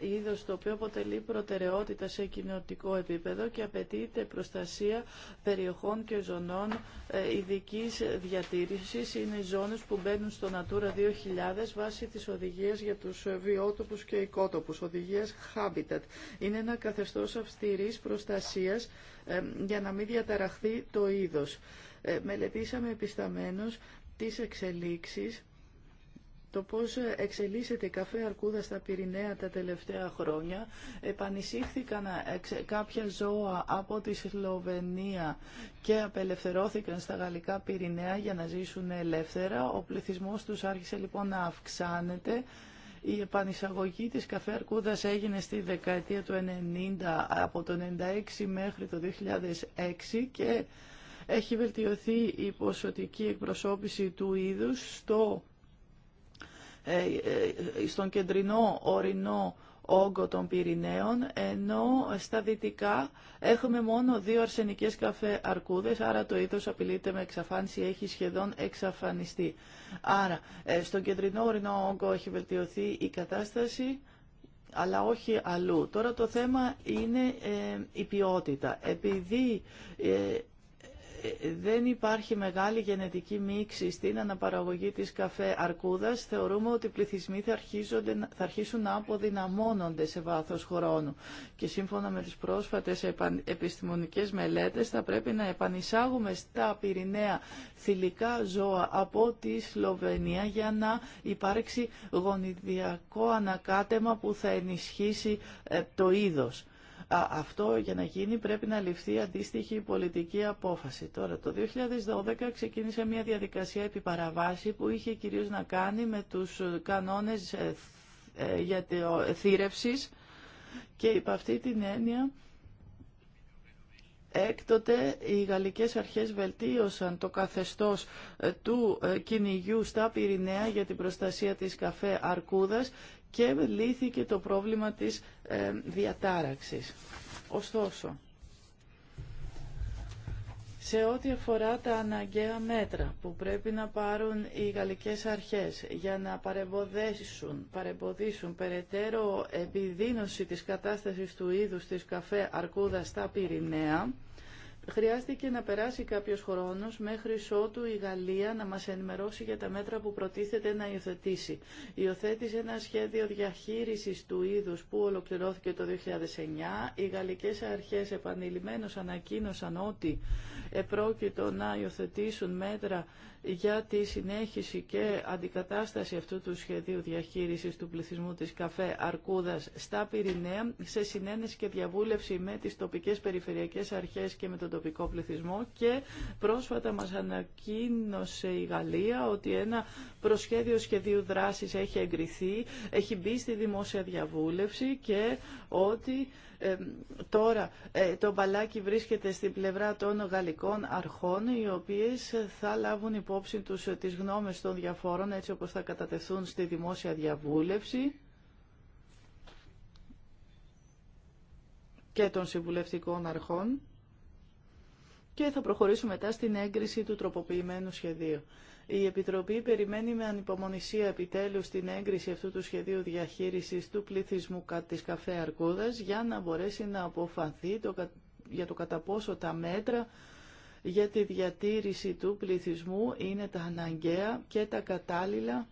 Speaker 4: είδος το οποίο αποτελεί προτεραιότητα σε κοινωτικό επίπεδο και απαιτείται προστασία περιοχών και ζωνών ε, ειδική διατήρησης. Είναι ζώνες που μπαίνουν στο Natura 2000 βάσει της οδηγίας για τους βιότοπους και οικότοπους, οδηγίας Habitat. Είναι ένα καθεστώς αυστηρής προστασίας ε, για να μην διαταραχθεί το είδος. Ε, μελετήσαμε επισταμένως τις εξελίξεις το πώς εξελίσσεται η καφέ αρκούδα στα Πυρηναία τα τελευταία χρόνια. Επανησύχθηκαν ε, κάποια ζώα από τη Σλοβενία και απελευθερώθηκαν στα γαλλικά Πυρηναία για να ζήσουν ελεύθερα. Ο πληθυσμός τους άρχισε λοιπόν να αυξάνεται. Η επανεισαγωγή της καφέ αρκούδας έγινε στη δεκαετία του 90, από το 96 μέχρι το 2006 και έχει βελτιωθεί η ποσοτική εκπροσώπηση του είδους στο ε, ε, στον κεντρινό ορεινό όγκο των Πυρηναίων, ενώ στα δυτικά έχουμε μόνο δύο αρσενικές καφέ αρκούδες, άρα το είδος απειλείται με εξαφάνιση, έχει σχεδόν εξαφανιστεί. Άρα, ε, στον κεντρινό ορεινό όγκο έχει βελτιωθεί η κατάσταση, αλλά όχι αλλού. Τώρα το θέμα είναι η ποιότητα. Επειδή δεν υπάρχει μεγάλη γενετική μίξη στην αναπαραγωγή της καφέ αρκούδας, θεωρούμε ότι οι πληθυσμοί θα, αρχίσουν να αποδυναμώνονται σε βάθος χρόνου. Και σύμφωνα με τις πρόσφατες επιστημονικές μελέτες θα πρέπει να επανεισάγουμε στα πυρηναία θηλυκά ζώα από τη Σλοβενία για να υπάρξει γονιδιακό ανακάτεμα που θα ενισχύσει ε, το είδος αυτό για να γίνει πρέπει να ληφθεί αντίστοιχη πολιτική απόφαση. Τώρα το 2012 ξεκίνησε μια διαδικασία επιπαραβάση που είχε κυρίως να κάνει με τους κανόνες ε, ε, για θύρευσης και υπ' αυτή την έννοια Έκτοτε οι γαλλικές αρχές βελτίωσαν το καθεστώς ε, του κυνηγιού στα Πυρηναία για την προστασία της καφέ Αρκούδας και λύθηκε το πρόβλημα της ε, διατάραξης. Ωστόσο, σε ό,τι αφορά τα αναγκαία μέτρα που πρέπει να πάρουν οι γαλλικές αρχές για να παρεμποδίσουν, παρεμποδίσουν περαιτέρω επιδίνωση της κατάστασης του είδους της καφέ αρκούδα στα Πυρηναία, Χρειάστηκε να περάσει κάποιος χρόνος μέχρι ότου η Γαλλία να μας ενημερώσει για τα μέτρα που προτίθεται να υιοθετήσει. Υιοθέτησε ένα σχέδιο διαχείρισης του είδους που ολοκληρώθηκε το 2009. Οι γαλλικές αρχές επανειλημμένως ανακοίνωσαν ότι επρόκειτο να υιοθετήσουν μέτρα για τη συνέχιση και αντικατάσταση αυτού του σχεδίου διαχείρισης του πληθυσμού της καφέ Αρκούδας στα Πυρηναία σε συνένεση και διαβούλευση με τις τοπικές περιφερειακές αρχές και με τον τοπικό πληθυσμό και πρόσφατα μας ανακοίνωσε η Γαλλία ότι ένα προσχέδιο σχεδίου δράσης έχει εγκριθεί, έχει μπει στη δημόσια διαβούλευση και ότι τώρα ε, το μπαλάκι βρίσκεται στην πλευρά των γαλλικών αρχών οι οποίες θα λάβουν υπόψη τους ε, τις γνώμες των διαφόρων έτσι όπως θα κατατεθούν στη δημόσια διαβούλευση και των συμβουλευτικών αρχών και θα προχωρήσουμε μετά στην έγκριση του τροποποιημένου σχεδίου. Η Επιτροπή περιμένει με ανυπομονησία επιτέλους την έγκριση αυτού του σχεδίου διαχείρισης του πληθυσμού της καφέ Αρκούδας για να μπορέσει να αποφανθεί το, για το κατά πόσο τα μέτρα για τη διατήρηση του πληθυσμού είναι τα αναγκαία και τα κατάλληλα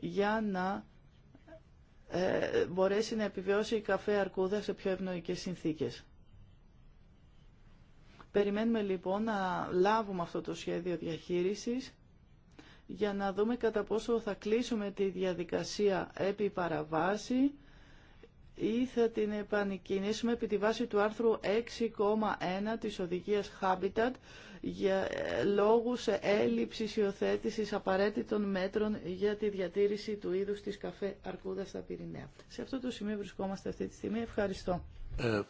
Speaker 4: για να ε, μπορέσει να επιβιώσει η καφέ Αρκούδα σε πιο ευνοϊκές συνθήκες. Περιμένουμε λοιπόν να λάβουμε αυτό το σχέδιο διαχείρισης για να δούμε κατά πόσο θα κλείσουμε τη διαδικασία επί παραβάση ή θα την επανεκκινήσουμε επί τη βάση του άρθρου 6,1 της οδηγίας Habitat για ε, λόγους έλλειψης υιοθέτηση απαραίτητων μέτρων για τη διατήρηση του είδους της καφέ αρκούδα στα Πυρηναία. Σε αυτό το σημείο βρισκόμαστε αυτή τη στιγμή. Ευχαριστώ. Ε,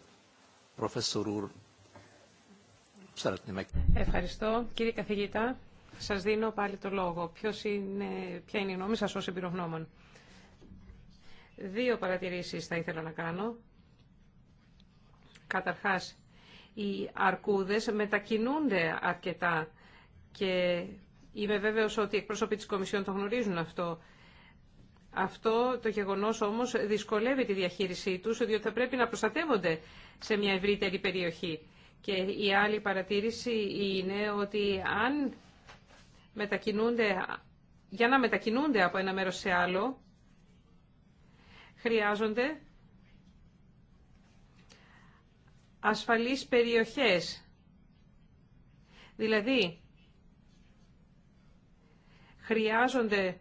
Speaker 4: Ευχαριστώ. Κύριε καθηγητά,
Speaker 3: σας δίνω πάλι το λόγο. Ποιος είναι, ποια είναι η γνώμη σας ως εμπειρογνώμων. Δύο παρατηρήσεις θα ήθελα να κάνω. Καταρχάς, οι αρκούδες μετακινούνται αρκετά και είμαι βέβαιος ότι οι εκπρόσωποι της Κομισιόν το γνωρίζουν αυτό. Αυτό το γεγονός όμως δυσκολεύει τη διαχείρισή τους, διότι θα πρέπει να προστατεύονται σε μια ευρύτερη περιοχή. Και η άλλη παρατήρηση είναι ότι αν μετακινούνται, για να μετακινούνται από ένα μέρος σε άλλο, χρειάζονται ασφαλείς περιοχές. Δηλαδή, χρειάζονται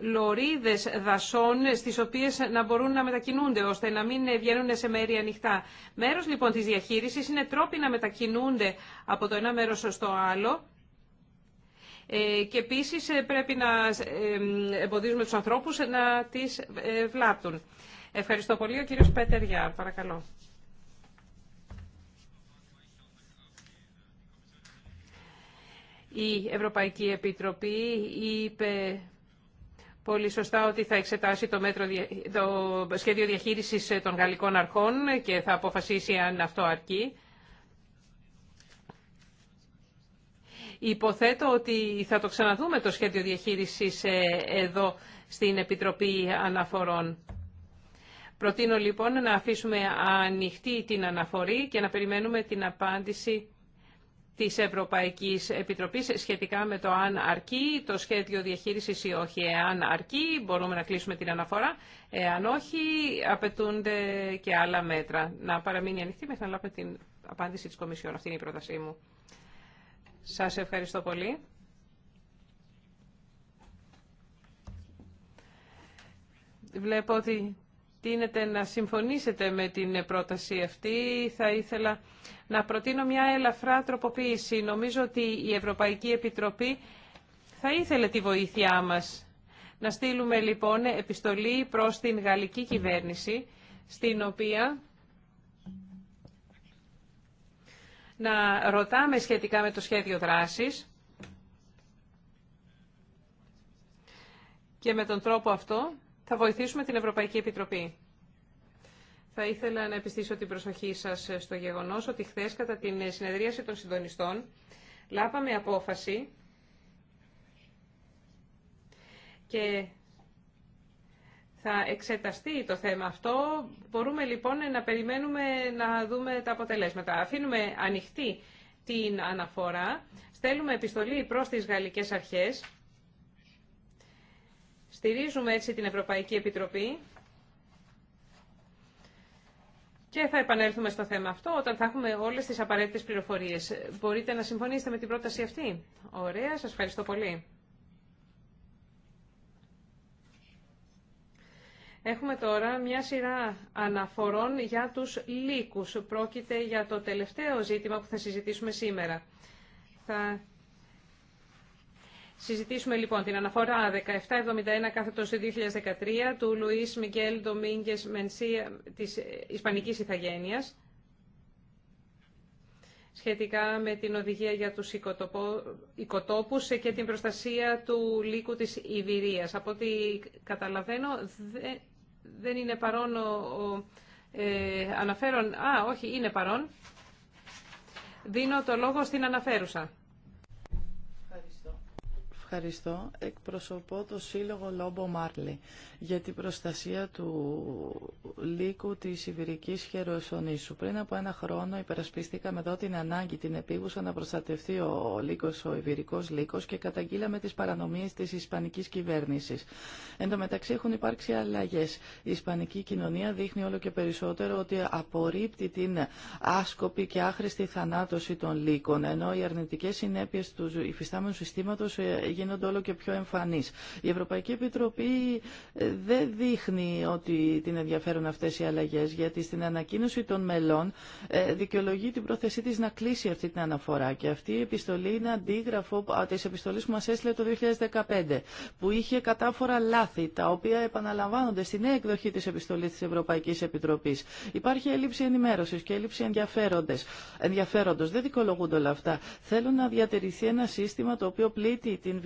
Speaker 3: λωρίδε δασών στι οποίε να μπορούν να μετακινούνται ώστε να μην βγαίνουν σε μέρη ανοιχτά. Μέρο λοιπόν τη διαχείριση είναι τρόποι να μετακινούνται από το ένα μέρο στο άλλο ε, και επίση ε, πρέπει να ε, εμποδίζουμε του ανθρώπου να τι βλάπτουν. Ευχαριστώ πολύ. Ο κύριος Πέτεριά, παρακαλώ. Η Ευρωπαϊκή Επιτροπή είπε πολύ σωστά ότι θα εξετάσει το, μέτρο, το σχέδιο διαχείρισης ε, των γαλλικών αρχών και θα αποφασίσει αν αυτό αρκεί. Υποθέτω ότι θα το ξαναδούμε το σχέδιο διαχείρισης ε, εδώ στην Επιτροπή Αναφορών. Προτείνω λοιπόν να αφήσουμε ανοιχτή την αναφορή και να περιμένουμε την απάντηση της Ευρωπαϊκής Επιτροπής σχετικά με το αν αρκεί το σχέδιο διαχείρισης ή όχι. Εάν αρκεί μπορούμε να κλείσουμε την αναφορά. Εάν όχι απαιτούνται και άλλα μέτρα. Να παραμείνει ανοιχτή μέχρι να λάβουμε την απάντηση της Κομισιόν. Αυτή είναι η πρότασή μου. Σας ευχαριστώ πολύ. Βλέπω ότι τίνετε να συμφωνήσετε με την πρόταση αυτή. Θα ήθελα να προτείνω μια ελαφρά τροποποίηση. Νομίζω ότι η Ευρωπαϊκή Επιτροπή θα ήθελε τη βοήθειά μας. Να στείλουμε λοιπόν επιστολή προς την γαλλική κυβέρνηση, στην οποία να ρωτάμε σχετικά με το σχέδιο δράσης και με τον τρόπο αυτό θα βοηθήσουμε την Ευρωπαϊκή Επιτροπή. Θα ήθελα να επιστήσω την προσοχή σας στο γεγονός ότι χθε κατά την συνεδρίαση των συντονιστών λάβαμε απόφαση και θα εξεταστεί το θέμα αυτό. Μπορούμε λοιπόν να περιμένουμε να δούμε τα αποτελέσματα. Αφήνουμε ανοιχτή την αναφορά. Στέλνουμε επιστολή προς τις γαλλικές αρχές. Στηρίζουμε έτσι την Ευρωπαϊκή Επιτροπή και θα επανέλθουμε στο θέμα αυτό όταν θα έχουμε όλες τις απαραίτητες πληροφορίες. Μπορείτε να συμφωνήσετε με την πρόταση αυτή. Ωραία, σας ευχαριστώ πολύ. Έχουμε τώρα μια σειρά αναφορών για τους λύκους. Πρόκειται για το τελευταίο ζήτημα που θα συζητήσουμε σήμερα. Θα Συζητήσουμε λοιπόν την αναφορά 1771 κάθετο 2013 του Λουίς Μικέλ Ντομίνγκες Μενσία της Ισπανικής Ιθαγένειας σχετικά με την οδηγία για τους οικοτόπους και την προστασία του λύκου της Ιβηρίας. Από ό,τι καταλαβαίνω δεν είναι παρόν ο, ε, αναφέρον. Α, όχι, είναι παρόν. Δίνω το λόγο στην αναφέρουσα.
Speaker 4: Ευχαριστώ. Εκπροσωπώ το Σύλλογο Λόμπο Μάρλι για την προστασία του λύκου της Ιβηρικής Χεροσονήσου. Πριν από ένα χρόνο υπερασπίστηκαμε εδώ την ανάγκη, την επίγουσα να προστατευτεί ο λύκος, ο Ιβηρικός λύκος και καταγγείλαμε τις παρανομίες της Ισπανικής κυβέρνησης. Εν τω μεταξύ έχουν υπάρξει αλλαγές. Η Ισπανική κοινωνία δείχνει όλο και περισσότερο ότι απορρίπτει την άσκοπη και άχρηστη θανάτωση των λύκων, ενώ οι αρνητικές συνέπειες του υφιστάμενου συστήματος ε, γίνονται όλο και πιο εμφανείς. Η Ευρωπαϊκή Επιτροπή ε, δεν δείχνει ότι την ενδιαφέρουν αυτές οι αλλαγές, γιατί στην ανακοίνωση των μελών ε, δικαιολογεί την πρόθεσή της να κλείσει αυτή την αναφορά. Και αυτή η επιστολή είναι αντίγραφο της επιστολής που μας έστειλε το 2015, που είχε κατάφορα λάθη, τα οποία επαναλαμβάνονται στην νέα εκδοχή της επιστολής της Ευρωπαϊκής Επιτροπής. Υπάρχει έλλειψη ενημέρωσης και έλλειψη ενδιαφέροντος. Δεν δικαιολογούνται όλα αυτά. Θέλουν να διατηρηθεί ένα σύστημα το οποίο πλήττει την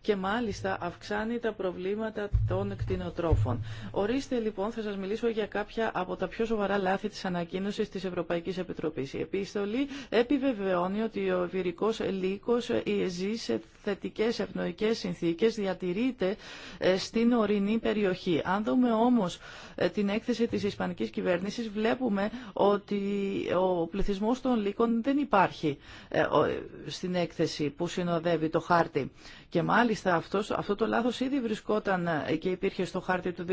Speaker 4: και μάλιστα αυξάνει τα προβλήματα των κτηνοτρόφων. Ορίστε λοιπόν, θα σα μιλήσω για κάποια από τα πιο σοβαρά λάθη τη ανακοίνωση τη Ευρωπαϊκή Επιτροπή. Η επίστολη επιβεβαιώνει ότι ο ευηρικό λύκο ζει σε θετικέ ευνοϊκέ συνθήκε διατηρείται ε, στην ορεινή περιοχή. Αν δούμε όμω ε, την έκθεση τη Ισπανική κυβέρνηση, βλέπουμε ότι ο πληθυσμό των λύκων δεν υπάρχει ε, στην έκθεση που συνοδεύει το χάρτη. Και μάλιστα αυτός, αυτό το λάθος ήδη βρισκόταν ε, και υπήρχε στο χάρτη του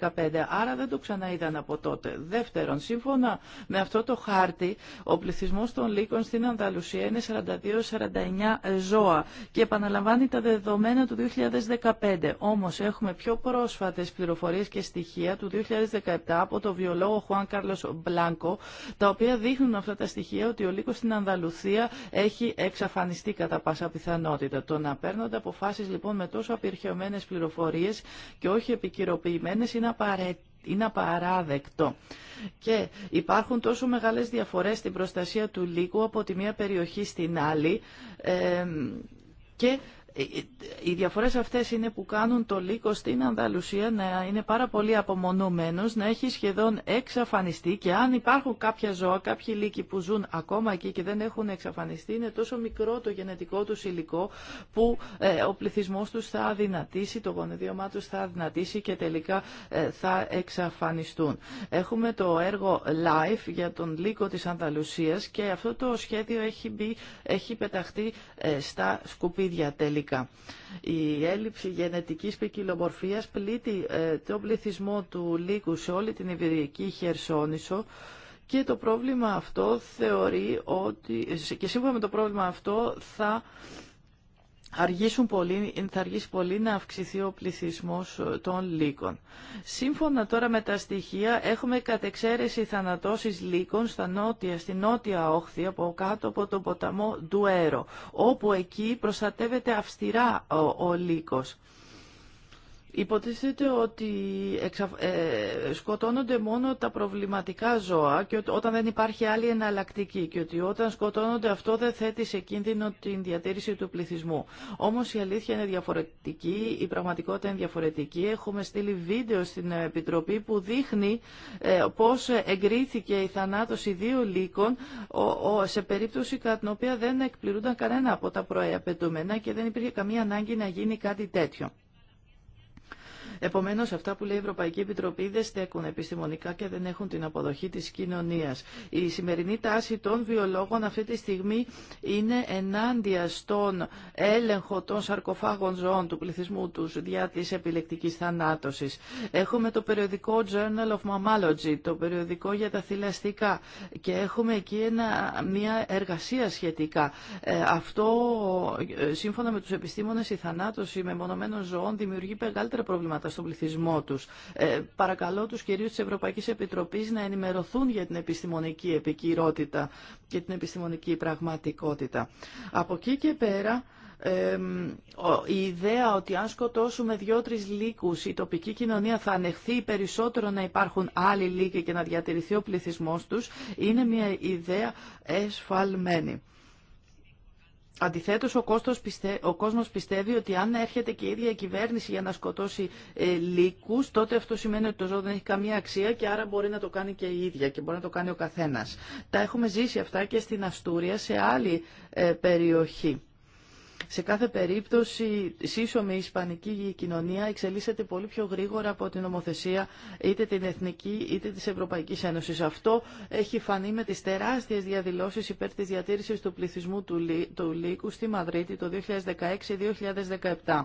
Speaker 4: 2015, άρα δεν το ξαναείδαν από τότε. Δεύτερον, σύμφωνα με αυτό το χάρτη, ο πληθυσμός των λύκων στην Ανδαλουσία είναι 42-49 ζώα και επαναλαμβάνει τα δεδομένα του 2015. Όμως έχουμε πιο πρόσφατες πληροφορίες και στοιχεία του 2017 από τον βιολόγο Χουάν Κάρλος Μπλάνκο, τα οποία δείχνουν αυτά τα στοιχεία ότι ο λύκος στην Ανδαλουσία έχει εξαφανιστεί κατά πάσα πιθανότητα. Το να αποφάσεις λοιπόν με τόσο απειρχαιωμένες πληροφορίες και όχι επικυροποιημένες είναι απαραίτητο απαράδεκτο. Και υπάρχουν τόσο μεγάλες διαφορές στην προστασία του λύκου από τη μία περιοχή στην άλλη ε, και ε, ε, οι διαφορές αυτές είναι που κάνουν το λύκο στην Ανδαλουσία να είναι πάρα πολύ απομονωμένος, να έχει σχεδόν εξαφανιστεί και αν υπάρχουν κάποια ζώα, κάποιοι λύκοι που ζουν ακόμα εκεί και δεν έχουν εξαφανιστεί, είναι τόσο μικρό το γενετικό του υλικό που ε, ο πληθυσμός τους θα αδυνατήσει, το γονιδίωμά τους θα αδυνατήσει και τελικά θα εξαφανιστούν. Έχουμε το έργο LIFE για τον λύκο της Ανδαλουσίας και αυτό το σχέδιο έχει, έχει πεταχτεί στα σκουπίδια τελικά η έλλειψη γενετικής ποικιλομορφίας πλήττει ε, τον πληθυσμό του λύκου σε όλη την Ιβηρική Χερσόνησο και το πρόβλημα αυτό θεωρεί ότι και σύμφωνα με το πρόβλημα αυτό θα αργήσουν πολύ, θα αργήσει πολύ να αυξηθεί ο πληθυσμός ε, των λύκων. Σύμφωνα τώρα με τα στοιχεία, έχουμε κατεξαίρεση θανατώσεις λύκων στην νότια, στη νότια όχθη, από κάτω από τον ποταμό Ντουέρο, όπου εκεί προστατεύεται αυστηρά ο, ο λύκος. Υποτίθεται ότι ε, σκοτώνονται μόνο τα προβληματικά ζώα και όταν δεν υπάρχει άλλη εναλλακτική και ότι όταν σκοτώνονται αυτό δεν θέτει σε κίνδυνο την διατήρηση του πληθυσμού. Όμως η αλήθεια είναι διαφορετική, η πραγματικότητα είναι διαφορετική. Έχουμε στείλει βίντεο στην Επιτροπή που δείχνει ε, πώς εγκρίθηκε η θανάτωση δύο λύκων σε περίπτωση κατά την οποία δεν εκπληρούνταν κανένα από τα προαπαιτούμενα και δεν υπήρχε καμία ανάγκη να γίνει κάτι τέτοιο. Επομένως αυτά που λέει η Ευρωπαϊκή Επιτροπή δεν στέκουν επιστημονικά και δεν έχουν την αποδοχή της κοινωνίας. Η σημερινή τάση των βιολόγων αυτή τη στιγμή είναι ενάντια στον έλεγχο των σαρκοφάγων ζώων του πληθυσμού τους διά της επιλεκτικής θανάτωσης. Έχουμε το περιοδικό Journal of Mammalogy, το περιοδικό για τα θηλαστικά και έχουμε εκεί μια εργασία σχετικά. Ε, αυτό, ε, σύμφωνα με τους επιστήμονες, η θανάτωση μεμονωμένων ζωών δημιουργεί μεγαλύτερα προβλήματα στον πληθυσμό του. Ε, παρακαλώ τους κυρίους τη Ευρωπαϊκή Επιτροπή να ενημερωθούν για την επιστημονική επικυρότητα και την επιστημονική πραγματικότητα. Από εκεί και πέρα... η ιδέα ότι αν σκοτώσουμε δυο-τρεις λύκους η τοπική κοινωνία θα ανεχθεί περισσότερο να υπάρχουν άλλοι λύκοι και να διατηρηθεί ο πληθυσμός τους είναι μια ιδέα εσφαλμένη. Αντιθέτω, ο, ο κόσμος πιστεύει ότι αν έρχεται και η ίδια η κυβέρνηση για να σκοτώσει ε, λύκους, τότε αυτό σημαίνει ότι το ζώο δεν έχει καμία αξία και άρα μπορεί να το κάνει και η ίδια και μπορεί να το κάνει ο καθένας. Τα έχουμε ζήσει αυτά και στην Αστούρια σε άλλη ε, περιοχή. Σε κάθε περίπτωση, σύσσωμη η ισπανική κοινωνία εξελίσσεται πολύ πιο γρήγορα από την νομοθεσία είτε την εθνική είτε της Ευρωπαϊκής Ένωσης. Αυτό έχει φανεί με τις τεράστιες διαδηλώσεις υπέρ της διατήρησης του πληθυσμού του λύκου στη Μαδρίτη το 2016-2017.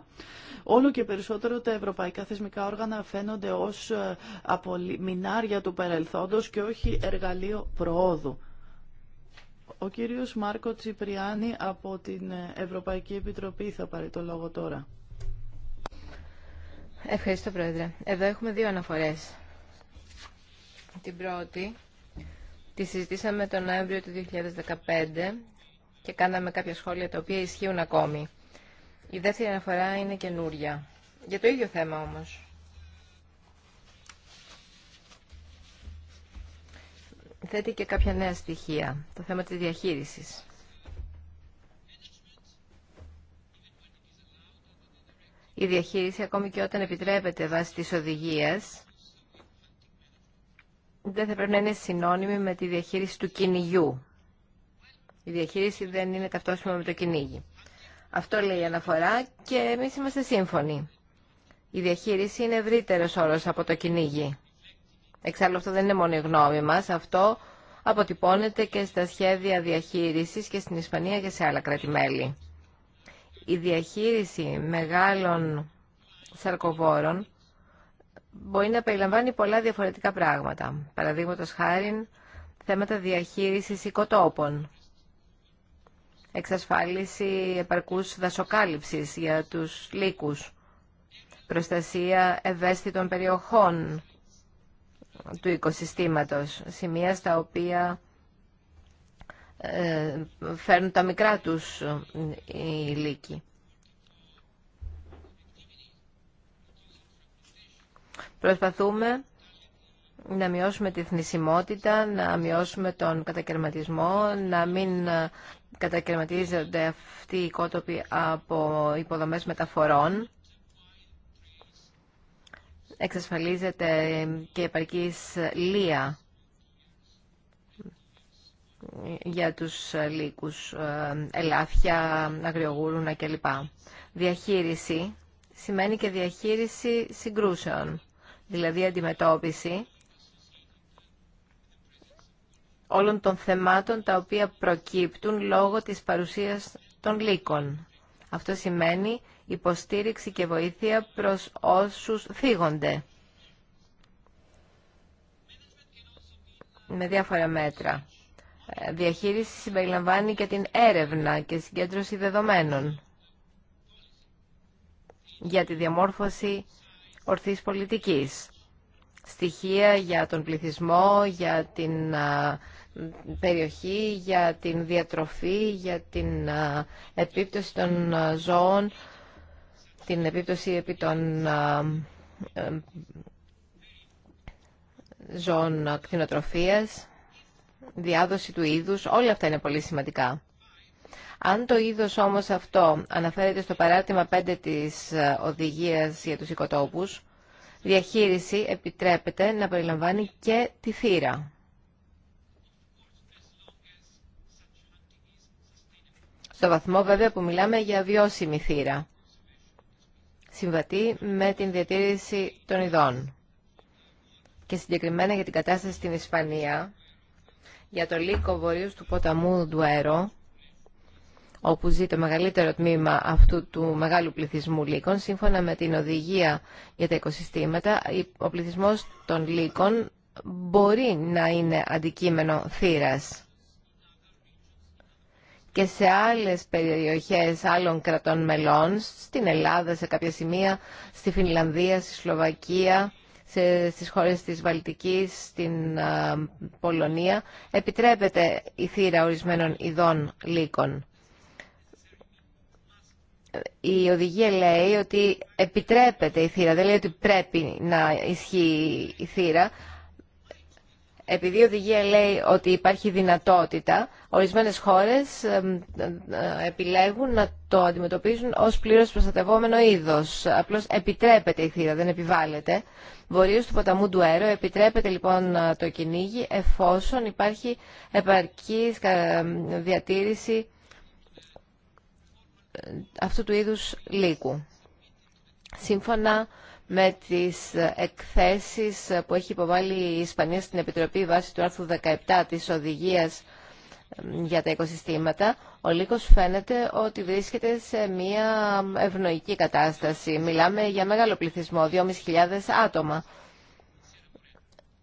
Speaker 4: Όλο και περισσότερο τα ευρωπαϊκά θεσμικά όργανα φαίνονται ως ε, μινάρια του παρελθόντος και όχι εργαλείο προόδου. Ο κύριος Μάρκο Τσιπριάνη από την Ευρωπαϊκή Επιτροπή θα πάρει το λόγο τώρα. Ευχαριστώ, Πρόεδρε. Εδώ έχουμε δύο αναφορές. Την
Speaker 2: πρώτη τη συζητήσαμε τον Νοέμβριο του 2015 και κάναμε κάποια σχόλια τα οποία ισχύουν ακόμη. Η δεύτερη αναφορά είναι καινούρια. Για το ίδιο θέμα όμως. θέτει και κάποια νέα στοιχεία, το θέμα της διαχείρισης. Η διαχείριση, ακόμη και όταν επιτρέπεται βάσει της οδηγίας, δεν θα πρέπει να είναι συνώνυμη με τη διαχείριση του κυνηγιού. Η διαχείριση δεν είναι ταυτόσιμη με το κυνήγι. Αυτό λέει η αναφορά και εμείς είμαστε σύμφωνοι. Η διαχείριση είναι ευρύτερος όρος από το κυνήγι. Εξάλλου αυτό δεν είναι μόνο η γνώμη μας, αυτό αποτυπώνεται και στα σχέδια διαχείρισης και στην Ισπανία και σε άλλα κράτη-μέλη. Η διαχείριση μεγάλων σαρκοβόρων μπορεί να περιλαμβάνει πολλά διαφορετικά πράγματα. Παραδείγματο χάρη θέματα διαχείρισης οικοτόπων, εξασφάλιση επαρκούς δασοκάλυψης για τους λύκους, προστασία ευαίσθητων περιοχών του οικοσυστήματος, σημεία στα οποία ε, φέρνουν τα μικρά τους ε, οι λύκοι. Προσπαθούμε να μειώσουμε τη θνησιμότητα, να μειώσουμε τον κατακαιρματισμό, να μην ε, κατακαιρματίζονται αυτοί οι κότοποι από υποδομές μεταφορών εξασφαλίζεται και επαρκής λία για τους λύκους, ε, ελάφια, αγριογούρουνα κλπ. Διαχείριση σημαίνει και διαχείριση συγκρούσεων, δηλαδή αντιμετώπιση όλων των θεμάτων τα οποία προκύπτουν λόγω της παρουσίας των λύκων. Αυτό σημαίνει υποστήριξη και βοήθεια προς όσους φύγονται με διάφορα μέτρα. Ε, διαχείριση συμπεριλαμβάνει και την έρευνα και συγκέντρωση δεδομένων για τη διαμόρφωση ορθής πολιτικής. Στοιχεία για τον πληθυσμό, για την περιοχή, για την διατροφή, για την επίπτωση των ζώων την επίπτωση επί των ε, ζώων κτηνοτροφίας, διάδοση του είδους, όλα αυτά είναι πολύ σημαντικά. Αν το είδος όμως αυτό αναφέρεται στο παράρτημα 5 της ε, οδηγίας για τους οικοτόπους, διαχείριση επιτρέπεται να περιλαμβάνει και τη θύρα. Στο βαθμό βέβαια που μιλάμε για βιώσιμη θύρα. Συμβατεί με την διατήρηση των ειδών. Και συγκεκριμένα για την κατάσταση στην Ισπανία, για το λύκο βορείου του ποταμού Ντουέρο, όπου ζει το μεγαλύτερο τμήμα αυτού του μεγάλου πληθυσμού λύκων, σύμφωνα με την οδηγία για τα οικοσυστήματα, ο πληθυσμός των λύκων μπορεί να είναι αντικείμενο θύρας και σε άλλες περιοχές άλλων κρατών μελών, στην Ελλάδα σε κάποια σημεία, στη Φινλανδία, στη Σλοβακία, σε, στις χώρες της Βαλτικής, στην Πολωνία, επιτρέπεται η θύρα ορισμένων ειδών λύκων. Η οδηγία λέει ότι επιτρέπεται η θύρα, δεν λέει ότι πρέπει να ισχύει η θύρα, επειδή η οδηγία λέει ότι υπάρχει δυνατότητα, ορισμένες χώρες ε, ε, επιλέγουν να το αντιμετωπίζουν ως πλήρως προστατευόμενο είδος. Απλώς επιτρέπεται η θύρα, δεν επιβάλλεται. Βορείως του ποταμού του Αέρο επιτρέπεται λοιπόν ε, το κυνήγι εφόσον υπάρχει επαρκή διατήρηση αυτού του είδους λύκου. Σύμφωνα με τις εκθέσεις που έχει υποβάλει η Ισπανία στην Επιτροπή βάσει του άρθρου 17 της Οδηγίας για τα οικοσυστήματα, ο λύκος φαίνεται ότι βρίσκεται σε μια ευνοϊκή κατάσταση. Μιλάμε για μεγάλο πληθυσμό, 2.500 άτομα.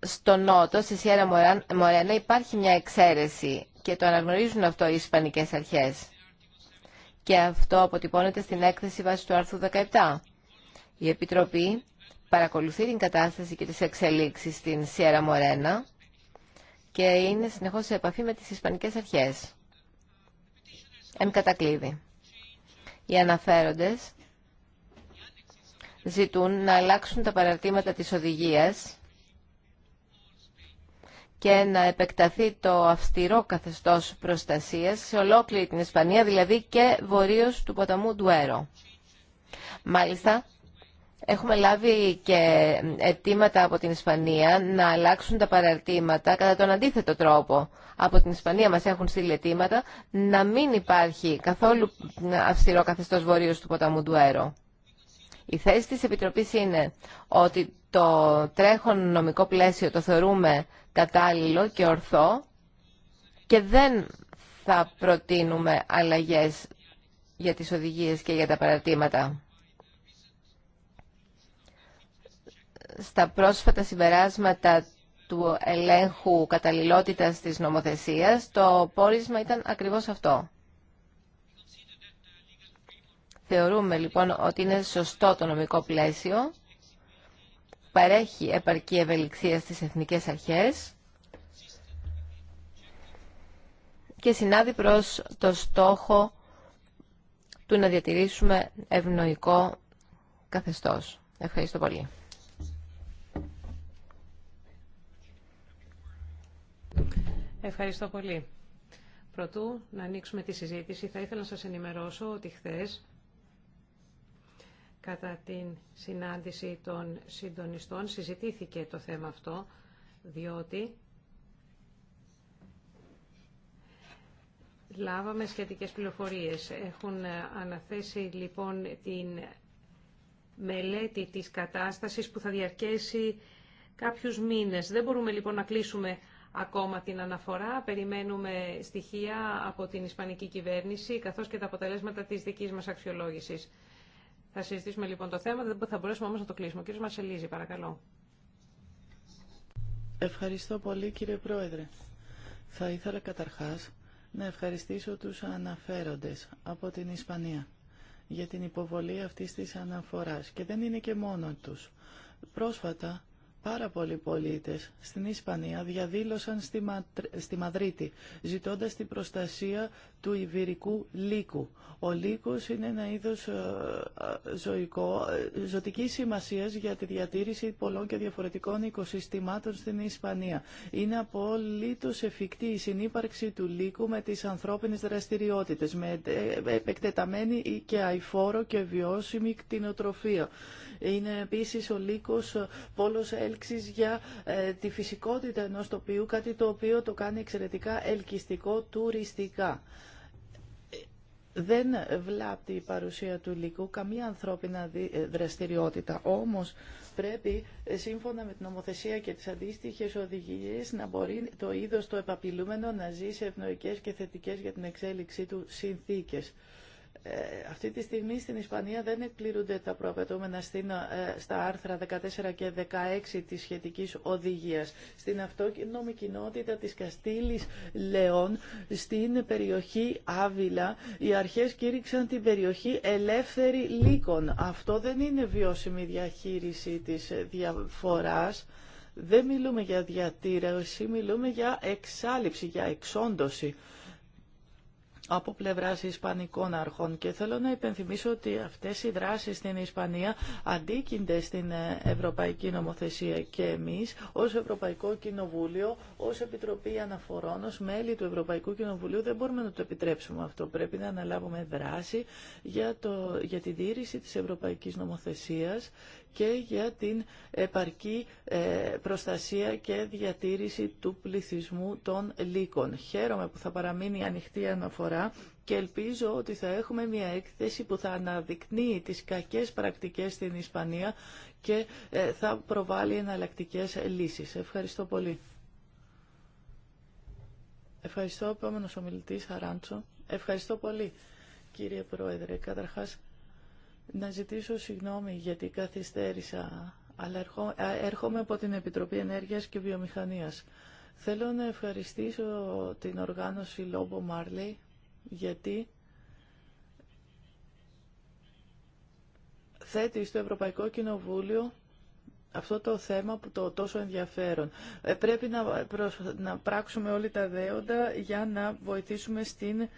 Speaker 2: Στο Νότο, στη Σιέρα Μορένα, υπάρχει μια εξαίρεση και το αναγνωρίζουν αυτό οι Ισπανικές αρχές. Και αυτό αποτυπώνεται στην έκθεση βάσει του άρθρου 17. Η Επιτροπή παρακολουθεί την κατάσταση και τις εξελίξεις στην Σιέρα Μορένα και είναι συνεχώς σε επαφή με τις Ισπανικές Αρχές. Εν κατακλείδη. Οι αναφέροντες ζητούν να αλλάξουν τα παραρτήματα της οδηγίας και να επεκταθεί το αυστηρό καθεστώς προστασίας σε ολόκληρη την Ισπανία, δηλαδή και βορείως του ποταμού Ντουέρο. Μάλιστα, Έχουμε λάβει και αιτήματα από την Ισπανία να αλλάξουν τα παραρτήματα κατά τον αντίθετο τρόπο. Από την Ισπανία μας έχουν στείλει αιτήματα να μην υπάρχει καθόλου αυστηρό καθεστώς βορείως του ποταμού αέρο. Η θέση της Επιτροπής είναι ότι το τρέχον νομικό πλαίσιο το θεωρούμε κατάλληλο και ορθό και δεν θα προτείνουμε αλλαγές για τις οδηγίες και για τα παραρτήματα. στα πρόσφατα συμπεράσματα του ελέγχου καταλληλότητας της νομοθεσίας, το πόρισμα ήταν ακριβώς αυτό. Θεωρούμε λοιπόν ότι είναι σωστό το νομικό πλαίσιο, παρέχει επαρκή ευελιξία στις εθνικές αρχές και συνάδει προς το στόχο του να διατηρήσουμε ευνοϊκό καθεστώς. Ευχαριστώ πολύ.
Speaker 3: Ευχαριστώ πολύ. Πρωτού να ανοίξουμε τη συζήτηση, θα ήθελα να σας ενημερώσω ότι χθες, κατά την συνάντηση των συντονιστών, συζητήθηκε το θέμα αυτό, διότι λάβαμε σχετικές πληροφορίες. Έχουν αναθέσει λοιπόν την μελέτη της κατάστασης που θα διαρκέσει κάποιους μήνες. Δεν μπορούμε λοιπόν να κλείσουμε ακόμα την αναφορά. Περιμένουμε στοιχεία από την Ισπανική κυβέρνηση, καθώς και τα αποτελέσματα της δικής μας αξιολόγησης. Θα συζητήσουμε λοιπόν το θέμα, δεν θα μπορέσουμε όμως να το κλείσουμε. Κύριο κύριος παρακαλώ.
Speaker 4: Ευχαριστώ πολύ κύριε Πρόεδρε. Θα ήθελα καταρχάς να ευχαριστήσω τους αναφέροντες από την Ισπανία για την υποβολή αυτής της αναφοράς. Και δεν είναι και μόνο τους. Πρόσφατα Πάρα πολλοί πολίτες στην Ισπανία διαδήλωσαν στη, στη Μαδρίτη ζητώντας την προστασία του ιβυρικού Λύκου. Ο Λύκος είναι ένα είδος ε, ε, ζωικό, ε, ζωτικής σημασίας για τη διατήρηση πολλών και διαφορετικών οικοσυστημάτων στην Ισπανία. Είναι απόλύτω εφικτή η συνύπαρξη του Λύκου με τις ανθρώπινες δραστηριότητες, με επεκτεταμένη και αηφόρο και βιώσιμη κτηνοτροφία. Είναι επίσης ο λύκο πόλος έλξης για τη φυσικότητα ενό τοπίου, κάτι το οποίο το κάνει εξαιρετικά ελκυστικό τουριστικά δεν βλάπτει η παρουσία του υλικού καμία ανθρώπινα ε, δραστηριότητα. Όμως πρέπει ε, σύμφωνα με την νομοθεσία και τις αντίστοιχες οδηγίες να μπορεί το είδος το επαπειλούμενο να ζει σε ευνοϊκές και θετικές για την εξέλιξή του συνθήκες. Ε, αυτή τη στιγμή στην Ισπανία δεν εκπληρούνται τα προαπαιτούμενα ε, στα άρθρα 14 και 16 της σχετικής οδηγίας. Στην αυτόνομη κοινότητα της Καστήλης Λεών, στην περιοχή Άβυλα, οι αρχές κήρυξαν την περιοχή ελεύθερη λύκων. Αυτό δεν είναι βιώσιμη διαχείριση της διαφοράς. Δεν μιλούμε για διατήρηση, μιλούμε για εξάλληψη, για εξόντωση από πλευρά Ισπανικών αρχών και θέλω να υπενθυμίσω ότι αυτέ οι δράσει στην Ισπανία αντίκυνται στην ε, Ευρωπαϊκή Νομοθεσία και εμεί, ω Ευρωπαϊκό Κοινοβούλιο, ω Επιτροπή Αναφορών, ω μέλη του Ευρωπαϊκού Κοινοβουλίου δεν μπορούμε να το επιτρέψουμε αυτό. Πρέπει να αναλάβουμε δράση για, το, για τη τήρηση της και για την επαρκή ε, προστασία και διατήρηση του πληθυσμού των λύκων. Χαίρομαι που θα παραμείνει ανοιχτή αναφορά και ελπίζω ότι θα έχουμε μια έκθεση που θα αναδεικνύει τις κακές πρακτικές στην Ισπανία και ε, θα προβάλλει εναλλακτικέ λύσεις. Ευχαριστώ πολύ. Ευχαριστώ, επόμενος ομιλητή Αράντσο. Ευχαριστώ πολύ, κύριε Πρόεδρε. Καταρχάς, να ζητήσω συγγνώμη γιατί καθυστέρησα, αλλά έρχομαι από την Επιτροπή Ενέργειας και Βιομηχανίας. Θέλω να ευχαριστήσω την οργάνωση Λόμπο Μάρλι γιατί θέτει στο Ευρωπαϊκό Κοινοβούλιο αυτό το θέμα που το τόσο ενδιαφέρον. Ε, πρέπει να, να πράξουμε όλοι τα δέοντα για να βοηθήσουμε στην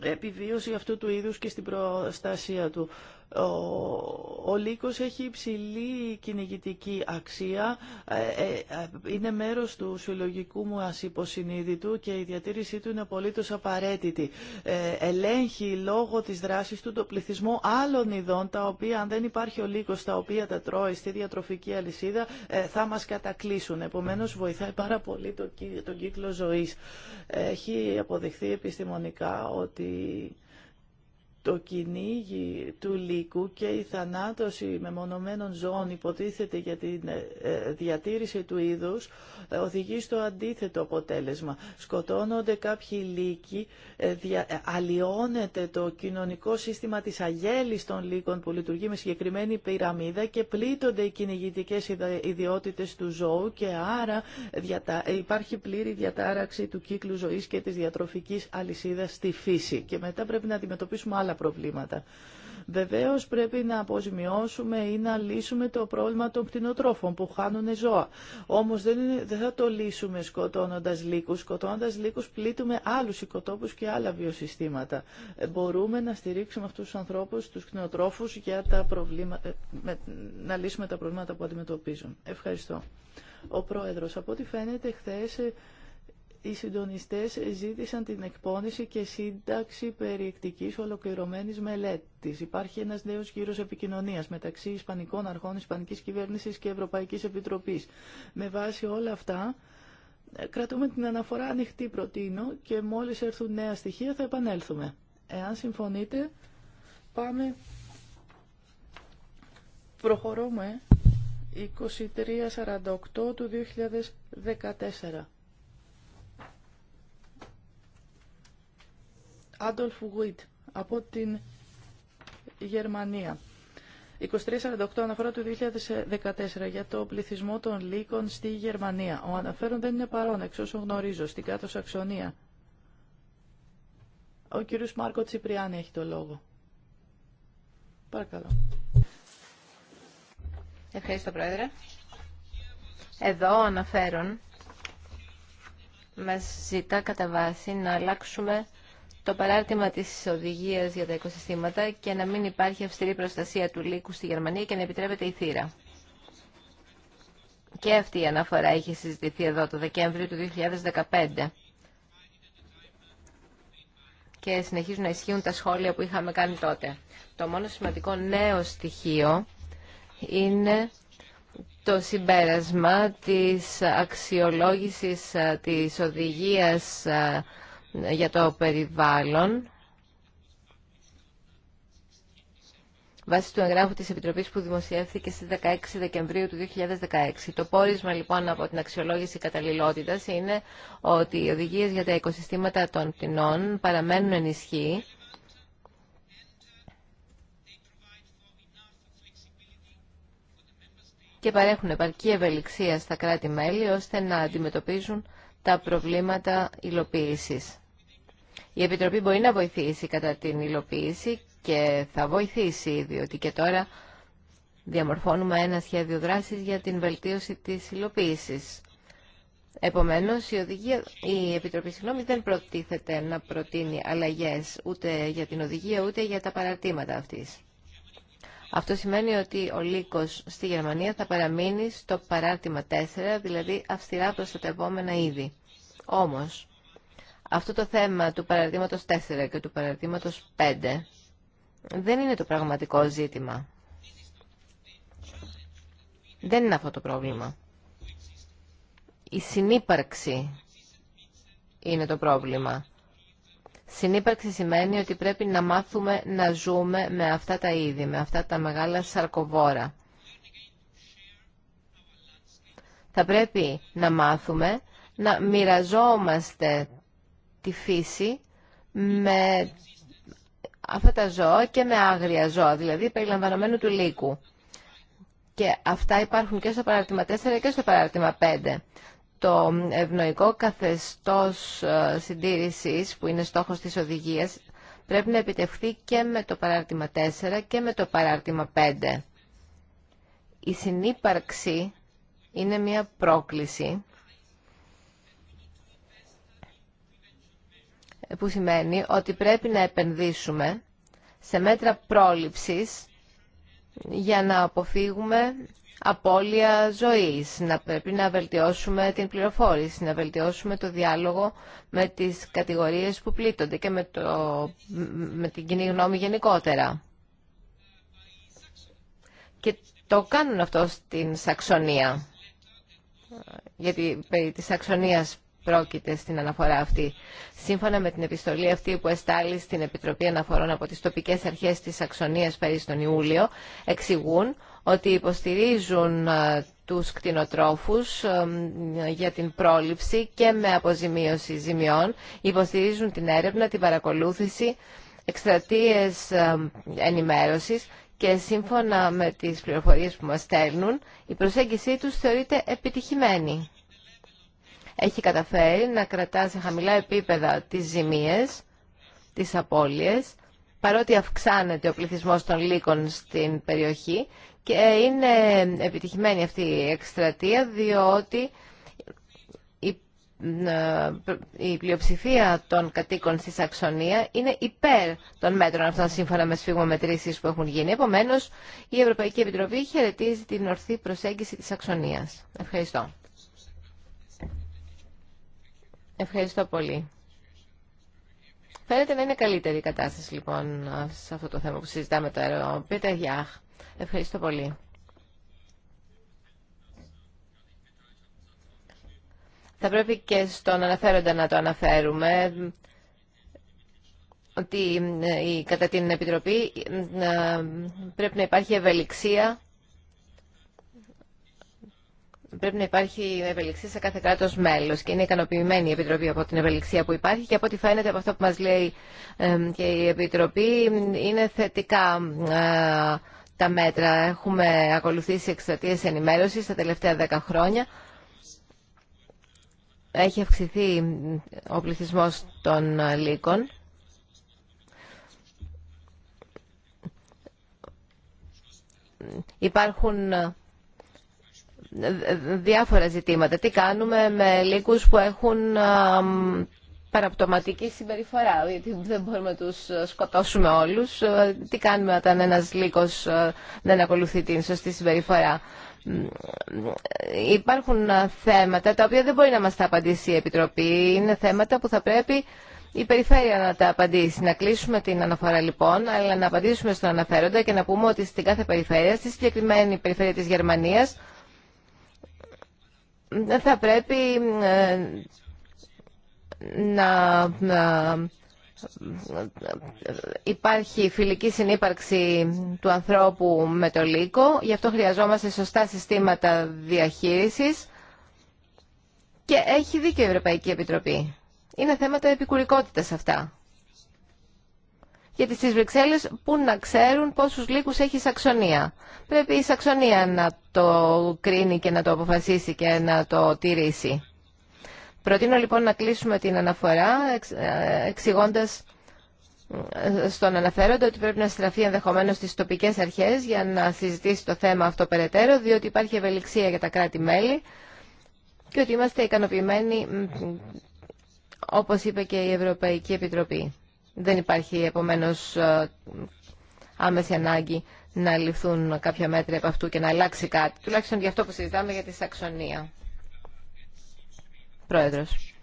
Speaker 4: επιβίωση αυτού του είδους και στην προστασία του. Ο, ο λύκος έχει υψηλή κυνηγητική αξία, ε, ε, ε, είναι μέρος του συλλογικού μου ασυποσυνείδητου και η διατήρησή του είναι απολύτως απαραίτητη. Ε, ελέγχει λόγω της δράσης του το πληθυσμό άλλων ειδών, τα οποία αν δεν υπάρχει ο λύκος, τα οποία τα τρώει στη διατροφική αλυσίδα, θα μας κατακλείσουν. Επομένως βοηθάει πάρα πολύ τον κύκλο ζωής. Έχει αποδειχθεί επιστημονικά ότι το κυνήγι του λύκου και η θανάτωση μεμονωμένων ζώων υποτίθεται για τη ε, ε, διατήρηση του είδους ε, οδηγεί στο αντίθετο αποτέλεσμα. Σκοτώνονται κάποιοι λύκοι, αλλοιώνεται το κοινωνικό σύστημα της αγέλης των λύκων που λειτουργεί με συγκεκριμένη πυραμίδα και πλήττονται οι κυνηγητικές ιδιότητες του ζώου και άρα υπάρχει πλήρη διατάραξη του κύκλου ζωής και της διατροφικής αλυσίδας στη φύση. Και μετά πρέπει να αντιμετωπίσουμε άλλα προβλήματα. Βεβαίω πρέπει να αποζημιώσουμε ή να λύσουμε το πρόβλημα των κτηνοτρόφων που χάνουν ζώα. Όμω δεν, θα το λύσουμε σκοτώνοντα λύκου. Σκοτώνοντα λύκου πλήττουμε άλλου οικοτόπου και άλλα βιοσυστήματα. Ε, μπορούμε να στηρίξουμε αυτού του ανθρώπου, του κτηνοτρόφου, για τα προβλήματα, ε, να λύσουμε τα προβλήματα που αντιμετωπίζουν. Ευχαριστώ. Ο πρόεδρο, από ό,τι φαίνεται, χθε. Ε, οι συντονιστές ζήτησαν την εκπόνηση και σύνταξη περιεκτικής ολοκληρωμένης μελέτης. Υπάρχει ένας νέος γύρος επικοινωνίας μεταξύ Ισπανικών Αρχών, Ισπανικής Κυβέρνησης και Ευρωπαϊκής Επιτροπής. Με βάση όλα αυτά, κρατούμε την αναφορά ανοιχτή προτείνω και μόλις έρθουν νέα στοιχεία θα επανέλθουμε. Εάν συμφωνείτε, πάμε... Προχωρούμε 2348 του 2014. Άντολφ Γουίτ από την Γερμανία. 2348 αναφορά του 2014 για το πληθυσμό των λύκων στη Γερμανία. Ο αναφέρον δεν είναι παρόν, εξ όσων γνωρίζω, στην κάτω Σαξονία. Ο κύριος Μάρκο Τσιπριάνη έχει το λόγο. Παρακαλώ. Ευχαριστώ, Πρόεδρε. Εδώ αναφέρον
Speaker 2: μας ζητά κατά βάση να αλλάξουμε το παράρτημα της οδηγίας για τα οικοσυστήματα και να μην υπάρχει αυστηρή προστασία του λύκου στη Γερμανία και να επιτρέπεται η θύρα. Και αυτή η αναφορά είχε συζητηθεί εδώ το Δεκέμβριο του 2015. Και συνεχίζουν να ισχύουν τα σχόλια που είχαμε κάνει τότε. Το μόνο σημαντικό νέο στοιχείο είναι το συμπέρασμα της αξιολόγησης ε, της οδηγίας ε, για το περιβάλλον βάσει του εγγράφου της Επιτροπής που δημοσιεύθηκε στις 16 Δεκεμβρίου του 2016. Το πόρισμα λοιπόν από την αξιολόγηση καταλληλότητας είναι ότι οι οδηγίες για τα οικοσυστήματα των πτηνών παραμένουν ενισχύ και παρέχουν επαρκή ευελιξία στα κράτη-μέλη ώστε να αντιμετωπίζουν τα προβλήματα υλοποίησης. Η Επιτροπή μπορεί να βοηθήσει κατά την υλοποίηση και θα βοηθήσει διότι και τώρα διαμορφώνουμε ένα σχέδιο δράσης για την βελτίωση της υλοποίησης. Επομένως, η, οδηγία, η Επιτροπή συγγνώμη, δεν προτίθεται να προτείνει αλλαγές ούτε για την οδηγία ούτε για τα παρατήματα αυτής. Αυτό σημαίνει ότι ο λύκος στη Γερμανία θα παραμείνει στο παράρτημα 4, δηλαδή αυστηρά προστατευόμενα είδη. Όμως, αυτό το θέμα του παραδείγματος 4 και του παραδείγματος 5 δεν είναι το πραγματικό ζήτημα. Δεν είναι αυτό το πρόβλημα. Η συνύπαρξη είναι το πρόβλημα. Συνύπαρξη σημαίνει ότι πρέπει να μάθουμε να ζούμε με αυτά τα είδη, με αυτά τα μεγάλα σαρκοβόρα. Θα πρέπει να μάθουμε να μοιραζόμαστε τη φύση με αυτά τα ζώα και με άγρια ζώα, δηλαδή περιλαμβανομένου του λύκου. Και αυτά υπάρχουν και στο παράρτημα 4 και στο παράρτημα 5. Το ευνοϊκό καθεστώς ε, συντήρησης που είναι στόχος της οδηγίας πρέπει να επιτευχθεί και με το παράρτημα 4 και με το παράρτημα 5. Η συνύπαρξη είναι μια πρόκληση που σημαίνει ότι πρέπει να επενδύσουμε σε μέτρα πρόληψης για να αποφύγουμε απώλεια ζωής, να πρέπει να βελτιώσουμε την πληροφόρηση, να βελτιώσουμε το διάλογο με τις κατηγορίες που πλήττονται και με, το, με την κοινή γνώμη γενικότερα. Και το κάνουν αυτό στην Σαξονία, γιατί περί της Σαξονίας πρόκειται στην αναφορά αυτή. Σύμφωνα με την επιστολή αυτή που εστάλει στην Επιτροπή Αναφορών από τις τοπικές αρχές της Αξονίας πέρυσι τον Ιούλιο, εξηγούν ότι υποστηρίζουν τους κτηνοτρόφους για την πρόληψη και με αποζημίωση ζημιών, υποστηρίζουν την έρευνα, την παρακολούθηση, εκστρατείες ενημέρωσης και σύμφωνα με τις πληροφορίες που μας στέλνουν, η προσέγγισή τους θεωρείται επιτυχημένη έχει καταφέρει να κρατά σε χαμηλά επίπεδα τις ζημίες, τις απώλειες, παρότι αυξάνεται ο πληθυσμός των λύκων στην περιοχή και είναι επιτυχημένη αυτή η εκστρατεία διότι η ε, πλειοψηφία των κατοίκων στη Σαξονία είναι υπέρ των μέτρων αυτών σύμφωνα με μετρήσεις που έχουν γίνει. Επομένως, η Ευρωπαϊκή Επιτροπή χαιρετίζει την ορθή προσέγγιση της Σαξονίας. Ευχαριστώ. Ευχαριστώ πολύ. Φαίνεται να είναι καλύτερη η κατάσταση λοιπόν σε αυτό το θέμα που συζητάμε τώρα. Γιάχ. Ευχαριστώ πολύ. Θα πρέπει και στον αναφέροντα να το αναφέρουμε ότι ε, κατά την Επιτροπή ε, πρέπει να υπάρχει ευελιξία πρέπει να υπάρχει ευελιξία σε κάθε κράτο μέλο και είναι ικανοποιημένη η Επιτροπή από την ευελιξία που υπάρχει και από ό,τι φαίνεται από αυτό που μα λέει και η Επιτροπή είναι θετικά ε, τα μέτρα. Έχουμε ακολουθήσει εκστρατείε ενημέρωση τα τελευταία δέκα χρόνια. Έχει αυξηθεί ο πληθυσμό των λύκων. Υπάρχουν διάφορα ζητήματα. Τι κάνουμε με λύκους που έχουν παραπτωματική συμπεριφορά, γιατί δεν μπορούμε να τους σκοτώσουμε όλους. Ε, τι κάνουμε όταν ένας λύκος ε, δεν ακολουθεί την σωστή συμπεριφορά. Ε, υπάρχουν θέματα τα οποία δεν μπορεί να μας τα απαντήσει η Επιτροπή. Είναι θέματα που θα πρέπει η περιφέρεια να τα απαντήσει. Να κλείσουμε την αναφορά λοιπόν, αλλά να απαντήσουμε στον αναφέροντα και να πούμε ότι στην κάθε περιφέρεια, στη συγκεκριμένη περιφέρεια της Γερμανίας, θα πρέπει ε, να ε, υπάρχει φιλική συνύπαρξη του ανθρώπου με το λύκο. Γι' αυτό χρειαζόμαστε σωστά συστήματα διαχείρισης. Και έχει δίκιο η Ευρωπαϊκή Επιτροπή. Είναι θέματα επικουρικότητας αυτά γιατί στις Βρυξέλλες πού να ξέρουν πόσους λύκους έχει η Σαξονία. Πρέπει η Σαξονία να το κρίνει και να το αποφασίσει και να το τηρήσει. Προτείνω λοιπόν να κλείσουμε την αναφορά ε, εξηγώντα ε, στον αναφέροντα ότι πρέπει να στραφεί ενδεχομένω στις τοπικές αρχές για να συζητήσει το θέμα αυτό περαιτέρω, διότι υπάρχει ευελιξία για τα κράτη-μέλη και ότι είμαστε ικανοποιημένοι, όπως είπε και η Ευρωπαϊκή Επιτροπή. Δεν υπάρχει επομένως ε, άμεση ανάγκη να ληφθούν κάποια μέτρα από αυτού και να αλλάξει κάτι. Τουλάχιστον για αυτό που συζητάμε για τη Σαξονία. Πρόεδρος.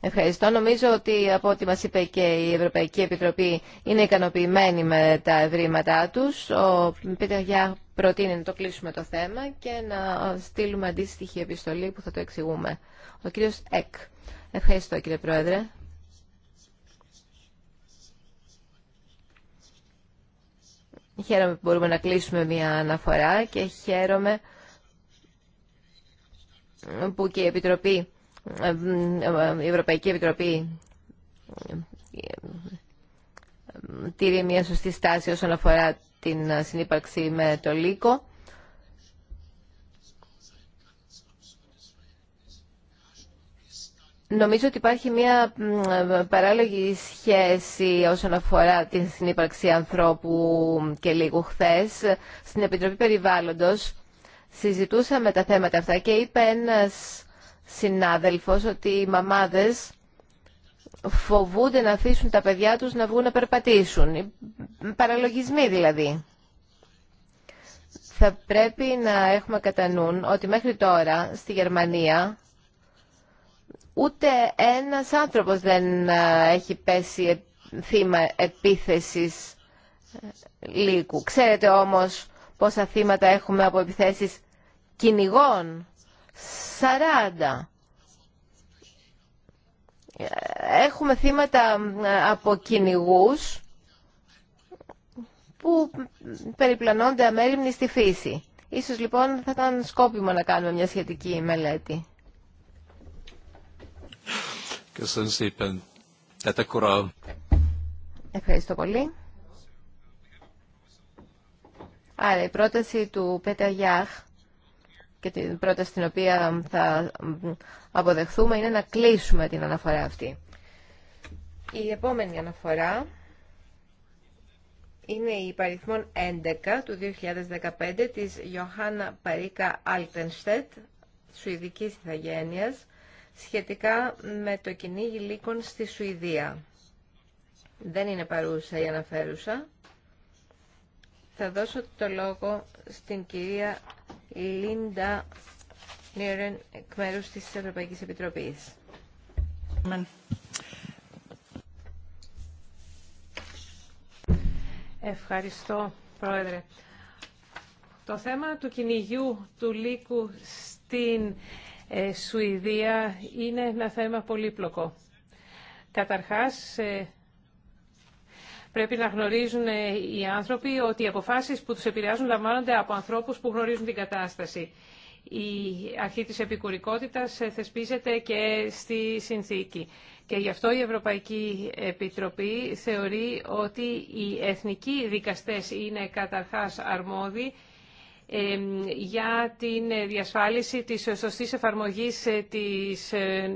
Speaker 2: Ευχαριστώ. Νομίζω ότι από ό,τι μας είπε και η Ευρωπαϊκή Επιτροπή είναι ικανοποιημένη με τα ευρήματά τους. Ο Πίτερ Γιά προτείνει να το κλείσουμε το θέμα και να στείλουμε αντίστοιχη επιστολή που θα το εξηγούμε. Ο κύριος Εκ. Ευχαριστώ κύριε Πρόεδρε. Χαίρομαι που μπορούμε να κλείσουμε μια αναφορά και χαίρομαι που και η Επιτροπή, η Ευρωπαϊκή Επιτροπή τήρει μια σωστή στάση όσον αφορά την συνύπαρξη με το ΛΥΚΟ. Νομίζω ότι υπάρχει μια παράλογη σχέση όσον αφορά την συνύπαρξη ανθρώπου και λίγου χθε. Στην Επιτροπή Περιβάλλοντος συζητούσαμε τα θέματα αυτά και είπε ένας συνάδελφος ότι οι μαμάδες φοβούνται να αφήσουν τα παιδιά τους να βγουν να περπατήσουν. Παραλογισμοί δηλαδή. Θα πρέπει να έχουμε κατά ότι μέχρι τώρα στη Γερμανία Ούτε ένας άνθρωπος δεν ε, έχει πέσει ε, θύμα επίθεσης ε, λύκου. Ξέρετε όμως πόσα θύματα έχουμε από επιθέσεις κυνηγών. Σαράντα. Έχουμε θύματα από κυνηγού που περιπλανώνται αμέριμνοι στη φύση. Ίσως λοιπόν θα ήταν σκόπιμο να κάνουμε μια σχετική μελέτη. Ευχαριστώ πολύ. Άρα η πρόταση του Πέτα Γιάχ και την πρόταση την οποία θα αποδεχθούμε είναι να κλείσουμε την αναφορά αυτή. Η επόμενη αναφορά είναι η παριθμόν 11 του 2015 της Ιωάννα Παρίκα Αλτενστέτ, Σουηδικής Ιθαγένειας, σχετικά με το κυνήγι λύκων στη Σουηδία. Δεν είναι παρούσα η αναφέρουσα. Θα δώσω το λόγο στην κυρία Λίντα Νίρεν εκ μέρους της Ευρωπαϊκής Επιτροπής.
Speaker 3: Ευχαριστώ, Πρόεδρε. Το θέμα του κυνηγιού του λύκου στην ε, Σουηδία είναι ένα θέμα πολύπλοκο. Καταρχάς, ε, πρέπει να γνωρίζουν ε, οι άνθρωποι ότι οι αποφάσεις που τους επηρεάζουν λαμβάνονται από ανθρώπους που γνωρίζουν την κατάσταση. Η αρχή της επικουρικότητας θεσπίζεται και στη συνθήκη. Και γι' αυτό η Ευρωπαϊκή Επιτροπή θεωρεί ότι οι εθνικοί δικαστές είναι καταρχάς αρμόδιοι για την διασφάλιση της σωστής εφαρμογής ε, της ε,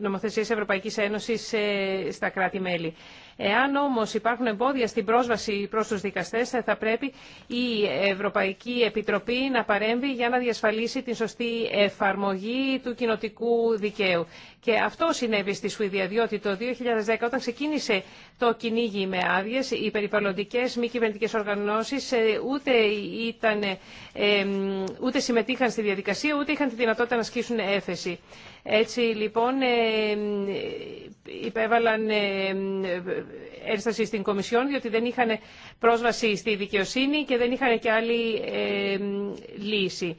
Speaker 3: νομοθεσίας Ευρωπαϊκής Ένωσης ε, στα κράτη-μέλη. Εάν όμως υπάρχουν εμπόδια στην πρόσβαση προς τους δικαστές, θα πρέπει η Ευρωπαϊκή Επιτροπή να παρέμβει για να διασφαλίσει την σωστή εφαρμογή του κοινοτικού δικαίου. Και αυτό συνέβη στη Σουηδία, διότι το 2010 όταν ξεκίνησε το κυνήγι με άδειε, οι περιβαλλοντικέ μη κυβερνητικέ οργανώσεις ε, ούτε, ήταν, ε, ούτε συμμετείχαν στη διαδικασία, ούτε είχαν τη δυνατότητα να ασκήσουν έφεση. Έτσι λοιπόν ε, υπέβαλαν ένσταση στην Κομισιόν διότι δεν είχαν πρόσβαση στη δικαιοσύνη και δεν είχαν και άλλη λύση.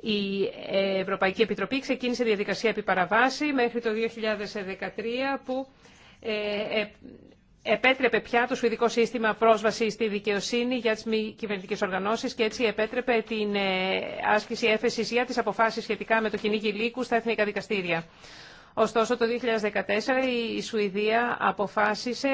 Speaker 3: Η Ευρωπαϊκή Επιτροπή ξεκίνησε διαδικασία επιπαραβάση μέχρι το 2013 που ε, ε, επέτρεπε πια το σουηδικό σύστημα πρόσβαση στη δικαιοσύνη για τις μη κυβερνητικές οργανώσεις και έτσι επέτρεπε την ε, άσκηση έφεσης για τις αποφάσεις σχετικά με το κυνήγι λύκου στα εθνικά δικαστήρια. Ωστόσο, το 2014 η Σουηδία αποφάσισε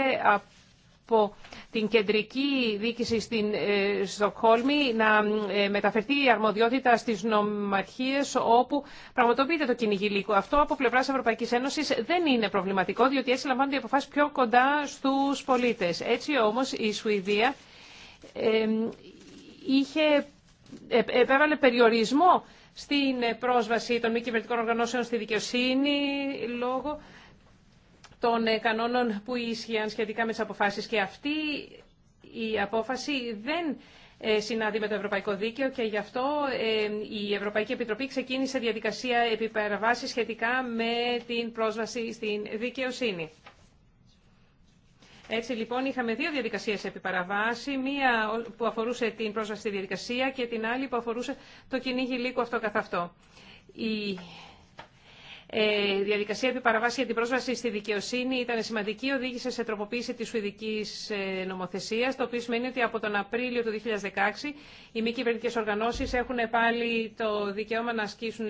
Speaker 3: από την κεντρική διοίκηση στην ε, Στοκχόλμη να ε, μεταφερθεί η αρμοδιότητα στις νομαρχίες όπου πραγματοποιείται το κυνηγή Αυτό από πλευράς Ευρωπαϊκής Ένωσης δεν είναι προβληματικό διότι έτσι λαμβάνονται οι αποφάσεις πιο κοντά στους πολίτες. Έτσι όμως η Σουηδία ε, είχε, επέβαλε περιορισμό στην πρόσβαση των μη κυβερνητικών οργανώσεων στη δικαιοσύνη λόγω των ε, κανόνων που ίσχυαν σχετικά με τι αποφάσεις και αυτή η απόφαση δεν ε, συνάδει με το Ευρωπαϊκό Δίκαιο και γι' αυτό ε, η Ευρωπαϊκή Επιτροπή ξεκίνησε διαδικασία επιπαραβάσης σχετικά με την πρόσβαση στην δικαιοσύνη. Έτσι λοιπόν είχαμε δύο διαδικασίες επιπαραβάση, μία που αφορούσε την πρόσβαση στη διαδικασία και την άλλη που αφορούσε το κυνήγι λύκου αυτό καθ' αυτό. Ε, η διαδικασία επί παραβάση για την πρόσβαση στη δικαιοσύνη ήταν σημαντική, οδήγησε σε τροποποίηση της Σουηδικής ε, νομοθεσίας, το οποίο σημαίνει ότι από τον Απρίλιο του 2016 οι μη κυβερνητικέ οργανώσεις έχουν πάλι το δικαίωμα να ασκήσουν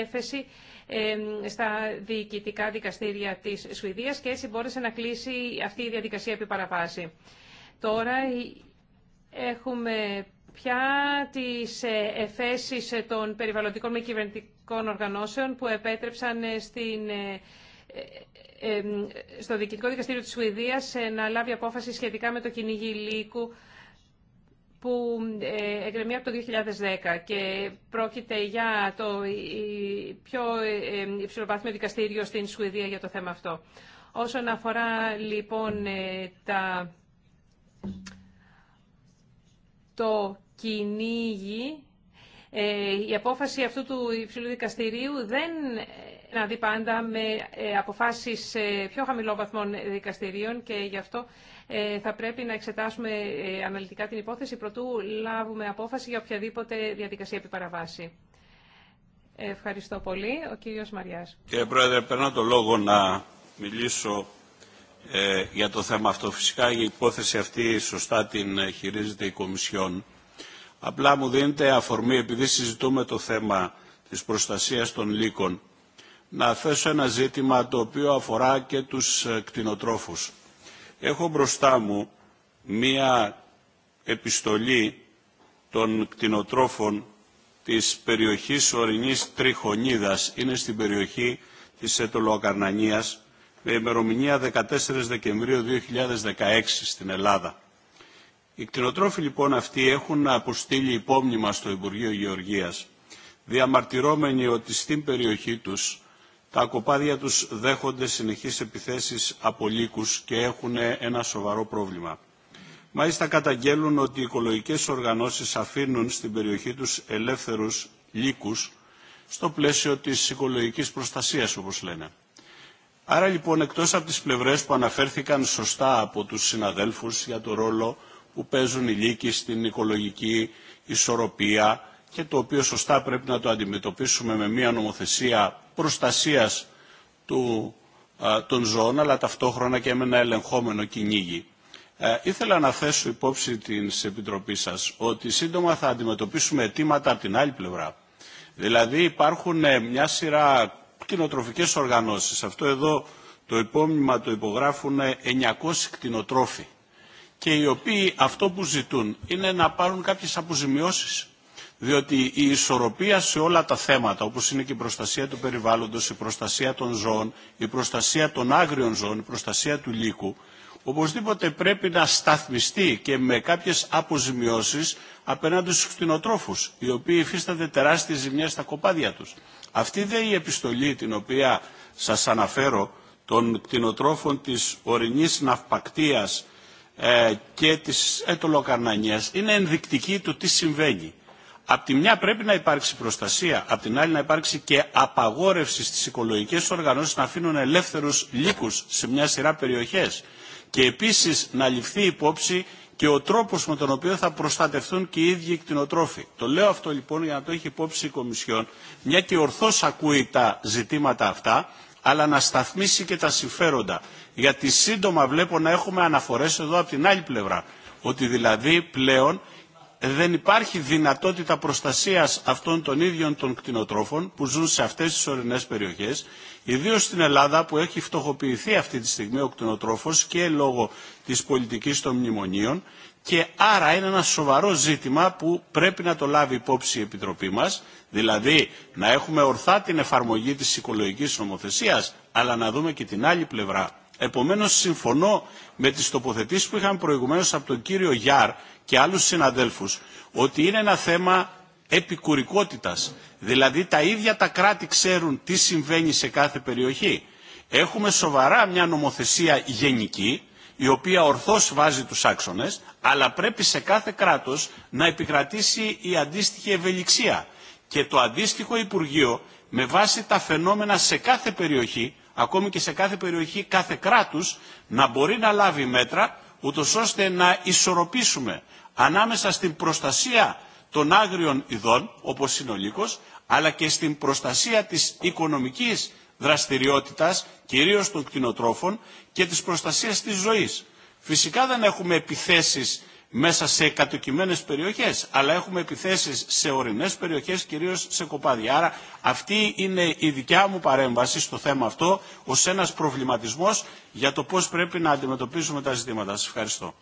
Speaker 3: έφεση ε, στα διοικητικά δικαστήρια της Σουηδίας και έτσι μπόρεσε να κλείσει αυτή η διαδικασία επί παραβάση. Τώρα έχουμε πια τις ε, εφέσεις ε, των περιβαλλοντικών με κυβερνητικών οργανώσεων που επέτρεψαν ε, στην, στο Διοικητικό Δικαστήριο της Σουηδίας να λάβει απόφαση σχετικά με το κυνήγι λύκου που εγκρεμεί από το 2010 και πρόκειται για το πιο υψηλοπάθμιο δικαστήριο στην Σουηδία για το θέμα αυτό. Όσον αφορά λοιπόν τα... το κυνήγι, ε, η απόφαση αυτού του υψηλού δικαστηρίου δεν να πάντα με ε, αποφάσεις πιο χαμηλό βαθμών δικαστηρίων και γι' αυτό ε, θα πρέπει να εξετάσουμε αναλυτικά την υπόθεση προτού λάβουμε απόφαση για οποιαδήποτε διαδικασία επιπαραβάση. Ευχαριστώ πολύ. Ο κύριος Μαριάς.
Speaker 5: Κύριε Πρόεδρε, περνώ το λόγο να μιλήσω για το θέμα αυτό. Φυσικά η υπόθεση αυτή σωστά την χειρίζεται η Κομισιόν Απλά μου δίνετε αφορμή, επειδή συζητούμε το θέμα της προστασίας των λύκων, να θέσω ένα ζήτημα το οποίο αφορά και τους ε, κτηνοτρόφους. Έχω μπροστά μου μία επιστολή των κτηνοτρόφων της περιοχής Ορεινής Τριχονίδας. Είναι στην περιοχή της Ετωλοκαρνανίας με ημερομηνία 14 Δεκεμβρίου 2016 στην Ελλάδα. Οι κτηνοτρόφοι λοιπόν αυτοί έχουν αποστείλει υπόμνημα στο Υπουργείο Γεωργίας, διαμαρτυρώμενοι ότι στην περιοχή τους τα κοπάδια τους δέχονται συνεχείς επιθέσεις από λύκους και έχουν ένα σοβαρό πρόβλημα. Μάλιστα καταγγέλουν ότι οι οικολογικές οργανώσεις αφήνουν στην περιοχή τους ελεύθερους λύκους στο πλαίσιο της οικολογικής προστασίας όπως λένε. Άρα λοιπόν εκτός από τις πλευρές που αναφέρθηκαν σωστά από τους συναδέλφους για το ρόλο που παίζουν οι λύκοι στην οικολογική ισορροπία και το οποίο σωστά πρέπει να το αντιμετωπίσουμε με μια νομοθεσία προστασίας του, των ζώων αλλά ταυτόχρονα και με ένα ελεγχόμενο κυνήγι. Ε, ήθελα να θέσω υπόψη της Επιτροπής σας ότι σύντομα θα αντιμετωπίσουμε αιτήματα από την άλλη πλευρά. Δηλαδή υπάρχουν ε, μια σειρά κτηνοτροφικές οργανώσεις. Αυτό εδώ το υπόμνημα το υπογράφουν 900 κτηνοτρόφοι και οι οποίοι αυτό που ζητούν είναι να πάρουν κάποιες αποζημιώσεις. Διότι η ισορροπία σε όλα τα θέματα, όπως είναι και η προστασία του περιβάλλοντος, η προστασία των ζώων, η προστασία των άγριων ζώων, η προστασία του λύκου, οπωσδήποτε πρέπει να σταθμιστεί και με κάποιες αποζημιώσεις απέναντι στους κτηνοτρόφους, οι οποίοι υφίστανται τεράστιες ζημιές στα κοπάδια τους. Αυτή δε η επιστολή την οποία σας αναφέρω των κτηνοτρόφων της ορεινής ναυπακτίας ε, και της ετολοκαρνανιές είναι ενδεικτική του τι συμβαίνει. Απ' τη μια πρέπει να υπάρξει προστασία, απ' την άλλη να υπάρξει και απαγόρευση στις οικολογικές οργανώσεις να αφήνουν ελεύθερους λύκους σε μια σειρά περιοχές και επίσης να ληφθεί υπόψη και ο τρόπος με τον οποίο θα προστατευτούν και οι ίδιοι κτηνοτρόφοι. Το λέω αυτό λοιπόν για να το έχει υπόψη η Κομισιόν, μια και ορθώς ακούει τα ζητήματα αυτά, αλλά να σταθμίσει και τα συμφέροντα γιατί σύντομα βλέπω να έχουμε αναφορές εδώ από την άλλη πλευρά. Ότι δηλαδή πλέον δεν υπάρχει δυνατότητα προστασίας αυτών των ίδιων των κτηνοτρόφων που ζουν σε αυτές τις ορεινές περιοχές, ιδίως στην Ελλάδα που έχει φτωχοποιηθεί αυτή τη στιγμή ο κτηνοτρόφος και λόγω της πολιτικής των μνημονίων και άρα είναι ένα σοβαρό ζήτημα που πρέπει να το λάβει υπόψη η Επιτροπή μας, δηλαδή να έχουμε ορθά την εφαρμογή της οικολογικής νομοθεσίας, αλλά να δούμε και την άλλη πλευρά Επομένως συμφωνώ με τις τοποθετήσεις που είχαν προηγουμένως από τον κύριο Γιάρ και άλλους συναδέλφους ότι είναι ένα θέμα επικουρικότητας. Δηλαδή τα ίδια τα κράτη ξέρουν τι συμβαίνει σε κάθε περιοχή. Έχουμε σοβαρά μια νομοθεσία γενική η οποία ορθώς βάζει τους άξονες αλλά πρέπει σε κάθε κράτος να επικρατήσει η αντίστοιχη ευελιξία και το αντίστοιχο Υπουργείο με βάση τα φαινόμενα σε κάθε περιοχή ακόμη και σε κάθε περιοχή, κάθε κράτους, να μπορεί να λάβει μέτρα, ούτω ώστε να ισορροπήσουμε ανάμεσα στην προστασία των άγριων ειδών, όπως είναι ο λύκος, αλλά και στην προστασία της οικονομικής δραστηριότητας, κυρίως των κτηνοτρόφων, και της προστασίας της ζωής. Φυσικά δεν έχουμε επιθέσεις μέσα σε κατοικημένες περιοχές, αλλά έχουμε επιθέσεις σε ορεινές περιοχές, κυρίως σε κοπάδια. Άρα αυτή είναι η δικιά μου παρέμβαση στο θέμα αυτό, ως ένας προβληματισμός για το πώς πρέπει να αντιμετωπίσουμε τα ζητήματα. Σας ευχαριστώ.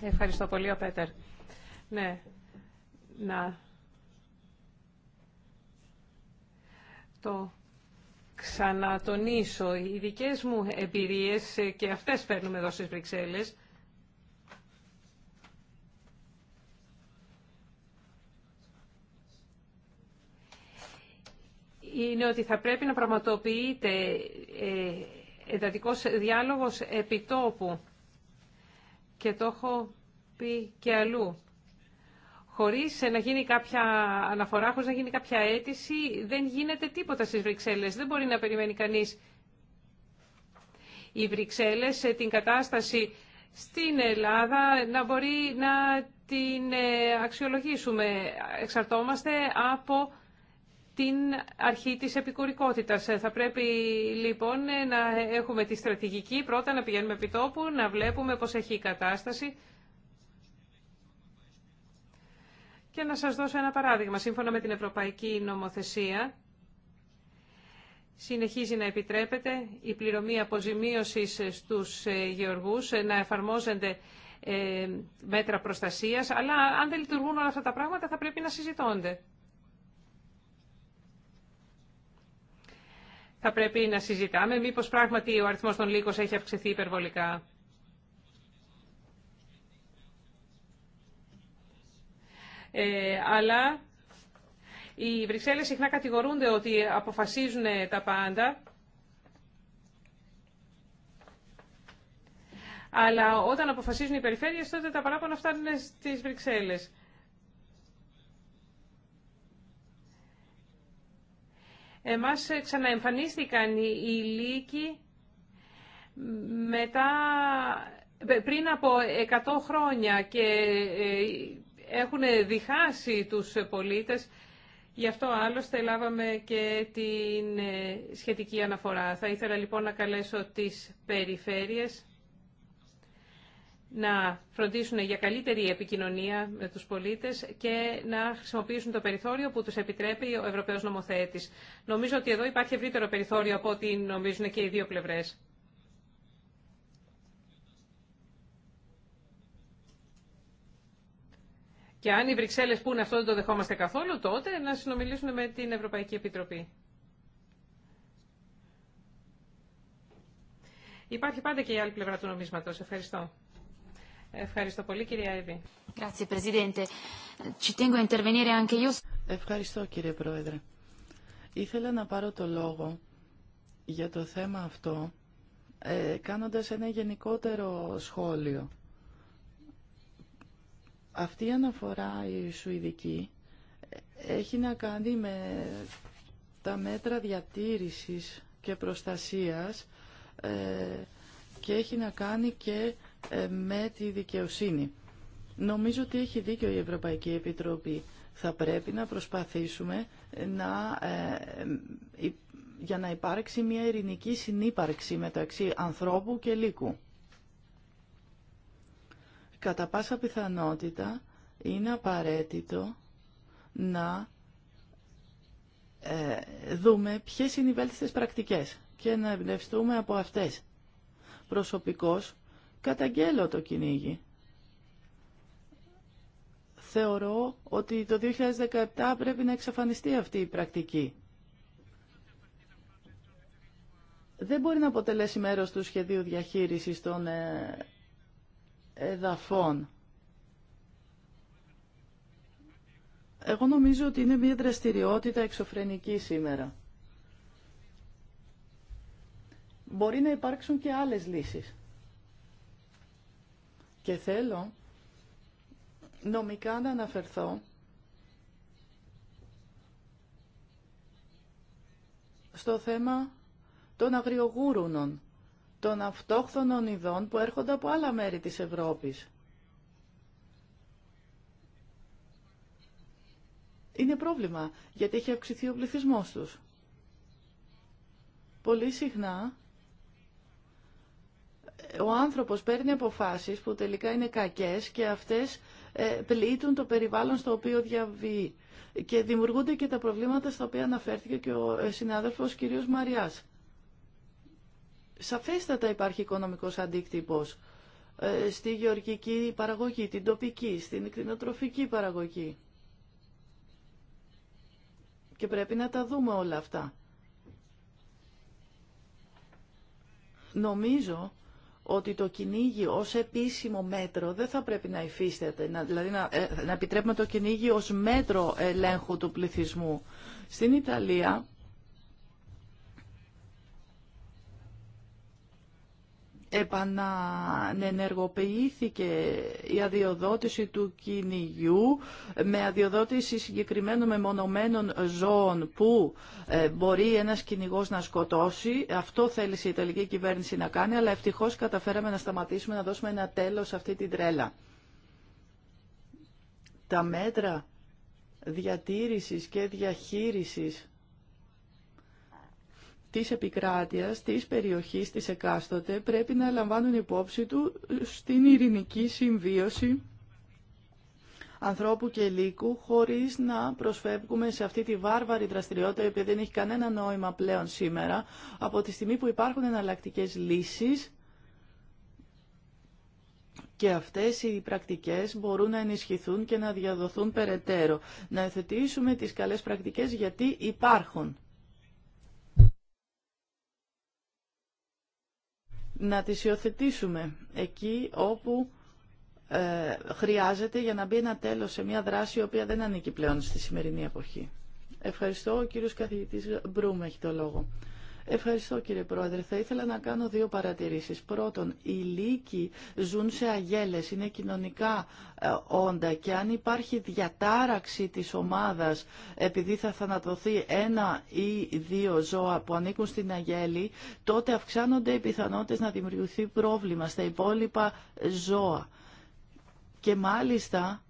Speaker 3: Ευχαριστώ πολύ, ο Πέτερ. Ναι, να... Το ξανατονίσω, οι δικές μου εμπειρίες ε, και αυτές παίρνουμε εδώ στις Βρυξέλλες, είναι ότι θα πρέπει να πραγματοποιείται ε, εντατικός διάλογος επιτόπου και το έχω πει και αλλού χωρίς να γίνει κάποια αναφορά, χωρίς να γίνει κάποια αίτηση, δεν γίνεται τίποτα στις Βρυξέλλες. Δεν μπορεί να περιμένει κανείς οι Βρυξέλλες την κατάσταση στην Ελλάδα να μπορεί να την ε, αξιολογήσουμε. Εξαρτόμαστε από την αρχή της επικουρικότητας. Ε, θα πρέπει λοιπόν ε, να έχουμε τη στρατηγική, πρώτα να πηγαίνουμε επί τόπου, να βλέπουμε πώς έχει η κατάσταση Και να σας δώσω ένα παράδειγμα. Σύμφωνα με την Ευρωπαϊκή Νομοθεσία, συνεχίζει να επιτρέπεται η πληρωμή αποζημίωσης στους ε, γεωργούς, ε, να εφαρμόζονται ε, μέτρα προστασίας, αλλά αν δεν λειτουργούν όλα αυτά τα πράγματα θα πρέπει να συζητώνται. Θα πρέπει να συζητάμε μήπως πράγματι ο αριθμός των λύκων έχει αυξηθεί υπερβολικά. Ε, αλλά οι Βρυξέλλες συχνά κατηγορούνται ότι αποφασίζουν ε, τα πάντα. Αλλά όταν αποφασίζουν οι περιφέρειες, τότε τα παράπονα φτάνουν στις Βρυξέλλες. Εμάς ε, ξαναεμφανίστηκαν οι λύκοι μετά, πριν από 100 χρόνια και έχουν διχάσει τους πολίτες. Γι' αυτό άλλωστε λάβαμε και την ε, σχετική αναφορά. Θα ήθελα λοιπόν να καλέσω τις περιφέρειες να φροντίσουν για καλύτερη επικοινωνία με τους πολίτες και να χρησιμοποιήσουν το περιθώριο που τους επιτρέπει ο Ευρωπαίος Νομοθέτης. Νομίζω ότι εδώ υπάρχει ευρύτερο περιθώριο από ό,τι νομίζουν και οι δύο πλευρές. Και αν οι Βρυξέλλες πούνε αυτό δεν το δεχόμαστε καθόλου, τότε να συνομιλήσουν με την Ευρωπαϊκή Επιτροπή. Υπάρχει πάντα και η άλλη πλευρά του νομίσματος. Ευχαριστώ. Ευχαριστώ πολύ, κυρία Εύη.
Speaker 4: Ευχαριστώ, κύριε Πρόεδρε. Ήθελα να πάρω το λόγο για το θέμα αυτό, ε, κάνοντας ένα γενικότερο σχόλιο. Αυτή η αναφορά η Σουηδική έχει να κάνει με τα μέτρα διατήρησης και προστασίας ε, και έχει να κάνει και ε, με τη δικαιοσύνη. Νομίζω ότι έχει δίκιο η Ευρωπαϊκή Επιτροπή. Θα πρέπει να προσπαθήσουμε να, ε, για να υπάρξει μια ειρηνική συνύπαρξη μεταξύ ανθρώπου και λύκου κατά πάσα πιθανότητα είναι απαραίτητο να ε, δούμε ποιες είναι οι βέλτιστες πρακτικές και να εμπνευστούμε από αυτές. Προσωπικώς καταγγέλλω το κυνήγι. Θεωρώ ότι το 2017 πρέπει να εξαφανιστεί αυτή η πρακτική. Δεν μπορεί να αποτελέσει μέρος του σχεδίου διαχείρισης των ε, εδαφών. Εγώ νομίζω ότι είναι μια δραστηριότητα εξωφρενική σήμερα. Μπορεί να υπάρξουν και άλλες λύσεις. Και θέλω νομικά να αναφερθώ στο θέμα των αγριογούρουνων των αυτόχθονων ειδών που έρχονται από άλλα μέρη της Ευρώπης. Είναι πρόβλημα, γιατί έχει αυξηθεί ο πληθυσμός τους. Πολύ συχνά ο άνθρωπος παίρνει αποφάσεις που τελικά είναι κακές και αυτές ε, πλήττουν το περιβάλλον στο οποίο διαβεί. Και δημιουργούνται και τα προβλήματα στα οποία αναφέρθηκε και ο ε, συνάδελφος κ. Μαριάς. Σαφέστατα υπάρχει οικονομικός αντίκτυπος ε, στη γεωργική παραγωγή, την τοπική, στην κτηνοτροφική παραγωγή. Και πρέπει να τα δούμε όλα αυτά. Νομίζω ότι το κυνήγι ως επίσημο μέτρο δεν θα πρέπει να υφίσταται, να, δηλαδή να, ε, να επιτρέπουμε το κυνήγι ως μέτρο ελέγχου του πληθυσμού. Στην Ιταλία επανενεργοποιήθηκε η αδειοδότηση του κυνηγιού με αδειοδότηση συγκεκριμένων μεμονωμένων ζώων που ε, μπορεί ένας κυνηγός να σκοτώσει. Αυτό θέλησε η Ιταλική κυβέρνηση να κάνει, αλλά ευτυχώς καταφέραμε να σταματήσουμε να δώσουμε ένα τέλος σε αυτή την τρέλα. Τα μέτρα διατήρησης και διαχείρισης της επικράτειας, της περιοχής, της εκάστοτε, πρέπει να λαμβάνουν υπόψη του στην ειρηνική συμβίωση ανθρώπου και λύκου, χωρίς να προσφεύγουμε σε αυτή τη βάρβαρη δραστηριότητα, η οποία δεν έχει κανένα νόημα πλέον σήμερα, από τη στιγμή που υπάρχουν εναλλακτικέ λύσεις και αυτές οι πρακτικές μπορούν να ενισχυθούν και να διαδοθούν περαιτέρω. Να εθετήσουμε τις καλές πρακτικές γιατί υπάρχουν. να τις υιοθετήσουμε εκεί όπου ε, χρειάζεται για να μπει ένα τέλος σε μια δράση η οποία δεν ανήκει πλέον στη σημερινή εποχή. Ευχαριστώ. Ο κύριος καθηγητής Μπρούμ έχει το λόγο. Ευχαριστώ κύριε Πρόεδρε. Θα ήθελα να κάνω δύο παρατηρήσεις. Πρώτον, οι λύκοι ζουν σε αγέλες, είναι κοινωνικά ε, όντα και αν υπάρχει διατάραξη της ομάδας επειδή θα θανατωθεί ένα ή δύο ζώα που ανήκουν στην αγέλη, τότε αυξάνονται οι πιθανότητες να δημιουργηθεί πρόβλημα στα υπόλοιπα ζώα. Και μάλιστα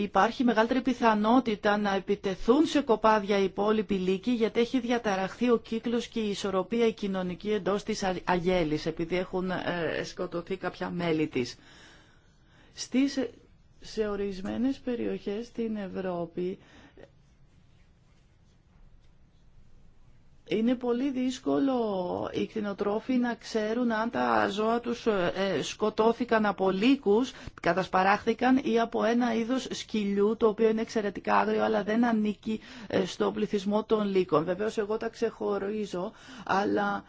Speaker 4: υπάρχει μεγαλύτερη πιθανότητα να επιτεθούν σε κοπάδια οι υπόλοιποι λύκοι γιατί έχει διαταραχθεί ο κύκλος και η ισορροπία η κοινωνική εντός της αγέλης επειδή έχουν ε, σκοτωθεί κάποια μέλη της. Στις, σε ορισμένες περιοχές στην Ευρώπη Είναι πολύ δύσκολο οι κτηνοτρόφοι να ξέρουν αν τα ζώα τους ε, σκοτώθηκαν από λύκους, κατασπαράχθηκαν ή από ένα είδος σκυλιού το οποίο είναι εξαιρετικά άγριο αλλά δεν ανήκει ε, στο πληθυσμό των λύκων. Βεβαίως εγώ τα ξεχωρίζω αλλά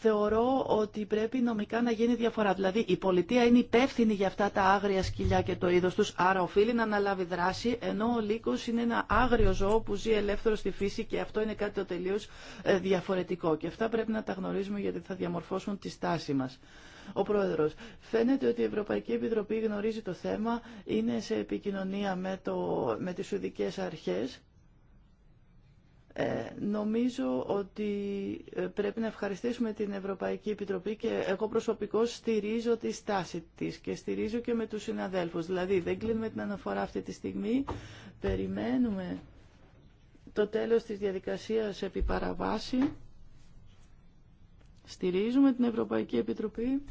Speaker 4: θεωρώ ότι πρέπει νομικά να γίνει διαφορά. Δηλαδή η πολιτεία είναι υπεύθυνη για αυτά τα άγρια σκυλιά και το είδος τους, άρα οφείλει να αναλάβει δράση, ενώ ο λύκος είναι ένα άγριο ζώο που ζει ελεύθερο στη φύση και αυτό είναι κάτι το τελείως ε, διαφορετικό. Και αυτά πρέπει να τα γνωρίζουμε γιατί θα διαμορφώσουν τη στάση μας. Ο Πρόεδρος, φαίνεται ότι η Ευρωπαϊκή Επιτροπή γνωρίζει το θέμα, είναι σε επικοινωνία με, το, με τις Αρχές ε, νομίζω ότι ε, πρέπει να ευχαριστήσουμε την Ευρωπαϊκή Επιτροπή και εγώ προσωπικώς στηρίζω τη στάση της και στηρίζω και με τους συναδέλφους. Δηλαδή δεν κλείνουμε την αναφορά αυτή τη στιγμή, περιμένουμε το τέλος της διαδικασίας επί παραβάση, στηρίζουμε την Ευρωπαϊκή Επιτροπή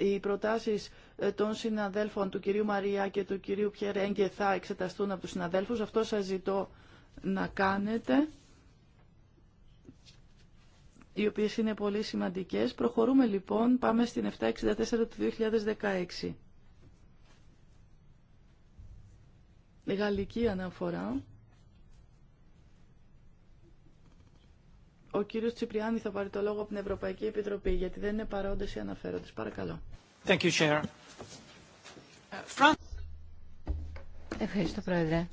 Speaker 4: οι προτάσεις ε, των συναδέλφων του κυρίου Μαριά και του κυρίου και θα εξεταστούν από τους συναδέλφους. Αυτό σας ζητώ να κάνετε οι οποίες είναι πολύ σημαντικές. Προχωρούμε λοιπόν, πάμε στην 764 του 2016. Γαλλική αναφορά. Ο κύριος Τσιπριάνη θα πάρει το λόγο από την Ευρωπαϊκή Επιτροπή, γιατί δεν είναι παρόντες οι αναφέροντες. Παρακαλώ.
Speaker 2: Thank you, Chair. Ευχαριστώ, Πρόεδρε.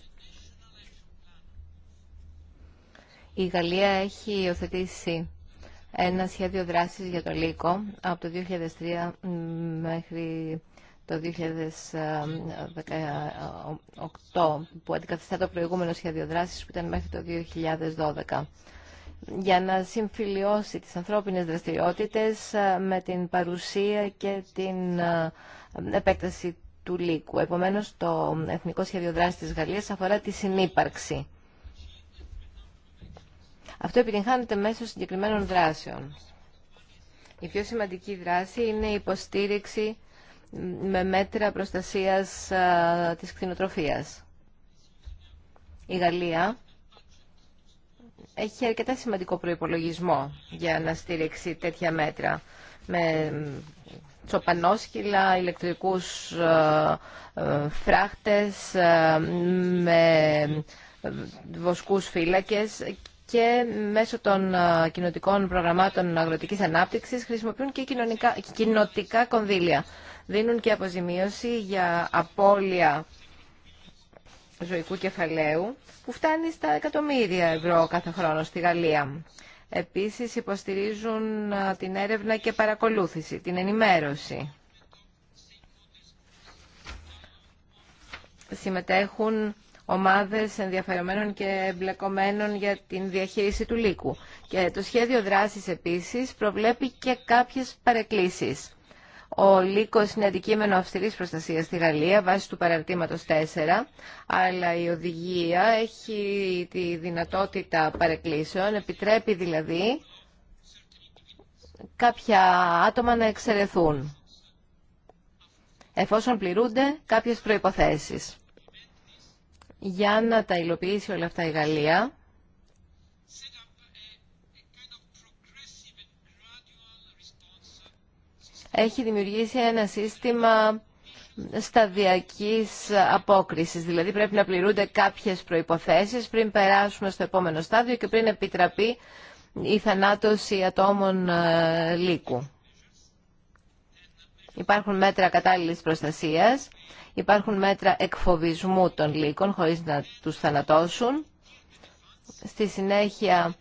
Speaker 2: Η Γαλλία έχει υιοθετήσει ένα σχέδιο δράσης για το λύκο από το 2003 μέχρι το 2018 που αντικαθιστά το προηγούμενο σχέδιο δράσης που ήταν μέχρι το 2012 για να συμφιλιώσει τις ανθρώπινες δραστηριότητες ε, με την παρουσία και την ε, επέκταση του λύκου. Επομένως, το Εθνικό Σχέδιο Δράσης της Γαλλίας αφορά τη συνύπαρξη. Αυτό επιτυγχάνεται μέσω συγκεκριμένων δράσεων. Η πιο σημαντική δράση είναι η υποστήριξη με μέτρα προστασίας ε, της κτηνοτροφίας. Η Γαλλία έχει αρκετά σημαντικό προϋπολογισμό για να στήριξει τέτοια μέτρα με τσοπανόσκυλα, ηλεκτρικούς ε, ε, φράχτες, ε, με βοσκούς φύλακες και μέσω των κοινοτικών προγραμμάτων αγροτικής ανάπτυξης χρησιμοποιούν και κοινωνικά, κοινοτικά κονδύλια. Δίνουν και αποζημίωση για απώλεια ζωικού κεφαλαίου που φτάνει στα εκατομμύρια ευρώ κάθε χρόνο στη Γαλλία. Επίσης υποστηρίζουν την έρευνα και παρακολούθηση, την ενημέρωση. Συμμετέχουν ομάδες ενδιαφερομένων και εμπλεκομένων για την διαχείριση του λύκου. Και το σχέδιο δράσης επίσης προβλέπει και κάποιες παρεκκλήσεις. Ο λύκος είναι αντικείμενο αυστηρή προστασία στη Γαλλία βάσει του παραρτήματος 4, αλλά η οδηγία έχει τη δυνατότητα παρεκκλήσεων, επιτρέπει δηλαδή κάποια άτομα να εξαιρεθούν εφόσον πληρούνται κάποιες προϋποθέσεις. Για να τα υλοποιήσει όλα αυτά η Γαλλία, έχει δημιουργήσει ένα σύστημα σταδιακής απόκρισης. Δηλαδή πρέπει να πληρούνται κάποιες προϋποθέσεις πριν περάσουμε στο επόμενο στάδιο και πριν επιτραπεί η θανάτωση ατόμων ε, λύκου. Υπάρχουν μέτρα κατάλληλης προστασίας, υπάρχουν μέτρα εκφοβισμού των λύκων χωρίς να τους θανατώσουν. Στη συνέχεια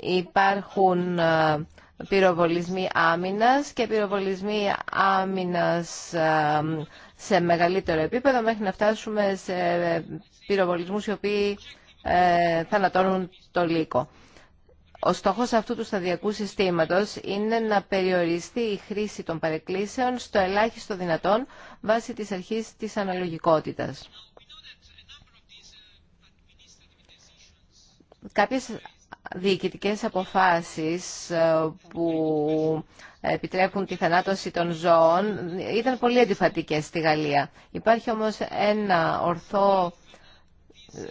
Speaker 2: υπάρχουν ε, πυροβολισμοί άμυνας και πυροβολισμοί άμυνας σε μεγαλύτερο επίπεδο μέχρι να φτάσουμε σε πυροβολισμούς οι οποίοι ε, θανατώνουν το λύκο. Ο στόχος αυτού του σταδιακού συστήματος είναι να περιοριστεί η χρήση των παρεκκλήσεων στο ελάχιστο δυνατόν βάσει της αρχής της αναλογικότητας. Κάποιες διοικητικές αποφάσεις ε, που επιτρέπουν τη θανάτωση των ζώων ήταν πολύ αντιφατικές στη Γαλλία. Υπάρχει όμως ένα ορθό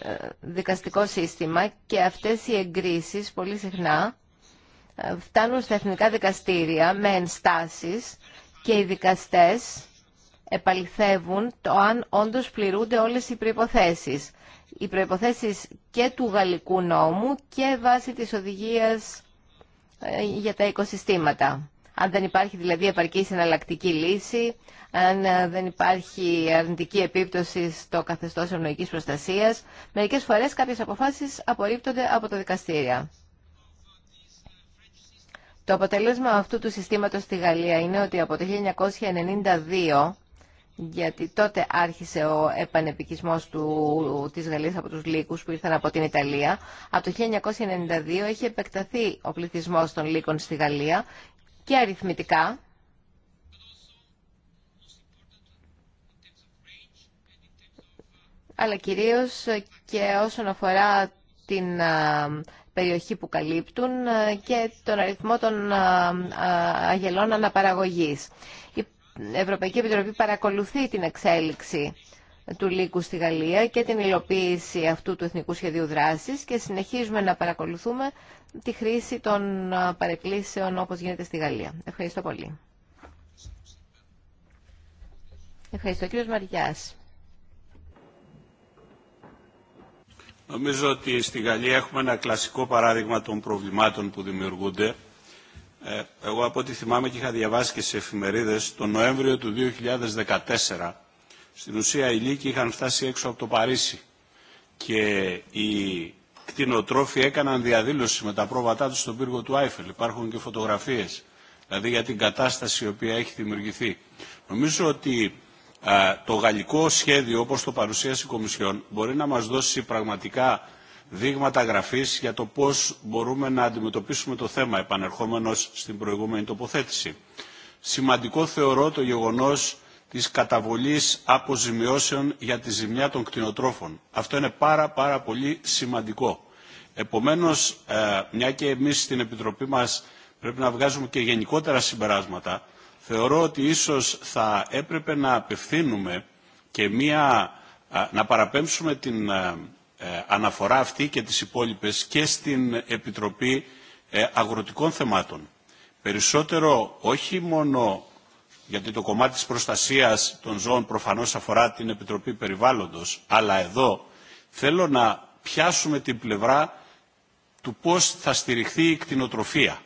Speaker 2: ε, δικαστικό σύστημα και αυτές οι εγκρίσεις πολύ συχνά ε, φτάνουν στα εθνικά δικαστήρια με ενστάσεις και οι δικαστές επαληθεύουν το αν όντως πληρούνται όλες οι προϋποθέσεις οι προϋποθέσεις και του γαλλικού νόμου και βάσει της οδηγίας ε, για τα οικοσυστήματα. Αν δεν υπάρχει δηλαδή επαρκή συναλλακτική λύση, αν ε, δεν υπάρχει αρνητική επίπτωση στο καθεστώς ευνοϊκής προστασίας, μερικές φορές κάποιες αποφάσεις απορρίπτονται από τα δικαστήρια. Το αποτέλεσμα αυτού του συστήματος στη Γαλλία είναι ότι από το 1992 γιατί τότε άρχισε ο επανεπικισμός του, της Γαλλίας από τους Λύκους που ήρθαν από την Ιταλία. Από το 1992 έχει επεκταθεί ο πληθυσμός των Λύκων στη Γαλλία και αριθμητικά. αλλά κυρίως και όσον αφορά την περιοχή που καλύπτουν και τον αριθμό των αγελών αναπαραγωγής. Η Ευρωπαϊκή Επιτροπή παρακολουθεί την εξέλιξη του λύκου στη Γαλλία και την υλοποίηση αυτού του Εθνικού Σχεδίου Δράσης και συνεχίζουμε να παρακολουθούμε τη χρήση των παρεκκλήσεων όπως γίνεται στη Γαλλία. Ευχαριστώ πολύ. Ευχαριστώ κύριος
Speaker 6: Μαριάς.
Speaker 5: Νομίζω ότι στη Γαλλία έχουμε ένα κλασικό παράδειγμα των προβλημάτων που δημιουργούνται ε, εγώ από ό,τι θυμάμαι και είχα διαβάσει και σε εφημερίδες, τον Νοέμβριο του 2014, στην ουσία οι Λύκοι είχαν φτάσει έξω από το Παρίσι και οι κτηνοτρόφοι έκαναν διαδήλωση με τα πρόβατά τους στον πύργο του Άιφελ. Υπάρχουν και φωτογραφίες, δηλαδή για την κατάσταση η οποία έχει δημιουργηθεί. Νομίζω ότι ε, το γαλλικό σχέδιο, όπως το παρουσίασε η Κομισιόν, μπορεί να μας δώσει πραγματικά δείγματα γραφής για το πώς μπορούμε να αντιμετωπίσουμε το θέμα, επανερχόμενος στην προηγούμενη τοποθέτηση. Σημαντικό θεωρώ το γεγονός της καταβολής αποζημιώσεων για τη ζημιά των κτηνοτρόφων. Αυτό είναι πάρα πάρα πολύ σημαντικό. Επομένως, ε, μια και εμείς στην Επιτροπή μας πρέπει να βγάζουμε και γενικότερα συμπεράσματα, θεωρώ ότι ίσως θα έπρεπε να απευθύνουμε και μια, να παραπέμψουμε την ε, ε, αναφορά αυτή και τις υπόλοιπες και στην Επιτροπή ε, Αγροτικών Θεμάτων. Περισσότερο όχι μόνο γιατί το κομμάτι της προστασίας των ζώων προφανώς αφορά την Επιτροπή Περιβάλλοντος, αλλά εδώ θέλω να πιάσουμε την πλευρά του πώς θα στηριχθεί η κτηνοτροφία.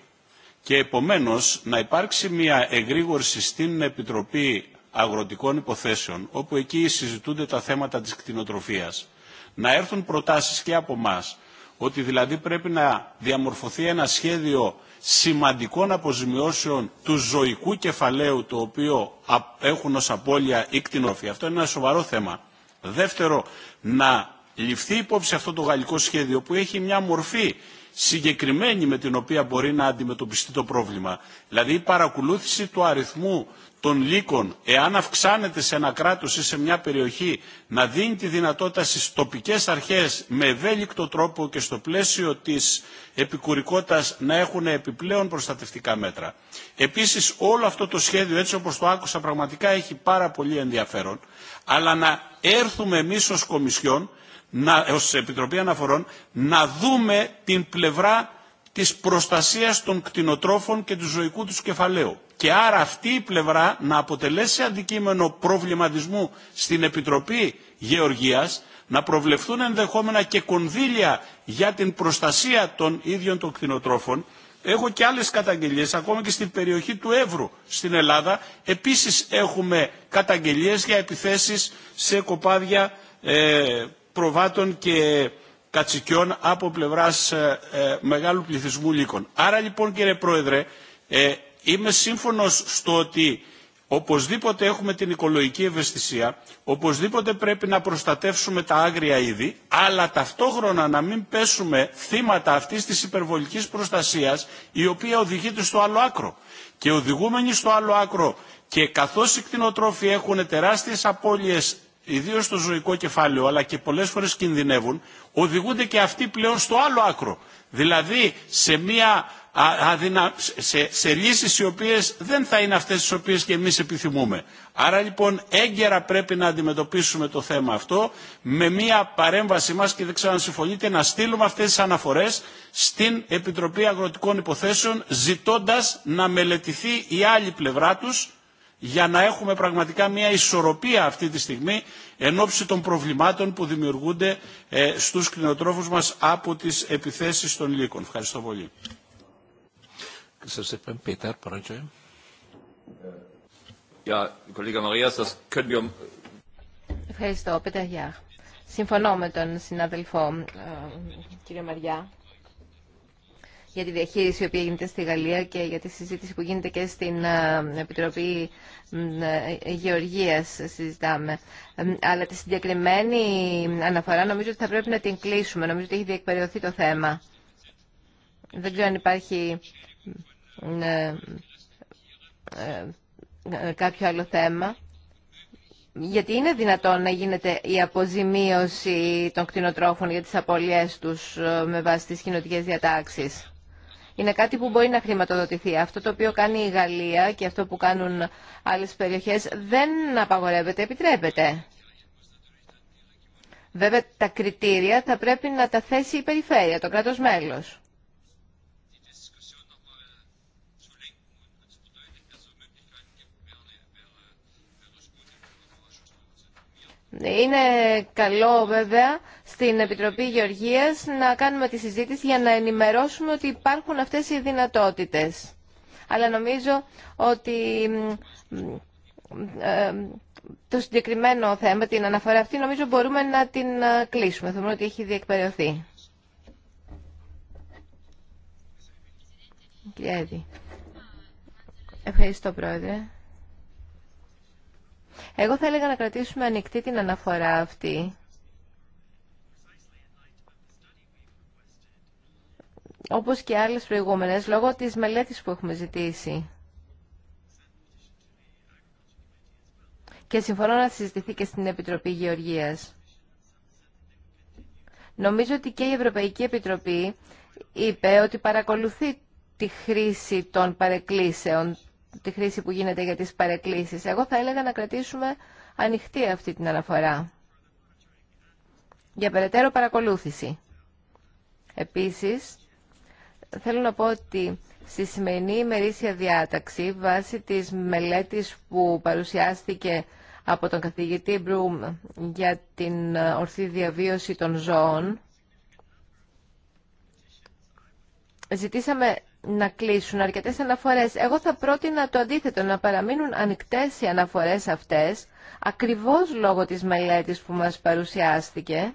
Speaker 5: Και επομένως να υπάρξει μια εγρήγορση στην Επιτροπή Αγροτικών Υποθέσεων, όπου εκεί συζητούνται τα θέματα της κτηνοτροφίας, να έρθουν προτάσεις και από εμά, ότι δηλαδή πρέπει να διαμορφωθεί ένα σχέδιο σημαντικών αποζημιώσεων του ζωικού κεφαλαίου το οποίο έχουν ως απώλεια ή Αυτό είναι ένα σοβαρό θέμα. Δεύτερο, να ληφθεί υπόψη αυτό το γαλλικό σχέδιο που έχει μια μορφή συγκεκριμένη με την οποία μπορεί να αντιμετωπιστεί το πρόβλημα. Δηλαδή η παρακολούθηση του αριθμού των εάν αυξάνεται σε ένα κράτος ή σε μια περιοχή, να δίνει τη δυνατότητα στις τοπικές αρχές με ευέλικτο τρόπο και στο πλαίσιο της επικουρικότητας να έχουν επιπλέον προστατευτικά μέτρα. Επίσης όλο αυτό το σχέδιο έτσι όπως το άκουσα πραγματικά έχει πάρα πολύ ενδιαφέρον, αλλά να έρθουμε εμείς ως Κομισιόν, ως Επιτροπή Αναφορών, να δούμε την πλευρά της προστασίας των κτηνοτρόφων και του ζωικού του κεφαλαίου. Και άρα αυτή η πλευρά να αποτελέσει αντικείμενο προβληματισμού στην Επιτροπή Γεωργίας, να προβλεφθούν ενδεχόμενα και κονδύλια για την προστασία των ίδιων των κτηνοτρόφων. Έχω και άλλες καταγγελίες, ακόμα και στην περιοχή του Εύρου στην Ελλάδα. Επίσης έχουμε καταγγελίες για επιθέσεις σε κοπάδια ε, προβάτων και κατσικιών από πλευράς ε, ε, μεγάλου πληθυσμού λύκων. Άρα λοιπόν κύριε Πρόεδρε, ε, είμαι σύμφωνος στο ότι οπωσδήποτε έχουμε την οικολογική ευαισθησία, οπωσδήποτε πρέπει να προστατεύσουμε τα άγρια είδη, αλλά ταυτόχρονα να μην πέσουμε θύματα αυτής της υπερβολικής προστασίας η οποία οδηγείται στο άλλο άκρο. Και οδηγούμενοι στο άλλο άκρο και καθώς οι κτηνοτρόφοι έχουν τεράστιες απώλειες ιδίω στο ζωικό κεφάλαιο, αλλά και πολλέ φορέ κινδυνεύουν, οδηγούνται και αυτοί πλέον στο άλλο άκρο. Δηλαδή σε, μια σε, σε λύσεις οι οποίες δεν θα είναι αυτές τις οποίες και εμείς επιθυμούμε. Άρα λοιπόν έγκαιρα πρέπει να αντιμετωπίσουμε το θέμα αυτό με μια παρέμβαση μας και δεν ξέρω αν συμφωνείτε να στείλουμε αυτές τις αναφορές στην Επιτροπή Αγροτικών Υποθέσεων ζητώντας να μελετηθεί η άλλη πλευρά τους για να έχουμε πραγματικά μια ισορροπία αυτή τη στιγμή εν ώψη των προβλημάτων που δημιουργούνται ε, στους κτηνοτρόφου μας από τις επιθέσεις των λύκων. Ευχαριστώ πολύ.
Speaker 2: Ευχαριστώ, Γιάχ. Συμφωνώ με τον συνάδελφο ε, κύριε Μαριά για τη διαχείριση η οποία γίνεται στη Γαλλία και για τη συζήτηση που γίνεται και στην ε, Επιτροπή ε, Γεωργίας συζητάμε. Ε, αλλά τη συγκεκριμένη αναφορά νομίζω ότι θα πρέπει να την κλείσουμε. Νομίζω ότι έχει διεκπαιδευτεί το θέμα. Δεν ξέρω αν υπάρχει κάποιο άλλο θέμα. Γιατί είναι δυνατόν να γίνεται η αποζημίωση των κτηνοτρόφων για τις απώλειές τους με βάση τις κοινωτικές διατάξεις είναι κάτι που μπορεί να χρηματοδοτηθεί. Αυτό το οποίο κάνει η Γαλλία και αυτό που κάνουν άλλες περιοχές δεν απαγορεύεται, επιτρέπεται. Βέβαια τα κριτήρια θα πρέπει να τα θέσει η περιφέρεια, το κράτος μέλος. Είναι καλό βέβαια στην Επιτροπή Γεωργίας να κάνουμε τη συζήτηση για να ενημερώσουμε ότι υπάρχουν αυτές οι δυνατότητες. Αλλά νομίζω ότι ε, το συγκεκριμένο θέμα, την αναφορά αυτή, νομίζω μπορούμε να την ε, κλείσουμε. Θεωρούμε ότι έχει διεκπαιρεωθεί. Ευχαριστώ, Πρόεδρε. Εγώ θα έλεγα να κρατήσουμε ανοιχτή την αναφορά αυτή όπως και άλλες προηγούμενες, λόγω της μελέτης που έχουμε ζητήσει. Και συμφωνώ να συζητηθεί και στην Επιτροπή Γεωργίας. Νομίζω ότι και η Ευρωπαϊκή Επιτροπή είπε ότι παρακολουθεί τη χρήση των παρεκκλήσεων, τη χρήση που γίνεται για τις παρεκκλήσεις. Εγώ θα έλεγα να κρατήσουμε ανοιχτή αυτή την αναφορά για περαιτέρω παρακολούθηση. Επίσης, θέλω να πω ότι στη σημερινή ημερήσια διάταξη, βάσει της μελέτης που παρουσιάστηκε από τον καθηγητή Μπρουμ για την ε, ορθή διαβίωση των ζώων, ζητήσαμε να κλείσουν αρκετές αναφορές. Εγώ θα πρότεινα το αντίθετο, να παραμείνουν ανοιχτές οι αναφορές αυτές, ακριβώς λόγω της μελέτης που μας παρουσιάστηκε,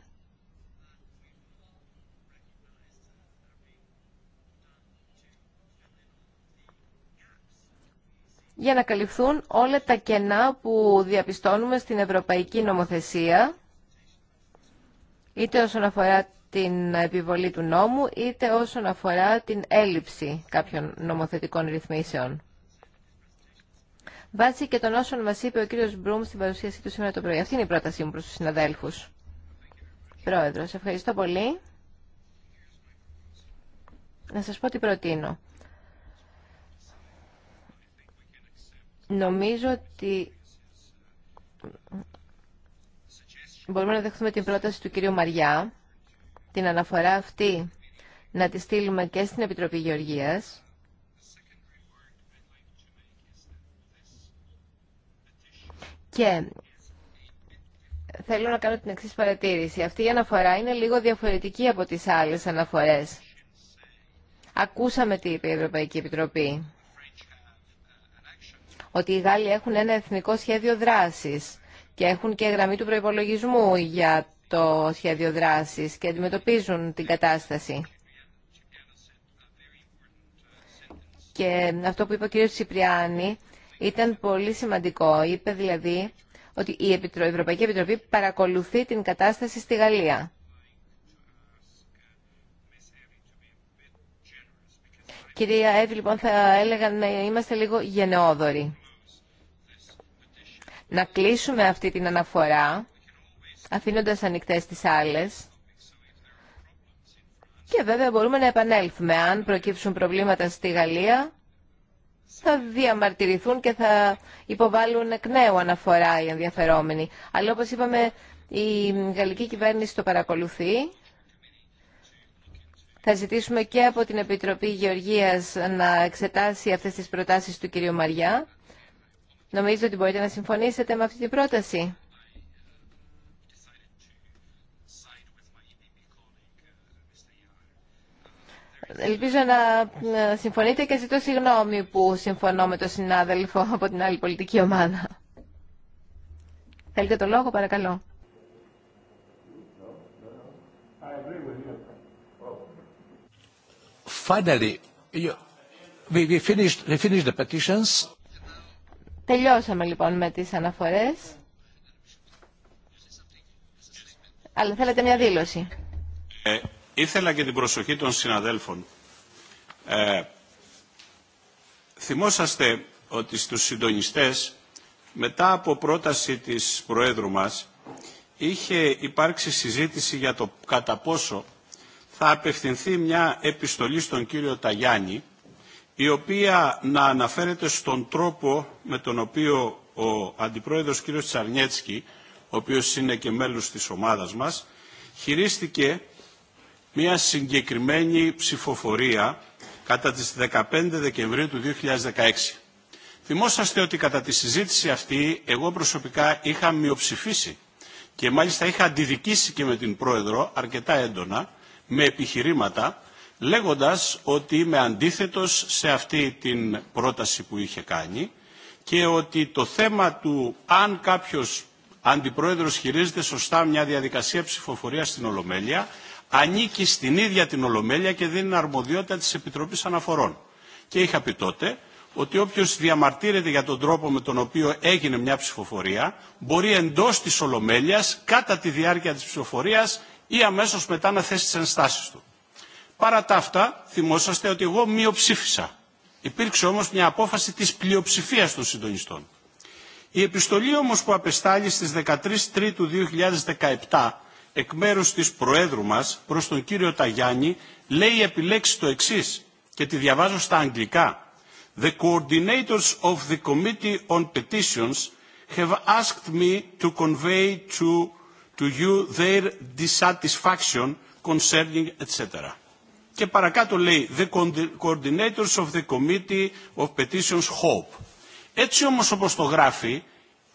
Speaker 2: για να καλυφθούν όλα τα κενά που διαπιστώνουμε στην ευρωπαϊκή νομοθεσία, είτε όσον αφορά την επιβολή του νόμου, είτε όσον αφορά την έλλειψη κάποιων νομοθετικών ρυθμίσεων. Βάσει και των όσων μας είπε ο κύριος Μπρούμ στην παρουσίασή του σήμερα το πρωί. Αυτή είναι η πρότασή μου προς τους συναδέλφους. Πρόεδρος, ευχαριστώ πολύ. Να σας πω τι προτείνω. Νομίζω ότι μπορούμε να δεχθούμε την πρόταση του κυρίου Μαριά, την αναφορά αυτή να τη στείλουμε και στην Επιτροπή Γεωργίας. Και θέλω να κάνω την εξής παρατήρηση. Αυτή η αναφορά είναι λίγο διαφορετική από τις άλλες αναφορές. Ακούσαμε τι είπε η Ευρωπαϊκή Επιτροπή ότι οι Γάλλοι έχουν ένα εθνικό σχέδιο δράσης και έχουν και γραμμή του προϋπολογισμού για το σχέδιο δράσης και αντιμετωπίζουν την κατάσταση. Και αυτό που είπε ο κ. Τσιπριάνη ήταν πολύ σημαντικό. Είπε δηλαδή ότι η Ευρωπαϊκή Επιτροπή παρακολουθεί την κατάσταση στη Γαλλία. Κυρία Εύη, λοιπόν, θα έλεγα να είμαστε λίγο γενναιόδοροι να κλείσουμε αυτή την αναφορά, αφήνοντας ανοιχτές τις άλλες, και βέβαια μπορούμε να επανέλθουμε. Αν προκύψουν προβλήματα στη Γαλλία, θα διαμαρτυρηθούν και θα υποβάλουν εκ νέου αναφορά οι ενδιαφερόμενοι. Αλλά όπως είπαμε, η γαλλική κυβέρνηση το παρακολουθεί. Θα ζητήσουμε και από την Επιτροπή Γεωργίας να εξετάσει αυτές τις προτάσεις του κ. Μαριά Νομίζω ότι μπορείτε να συμφωνήσετε με αυτή την πρόταση. Ελπίζω να ε, συμφωνείτε και ζητώ συγγνώμη που συμφωνώ με τον συνάδελφο από την άλλη πολιτική ομάδα. Θέλετε το λόγο, παρακαλώ.
Speaker 1: Finally, we finished, we finished the petitions.
Speaker 2: Τελειώσαμε λοιπόν με τις αναφορές. Αλλά θέλετε μια δήλωση.
Speaker 5: Ε, ήθελα και την προσοχή των συναδέλφων. Ε, θυμόσαστε ότι στους συντονιστές μετά από πρόταση της Προέδρου μας είχε υπάρξει συζήτηση για το κατά πόσο θα απευθυνθεί μια επιστολή στον κύριο Ταγιάννη η οποία να αναφέρεται στον τρόπο με τον οποίο ο Αντιπρόεδρος κ. Τσαρνιέτσκι, ο οποίος είναι και μέλος της ομάδας μας, χειρίστηκε μια συγκεκριμένη ψηφοφορία κατά τις 15 Δεκεμβρίου του 2016. Θυμόσαστε ότι κατά τη συζήτηση αυτή εγώ προσωπικά είχα μειοψηφίσει και μάλιστα είχα αντιδικήσει και με την Πρόεδρο αρκετά έντονα με επιχειρήματα λέγοντας ότι είμαι αντίθετος σε αυτή την πρόταση που είχε κάνει και ότι το θέμα του αν κάποιος αντιπρόεδρος χειρίζεται σωστά μια διαδικασία ψηφοφορίας στην Ολομέλεια ανήκει στην ίδια την Ολομέλεια και δίνει αρμοδιότητα της Επιτροπής Αναφορών. Και είχα πει τότε ότι όποιος διαμαρτύρεται για τον τρόπο με τον οποίο έγινε μια ψηφοφορία μπορεί εντός της Ολομέλειας κατά τη διάρκεια της ψηφοφορίας ή αμέσως μετά να θέσει τις ενστάσεις του. Παρά τα αυτά, θυμόσαστε ότι εγώ μειοψήφισα. Υπήρξε όμως μια απόφαση της πλειοψηφίας των συντονιστών. Η επιστολή όμως που απεστάλει στις 13 Τρίτου 2017 εκ μέρους της Προέδρου μας προς τον κύριο Ταγιάννη λέει επιλέξει το εξής και τη διαβάζω στα αγγλικά. The coordinators of the Committee on Petitions have asked me to convey to, to you their dissatisfaction concerning etc και παρακάτω λέει «The coordinators of the Committee of Petitions Hope». Έτσι όμως όπως το γράφει,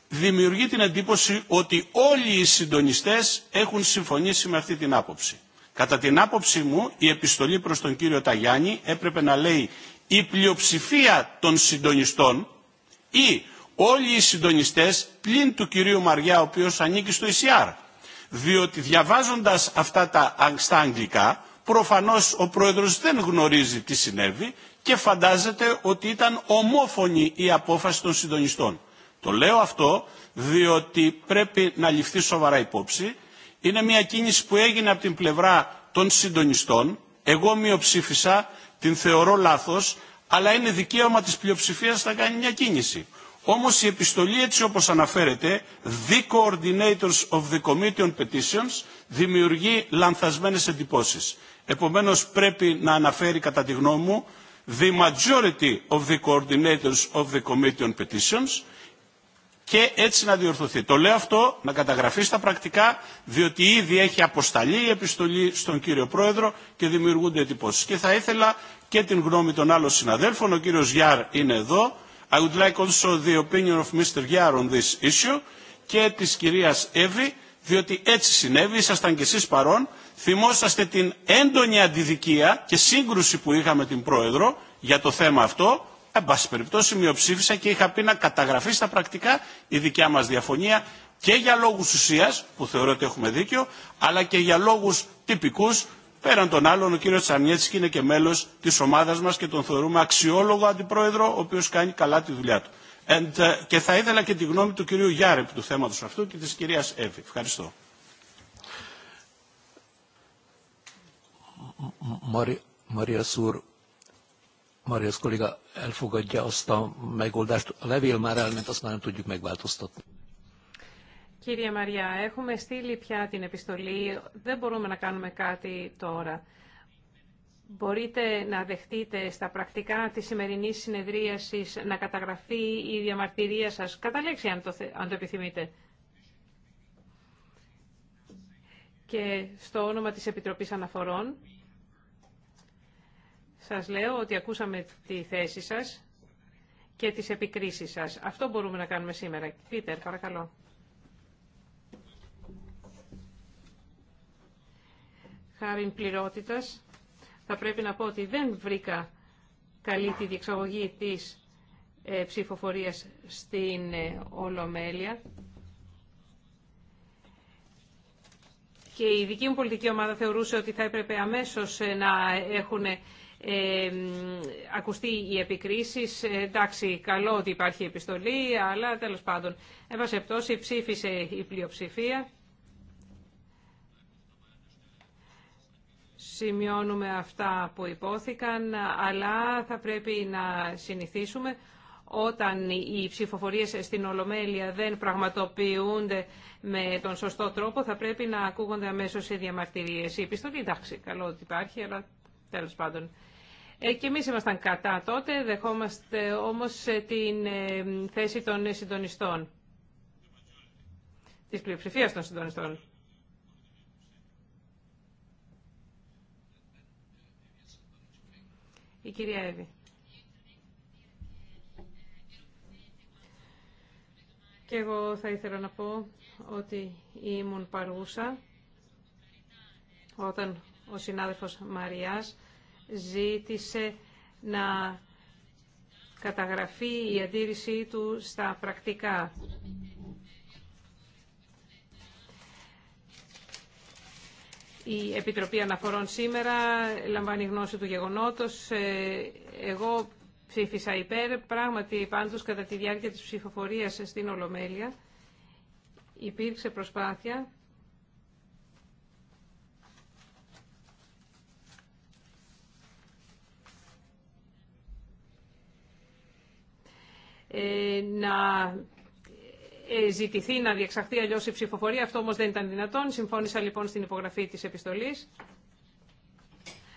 Speaker 5: δημιουργεί την εντύπωση ότι όλοι οι συντονιστές έχουν συμφωνήσει με αυτή την άποψη. Κατά την άποψή μου, η επιστολή προς τον κύριο Ταγιάννη έπρεπε να λέει «Η πλειοψηφία των συντονιστών» ή «Όλοι οι συντονιστές πλην του κυρίου Μαριά, ο οποίος ανήκει στο ECR». Διότι διαβάζοντας αυτά τα στα αγγλικά, Προφανώς ο πρόεδρος δεν γνωρίζει τι συνέβη και φαντάζεται ότι ήταν ομόφωνη η απόφαση των συντονιστών. Το λέω αυτό διότι πρέπει να ληφθεί σοβαρά υπόψη. Είναι μια κίνηση που έγινε από την πλευρά των συντονιστών. Εγώ μειοψήφισα, την θεωρώ λάθος, αλλά είναι δικαίωμα της πλειοψηφίας να κάνει μια κίνηση. Όμως η επιστολή έτσι όπως αναφέρεται, The Coordinators of the Committee on Petitions, δημιουργεί λανθασμένες εντυπώσεις. Επομένως πρέπει να αναφέρει κατά τη γνώμη μου the majority of the coordinators of the committee on petitions και έτσι να διορθωθεί. Το λέω αυτό να καταγραφεί στα πρακτικά διότι ήδη έχει αποσταλεί η επιστολή στον κύριο Πρόεδρο και δημιουργούνται εντυπώσει. Και θα ήθελα και την γνώμη των άλλων συναδέλφων, ο κύριος Γιάρ είναι εδώ, I would like also the opinion of Mr. Γιάρ on this issue και της κυρίας Εύη, διότι έτσι συνέβη, ήσασταν και εσείς παρόν, θυμόσαστε την έντονη αντιδικία και σύγκρουση που είχαμε την Πρόεδρο για το θέμα αυτό. Εν πάση περιπτώσει μειοψήφισα και είχα πει να καταγραφεί στα πρακτικά η δικιά μας διαφωνία και για λόγους ουσίας, που θεωρώ ότι έχουμε δίκιο, αλλά και για λόγους τυπικούς. Πέραν των άλλων, ο κύριο Τσαρνιέτσικ είναι και μέλος της ομάδας μας και τον θεωρούμε αξιόλογο αντιπρόεδρο, ο οποίος κάνει καλά τη δουλειά του. And, uh, και θα ήθελα και τη γνώμη του κυρίου Γιάρεπ του θέματος αυτού και της κυρίας Εύη. Ευχαριστώ.
Speaker 1: Marias kolléga elfogadja azt a megoldást. A levél már elment, azt
Speaker 3: Κύριε Μαριά, έχουμε στείλει πια την επιστολή. Δεν μπορούμε να κάνουμε κάτι τώρα. Μπορείτε να δεχτείτε στα πρακτικά της σημερινής συνεδρίασης να καταγραφεί η διαμαρτυρία σας, κατά λέξη αν το, αν το επιθυμείτε. Και στο όνομα της Επιτροπής Αναφορών. Σας λέω ότι ακούσαμε τη θέση σας και τις επικρίσεις σας. Αυτό μπορούμε να κάνουμε σήμερα. Πίτερ, παρακαλώ. Χάρη πληρότητας, θα πρέπει να πω ότι δεν βρήκα καλή τη διεξαγωγή της ε, ψηφοφορίας στην ε, Ολομέλεια. Και η δική μου πολιτική ομάδα θεωρούσε ότι θα έπρεπε αμέσως ε, να έχουν ακουστεί η επικρίση. Ε, εντάξει, καλό ότι υπάρχει επιστολή, αλλά τέλος πάντων, έβασε πτώση, ψήφισε η πλειοψηφία. Σημειώνουμε αυτά που υπόθηκαν, αλλά θα πρέπει να συνηθίσουμε όταν οι ψηφοφορίες στην Ολομέλεια δεν πραγματοποιούνται με τον σωστό τρόπο, θα πρέπει να ακούγονται αμέσως οι διαμαρτυρίες. Η επιστολή, εντάξει, καλό ότι υπάρχει, αλλά Τέλος πάντων. Ε, και εμείς ήμασταν κατά τότε, δεχόμαστε όμως ε, την ε, θέση των συντονιστών. Της πλειοψηφίας των συντονιστών. Η κυρία Εύη. Και εγώ θα ήθελα να πω ότι ήμουν παρούσα όταν ο συνάδελφος Μαριάς ζήτησε να καταγραφεί η αντίρρησή του στα πρακτικά. Η Επιτροπή Αναφορών σήμερα λαμβάνει γνώση του γεγονότος. Ε, εγώ ψήφισα υπέρ. Πράγματι, πάντως, κατά τη διάρκεια της ψηφοφορίας στην Ολομέλεια υπήρξε προσπάθεια Ε, να ε, ζητηθεί να διεξαχθεί αλλιώς η ψηφοφορία. Αυτό όμως δεν ήταν δυνατόν. Συμφώνησα λοιπόν στην υπογραφή της επιστολής.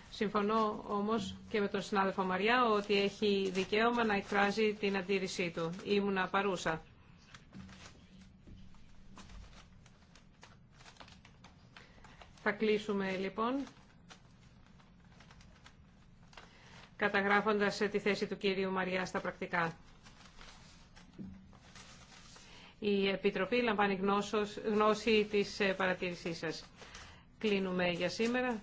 Speaker 3: Συμφωνώ όμως και με τον συνάδελφο Μαριά ότι έχει δικαίωμα να εκφράζει την αντίρρησή του. Ήμουνα παρούσα. Θα κλείσουμε λοιπόν καταγράφοντας τη θέση του κύριου Μαριά στα πρακτικά. Η Επιτροπή λαμβάνει γνώση της ε, παρατήρησής σας. Κλείνουμε για σήμερα.